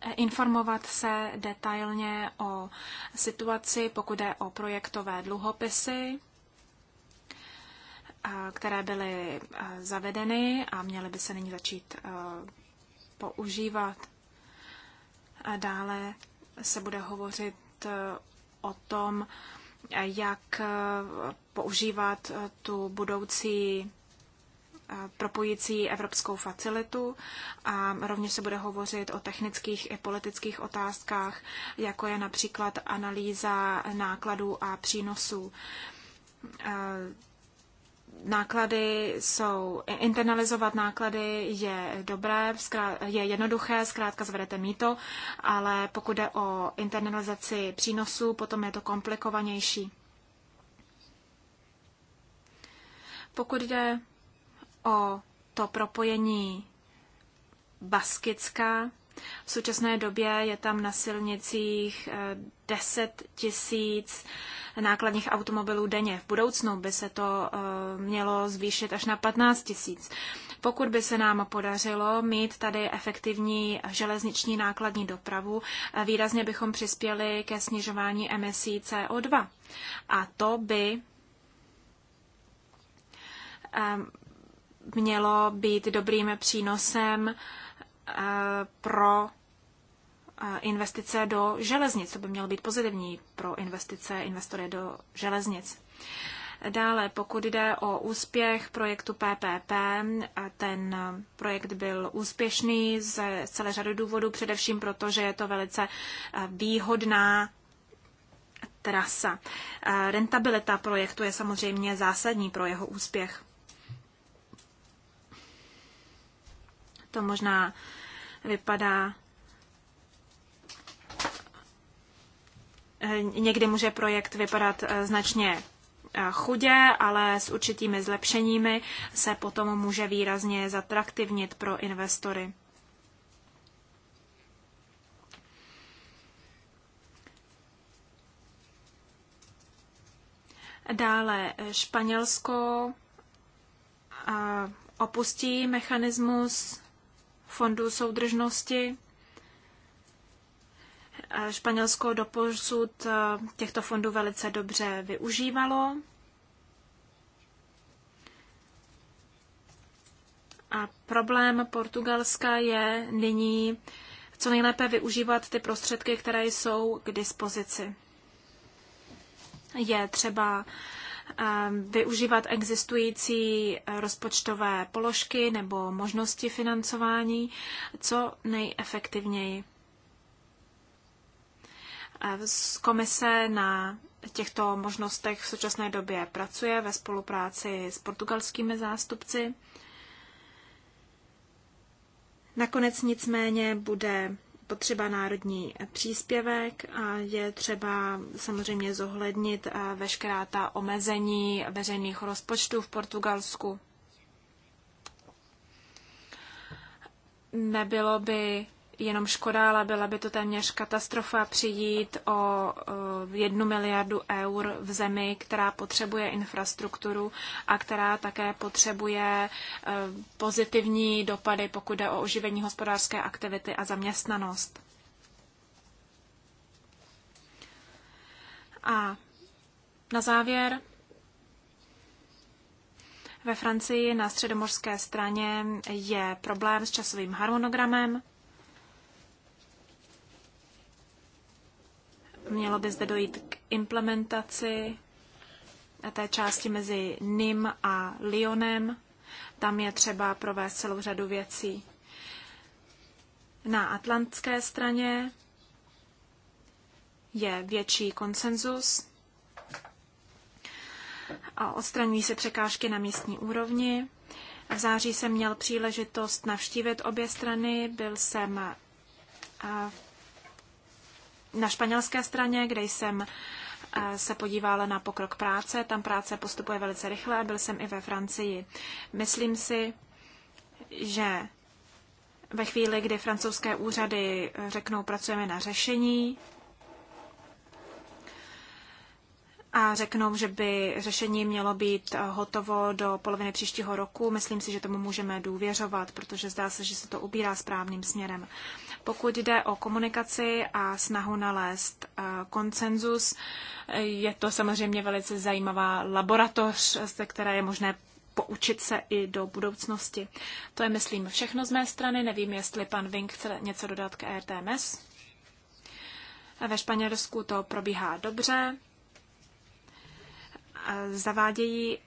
e, informovat se detailně o situaci, pokud je o projektové dluhopisy které byly zavedeny a měly by se nyní začít používat. A dále se bude hovořit o tom, jak používat tu budoucí propojící evropskou facilitu a rovněž se bude hovořit o technických i politických otázkách, jako je například analýza nákladů a přínosů náklady jsou, internalizovat náklady je dobré, je jednoduché, zkrátka zvedete míto, ale pokud jde o internalizaci přínosů, potom je to komplikovanější. Pokud jde o to propojení Baskická v současné době je tam na silnicích 10 eh, tisíc nákladních automobilů denně. V budoucnu by se to eh, mělo zvýšit až na 15 tisíc. Pokud by se nám podařilo mít tady efektivní železniční nákladní dopravu, eh, výrazně bychom přispěli ke snižování emisí CO2. A to by mělo být dobrým přínosem Eh, pro eh, investice do železnic. To by mělo být pozitivní pro investice investory do železnic. Dále, pokud jde o úspěch projektu PPP, eh, ten projekt byl úspěšný z celé řady důvodů, především proto, že je to velice výhodná trasa. Rentabilita projektu je samozřejmě zásadní pro jeho úspěch. To možná vypadá eh, Někdy může projekt vypadat eh, značně eh, chudě, ale s určitými zlepšeními se potom může výrazně zatraktivnit pro investory. Dále Španělsko opustí mechanismus fondu soudržnosti. Španělsko doposud eh, těchto fondů velice dobře využívalo. A problém Portugalska je nyní co nejlépe využívat ty prostředky, které jsou k dispozici. Je třeba využívat existující rozpočtové položky nebo možnosti financování co nejefektivněji. Z komise na těchto možnostech v současné době pracuje ve spolupráci s portugalskými zástupci. Nakonec nicméně bude potřeba národní příspěvek, je třeba samozřejmě zohlednit eh, veškerá ta omezení veřejných rozpočtů v Portugalsku. Nebylo by jenom škoda, ale byla by to téměř katastrofa přijít o eh, jednu miliardu eur v zemi, která potřebuje infrastrukturu a která také potřebuje eh, pozitivní dopady, pokud jde o oživení hospodářské aktivity a zaměstnanost. A na závěr ve Francii na středomorské straně je problém s časovým harmonogramem. Mělo by zde dojít k implementaci té části mezi Nim a Lyonem. Tam je třeba provést celou řadu věcí. Na atlantské straně je větší konsenzus. A odstraňují se překážky na místní úrovni. V září jsem měl příležitost navštívit obě strany. Byl jsem v na španělské straně, kde jsem eh, se podívala na pokrok práce. Tam práce postupuje velice rychle a byl jsem i ve Francii. Myslím si, že ve chvíli, kdy francouzské úřady eh, řeknou, pracujeme na řešení a řeknou, že by řešení mělo být eh, hotovo do poloviny příštího roku. Myslím si, že tomu můžeme důvěřovat, protože zdá se, že se to ubírá správným směrem. Pokud jde o komunikaci a snahu nalézt eh, konsenzus, eh, je to samozřejmě velice zajímavá laboratoř, ze které je možné poučit se i do budoucnosti. To je, myslím, všechno z mé strany. Nevím, jestli pan Vink chce něco dodat k RTMS. E Ve Španělsku to probíhá dobře zavádějí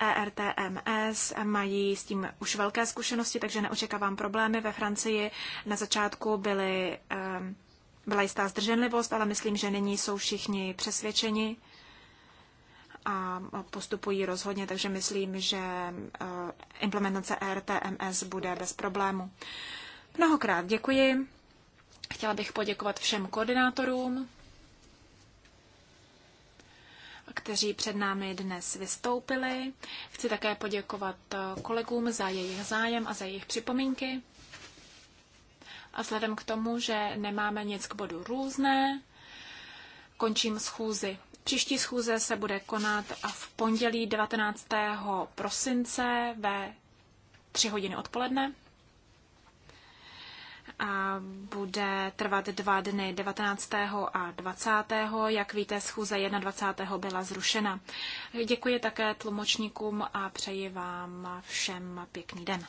ERTMS, mají s tím už velké zkušenosti, takže neočekávám problémy. Ve Francii na začátku byly, byla jistá zdrženlivost, ale myslím, že nyní jsou všichni přesvědčeni a postupují rozhodně, takže myslím, že eh, implementace ERTMS bude bez problému. Mnohokrát děkuji. Chtěla bych poděkovat všem koordinátorům kteří před námi dnes vystoupili. Chci také poděkovat eh, kolegům za jejich zájem a za jejich připomínky. A vzhledem k tomu, že nemáme nic k bodu různé, končím schůzi. Příští schůze se bude konat v pondělí 19. prosince ve 3 hodiny odpoledne a bude trvat dva dny, 19. a 20. Jak víte, schůze 21. byla zrušena. Děkuji také tlumočníkům a přeji vám všem pěkný den.